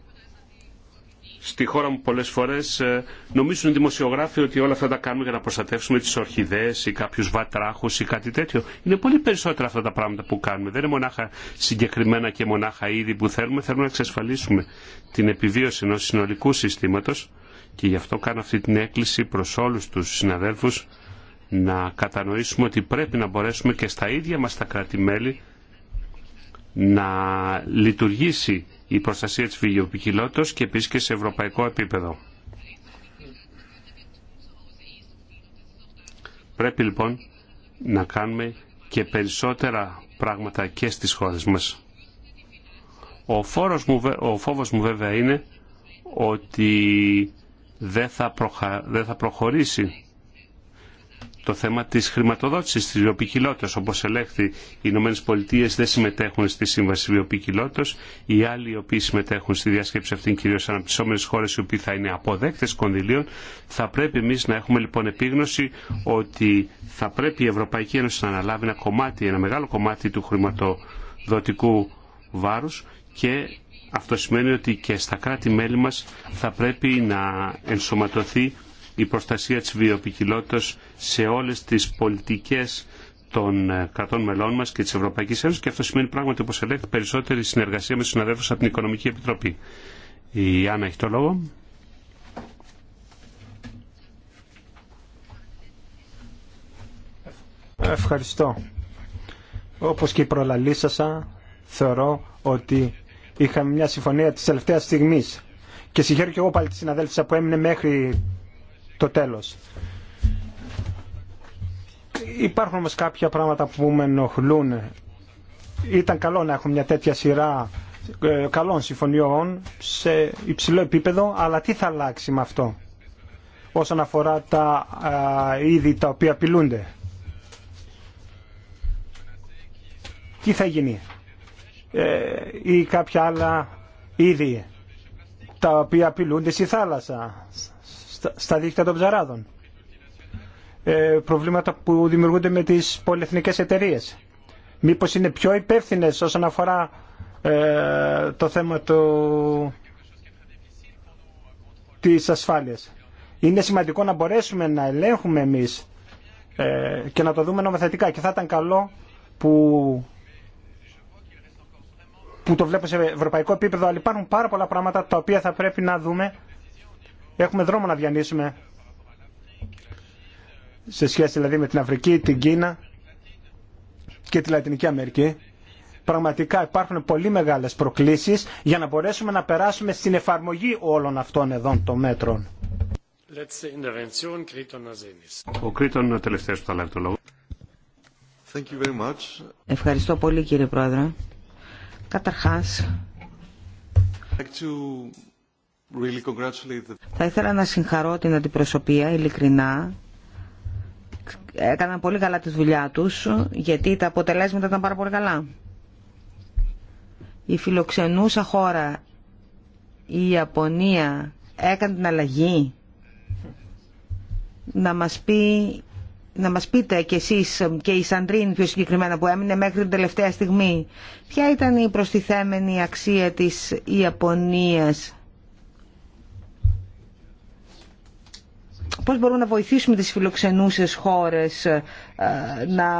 στη χώρα μου πολλές φορές ε, νομίζουν οι δημοσιογράφοι ότι όλα αυτά τα κάνουμε για να προστατεύσουμε τις ορχιδέες ή κάποιους βατράχους ή κάτι τέτοιο. Είναι πολύ περισσότερα αυτά τα πράγματα που κάνουμε. Δεν είναι μονάχα συγκεκριμένα και μονάχα είδη που θέλουμε. Θέλουμε να εξασφαλίσουμε την επιβίωση ενός συνολικού συστήματος και γι' αυτό κάνω αυτή την έκκληση προς όλους τους συναδέλφους να κατανοήσουμε ότι πρέπει να μπορέσουμε και στα ίδια μας τα κράτη-μέλη να λειτουργήσει η προστασία της βιοποικιλότητας και επίσης και σε ευρωπαϊκό επίπεδο. Πρέπει λοιπόν να κάνουμε και περισσότερα πράγματα και στις χώρες μας. Ο, φόρος μου, φόβος μου βέβαια είναι ότι δεν θα προχωρήσει το θέμα της χρηματοδότησης της βιοποικιλότητας. Όπως ελέγχθη, οι Ηνωμένε Πολιτείε δεν συμμετέχουν στη Σύμβαση Βιοποικιλότητας. Οι άλλοι οι οποίοι συμμετέχουν στη διάσκεψη αυτήν, κυρίως αναπτυσσόμενες χώρες, οι οποίοι θα είναι αποδέκτες κονδυλίων, θα πρέπει εμείς να έχουμε λοιπόν επίγνωση ότι θα πρέπει η Ευρωπαϊκή Ένωση να αναλάβει ένα κομμάτι, ένα μεγάλο κομμάτι του χρηματοδοτικού βάρους και αυτό σημαίνει ότι και στα κράτη-μέλη μας θα πρέπει να ενσωματωθεί η προστασία της βιοποικιλότητας σε όλες τις πολιτικές των ε, κρατών μελών μας και της Ευρωπαϊκής Ένωσης και αυτό σημαίνει πράγματι όπως ελέγχει περισσότερη συνεργασία με τους συναδέλφους από την Οικονομική Επιτροπή. Η Άννα έχει το λόγο. Ευχαριστώ. Όπως και η προλαλήσασα, θεωρώ ότι είχαμε μια συμφωνία της τελευταίας στιγμής και συγχαίρω και εγώ πάλι τη συναδέλφισσα που έμεινε μέχρι το τέλος. Υπάρχουν όμως κάποια πράγματα που με ενοχλούν. Ήταν καλό να έχουμε μια τέτοια σειρά ε, καλών συμφωνιών σε υψηλό επίπεδο, αλλά τι θα αλλάξει με αυτό όσον αφορά τα είδη τα οποία απειλούνται. Τι θα γίνει ε, ή κάποια άλλα είδη τα οποία απειλούνται στη θάλασσα, στα δίκτυα των ψαράδων. Ε, προβλήματα που δημιουργούνται με τις πολυεθνικές εταιρείε. Μήπως είναι πιο υπεύθυνε όσον αφορά ε, το θέμα του... της ασφάλειας. Είναι σημαντικό να μπορέσουμε να ελέγχουμε εμείς ε, και να το δούμε νομοθετικά και θα ήταν καλό που που το βλέπω σε ευρωπαϊκό επίπεδο, αλλά υπάρχουν πάρα πολλά πράγματα τα οποία θα πρέπει να δούμε Έχουμε δρόμο να διανύσουμε σε σχέση δηλαδή με την Αφρική, την Κίνα και τη Λατινική Αμερική. Πραγματικά υπάρχουν πολύ μεγάλες προκλήσεις για να μπορέσουμε να περάσουμε στην εφαρμογή όλων αυτών εδώ των μέτρων. Ευχαριστώ πολύ κύριε Πρόεδρε. Καταρχάς, θα ήθελα να συγχαρώ την αντιπροσωπεία, ειλικρινά. Έκαναν πολύ καλά τη δουλειά τους, γιατί τα αποτελέσματα ήταν πάρα πολύ καλά. Η φιλοξενούσα χώρα, η Ιαπωνία, έκανε την αλλαγή. Να μας, πει, να μας πείτε κι εσείς και η Σαντρίν πιο συγκεκριμένα που έμεινε μέχρι την τελευταία στιγμή. Ποια ήταν η προστιθέμενη αξία της Ιαπωνίας πώς μπορούμε να βοηθήσουμε τις φιλοξενούσες χώρες ε, να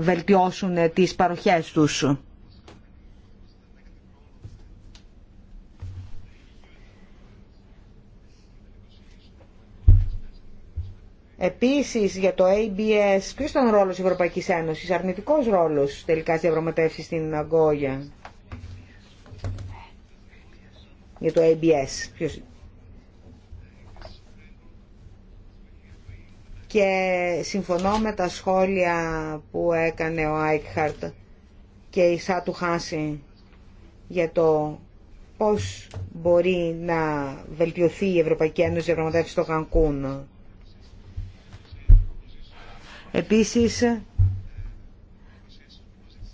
βελτιώσουν τις παροχές τους. Επίσης για το ABS, ποιος ήταν ο ρόλος της Ευρωπαϊκής Ένωσης, αρνητικός ρόλος τελικά στις διαπραγματεύσεις στην Αγκόγια. Για το ABS, ποιος... και συμφωνώ με τα σχόλια που έκανε ο Άικχαρτ και η Σάτου Χάση για το πώς μπορεί να βελτιωθεί η Ευρωπαϊκή Ένωση διαπραγματεύσει στο Γανκούν. Επίσης,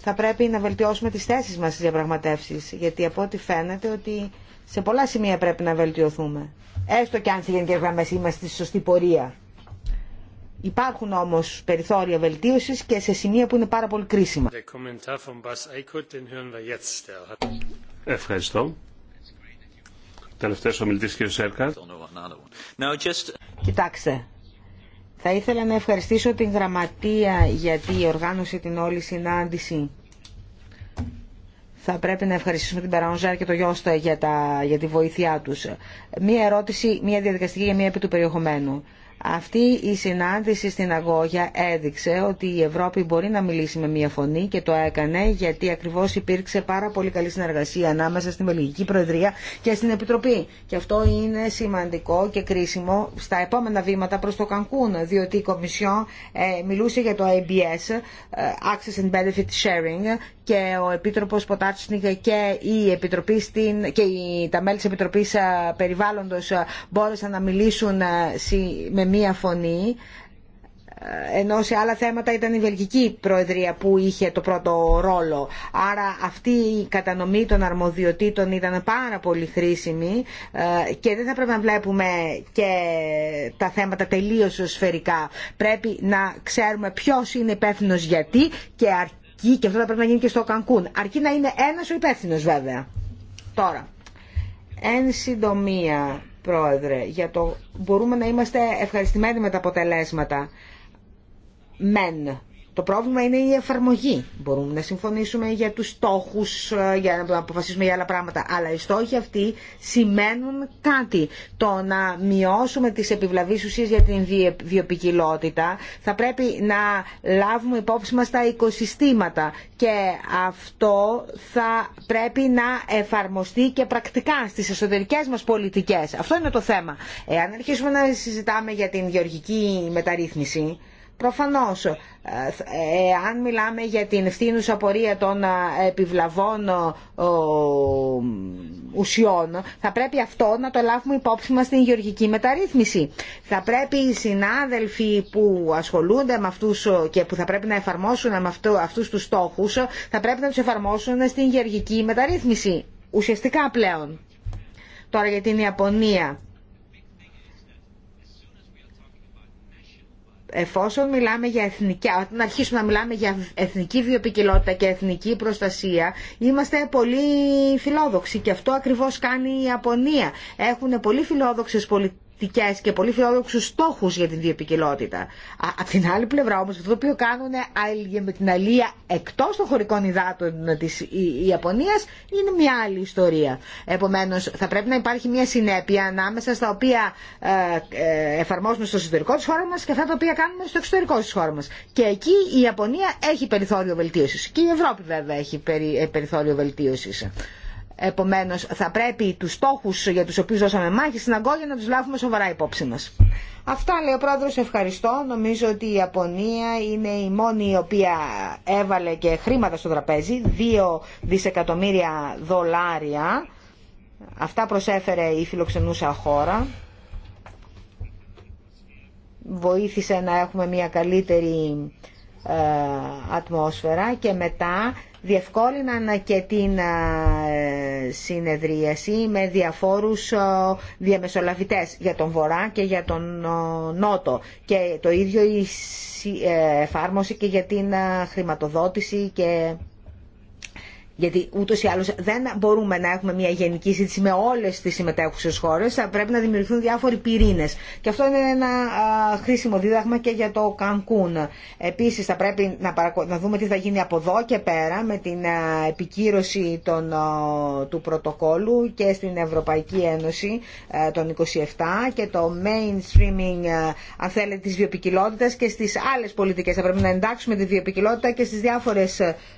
θα πρέπει να βελτιώσουμε τις θέσεις μας στις διαπραγματεύσεις, γιατί από ό,τι φαίνεται ότι σε πολλά σημεία πρέπει να βελτιωθούμε. Έστω και αν σε γενικές γραμμές είμαστε στη σωστή πορεία. Υπάρχουν όμω περιθώρια βελτίωσης και σε σημεία που είναι πάρα πολύ κρίσιμα. Ευχαριστώ. Τελευταίος ομιλητής κ. Σέρκα. Κοιτάξτε, θα ήθελα να ευχαριστήσω την Γραμματεία γιατί οργάνωσε την όλη συνάντηση. Θα πρέπει να ευχαριστήσουμε την Παραονζάρ και το Γιώστα για, για τη βοήθειά τους. Μία ερώτηση, μία διαδικαστική για μία επί του περιεχομένου. Αυτή η συνάντηση στην Αγώγια έδειξε ότι η Ευρώπη μπορεί να μιλήσει με μία φωνή και το έκανε γιατί ακριβώς υπήρξε πάρα πολύ καλή συνεργασία ανάμεσα στην Βελγική Προεδρία και στην Επιτροπή. Και αυτό είναι σημαντικό και κρίσιμο στα επόμενα βήματα προς το Κανκούν, διότι η Κομισιόν ε, μιλούσε για το IBS, ε, Access and Benefit Sharing, και ο Επίτροπος Ποτάτσνικ και, η Επιτροπή και τα μέλη της Επιτροπής ε, Περιβάλλοντος ε, μπόρεσαν να μιλήσουν ε, με μία φωνή ενώ σε άλλα θέματα ήταν η Βελγική Προεδρία που είχε το πρώτο ρόλο. Άρα αυτή η κατανομή των αρμοδιοτήτων ήταν πάρα πολύ χρήσιμη και δεν θα πρέπει να βλέπουμε και τα θέματα τελείως σφαιρικά. Πρέπει να ξέρουμε ποιος είναι υπεύθυνο γιατί και εκεί και αυτό θα πρέπει να γίνει και στο Κανκούν. Αρκεί να είναι ένα ο υπεύθυνο βέβαια. Τώρα, εν συντομία, Πρόεδρε, για το μπορούμε να είμαστε ευχαριστημένοι με τα αποτελέσματα. Μεν, το πρόβλημα είναι η εφαρμογή. Μπορούμε να συμφωνήσουμε για τους στόχους, ε, για να αποφασίσουμε για άλλα πράγματα. Αλλά οι στόχοι αυτοί σημαίνουν κάτι. Το να μειώσουμε τις επιβλαβείς ουσίες για την βιοπικιλότητα θα πρέπει να λάβουμε υπόψη μας τα οικοσυστήματα. Και αυτό θα πρέπει να εφαρμοστεί και πρακτικά στις εσωτερικές μας πολιτικές. Αυτό είναι το θέμα. Εάν αρχίσουμε να συζητάμε για την γεωργική μεταρρύθμιση, Προφανώς, αν ε, μιλάμε για την φθήνουσα πορεία των ε, επιβλαβών ε, ουσιών, θα πρέπει αυτό να το λάβουμε υπόψη μας στην γεωργική μεταρρύθμιση. Θα πρέπει οι συνάδελφοι που ασχολούνται με αυτούς και που θα πρέπει να εφαρμόσουν με αυτούς τους στόχους, θα πρέπει να τους εφαρμόσουν στην γεωργική μεταρρύθμιση, ουσιαστικά πλέον. Τώρα για την Ιαπωνία εφόσον μιλάμε για εθνική, όταν αρχίσουμε να μιλάμε για εθνική βιοπικιλότητα και εθνική προστασία, είμαστε πολύ φιλόδοξοι και αυτό ακριβώς κάνει η Ιαπωνία. Έχουν πολύ φιλόδοξες πολιτικές και πολύ φιλόδοξου στόχου για την βιοπικιλότητα. Απ' την άλλη πλευρά όμω, αυτό το οποίο κάνουν με την αλία εκτό των χωρικών υδάτων τη Ιαπωνία είναι μια άλλη ιστορία. Επομένω, θα πρέπει να υπάρχει μια συνέπεια ανάμεσα στα οποία ε, ε, εφαρμόζουμε στο εσωτερικό τη χώρα μα και αυτά τα οποία κάνουμε στο εξωτερικό τη χώρα μα. Και εκεί η Ιαπωνία έχει περιθώριο βελτίωση. Και η Ευρώπη βέβαια έχει ε, περιθώριο βελτίωση. Επομένως θα πρέπει τους στόχους για τους οποίους δώσαμε μάχη στην Αγκόλια να τους λάβουμε σοβαρά υπόψη μας. Αυτά λέει ο πρόεδρος, ευχαριστώ. Νομίζω ότι η Ιαπωνία είναι η μόνη η οποία έβαλε και χρήματα στο τραπέζι, 2 δισεκατομμύρια δολάρια. Αυτά προσέφερε η φιλοξενούσα χώρα. Βοήθησε να έχουμε μια καλύτερη ε, ατμόσφαιρα και μετά διευκόλυναν και την ε, συνεδρίαση με διαφόρους ε, διαμεσολαβητές για τον Βορρά και για τον Νότο και το ίδιο η εφάρμοση και για την χρηματοδότηση και γιατί ούτω ή άλλω δεν μπορούμε να έχουμε μια γενική συζήτηση με όλε τι συμμετέχουσες χώρε. θα πρέπει να δημιουργηθούν διάφοροι πυρήνε. Και αυτό είναι ένα χρήσιμο δίδαγμα και για το Κανκούν. Επίση, θα πρέπει να, να δούμε τι θα γίνει από εδώ και πέρα με την επικύρωση των, του πρωτοκόλου και στην Ευρωπαϊκή Ένωση των 27 και το mainstreaming αν θέλετε τη βιοπικιλότητας και στις άλλε πολιτικέ. Θα πρέπει να εντάξουμε τη βιοπικιλότητα και στι διάφορε.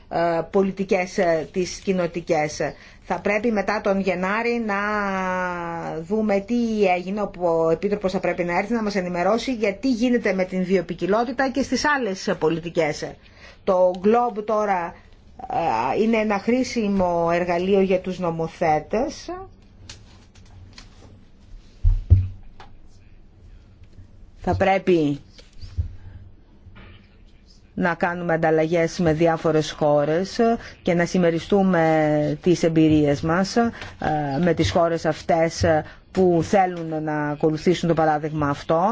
Ε, πολιτικές ε, τις κοινοτικές. Θα πρέπει μετά τον Γενάρη να δούμε τι έγινε, όπου ο Επίτροπος θα πρέπει να έρθει να μας ενημερώσει γιατί γίνεται με την διοπικιλότητα και στις άλλες πολιτικές. Το Globe τώρα ε, είναι ένα χρήσιμο εργαλείο για τους νομοθέτες. Θα πρέπει να κάνουμε ανταλλαγές με διάφορες χώρες και να συμμεριστούμε τις εμπειρίες μας ε, με τις χώρες αυτές που θέλουν να ακολουθήσουν το παράδειγμα αυτό.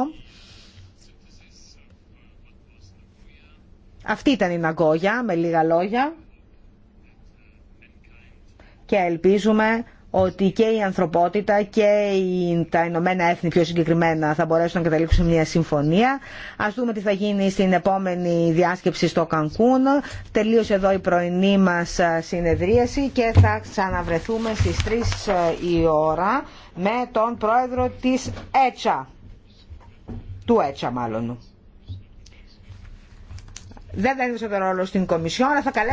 Αυτή ήταν η Ναγκόγια, με λίγα λόγια. Και ελπίζουμε ότι και η ανθρωπότητα και τα Ηνωμένα Έθνη πιο συγκεκριμένα θα μπορέσουν να καταλήξουν μια συμφωνία. Ας δούμε τι θα γίνει στην επόμενη διάσκεψη στο Κανκούν. Τελείωσε εδώ η πρωινή μας συνεδρίαση και θα ξαναβρεθούμε στις 3 η ώρα με τον πρόεδρο της ΕΤΣΑ. Του ΕΤΣΑ μάλλον. Δεν έδωσε τον ρόλο στην Κομισιόν, αλλά θα καλέσουμε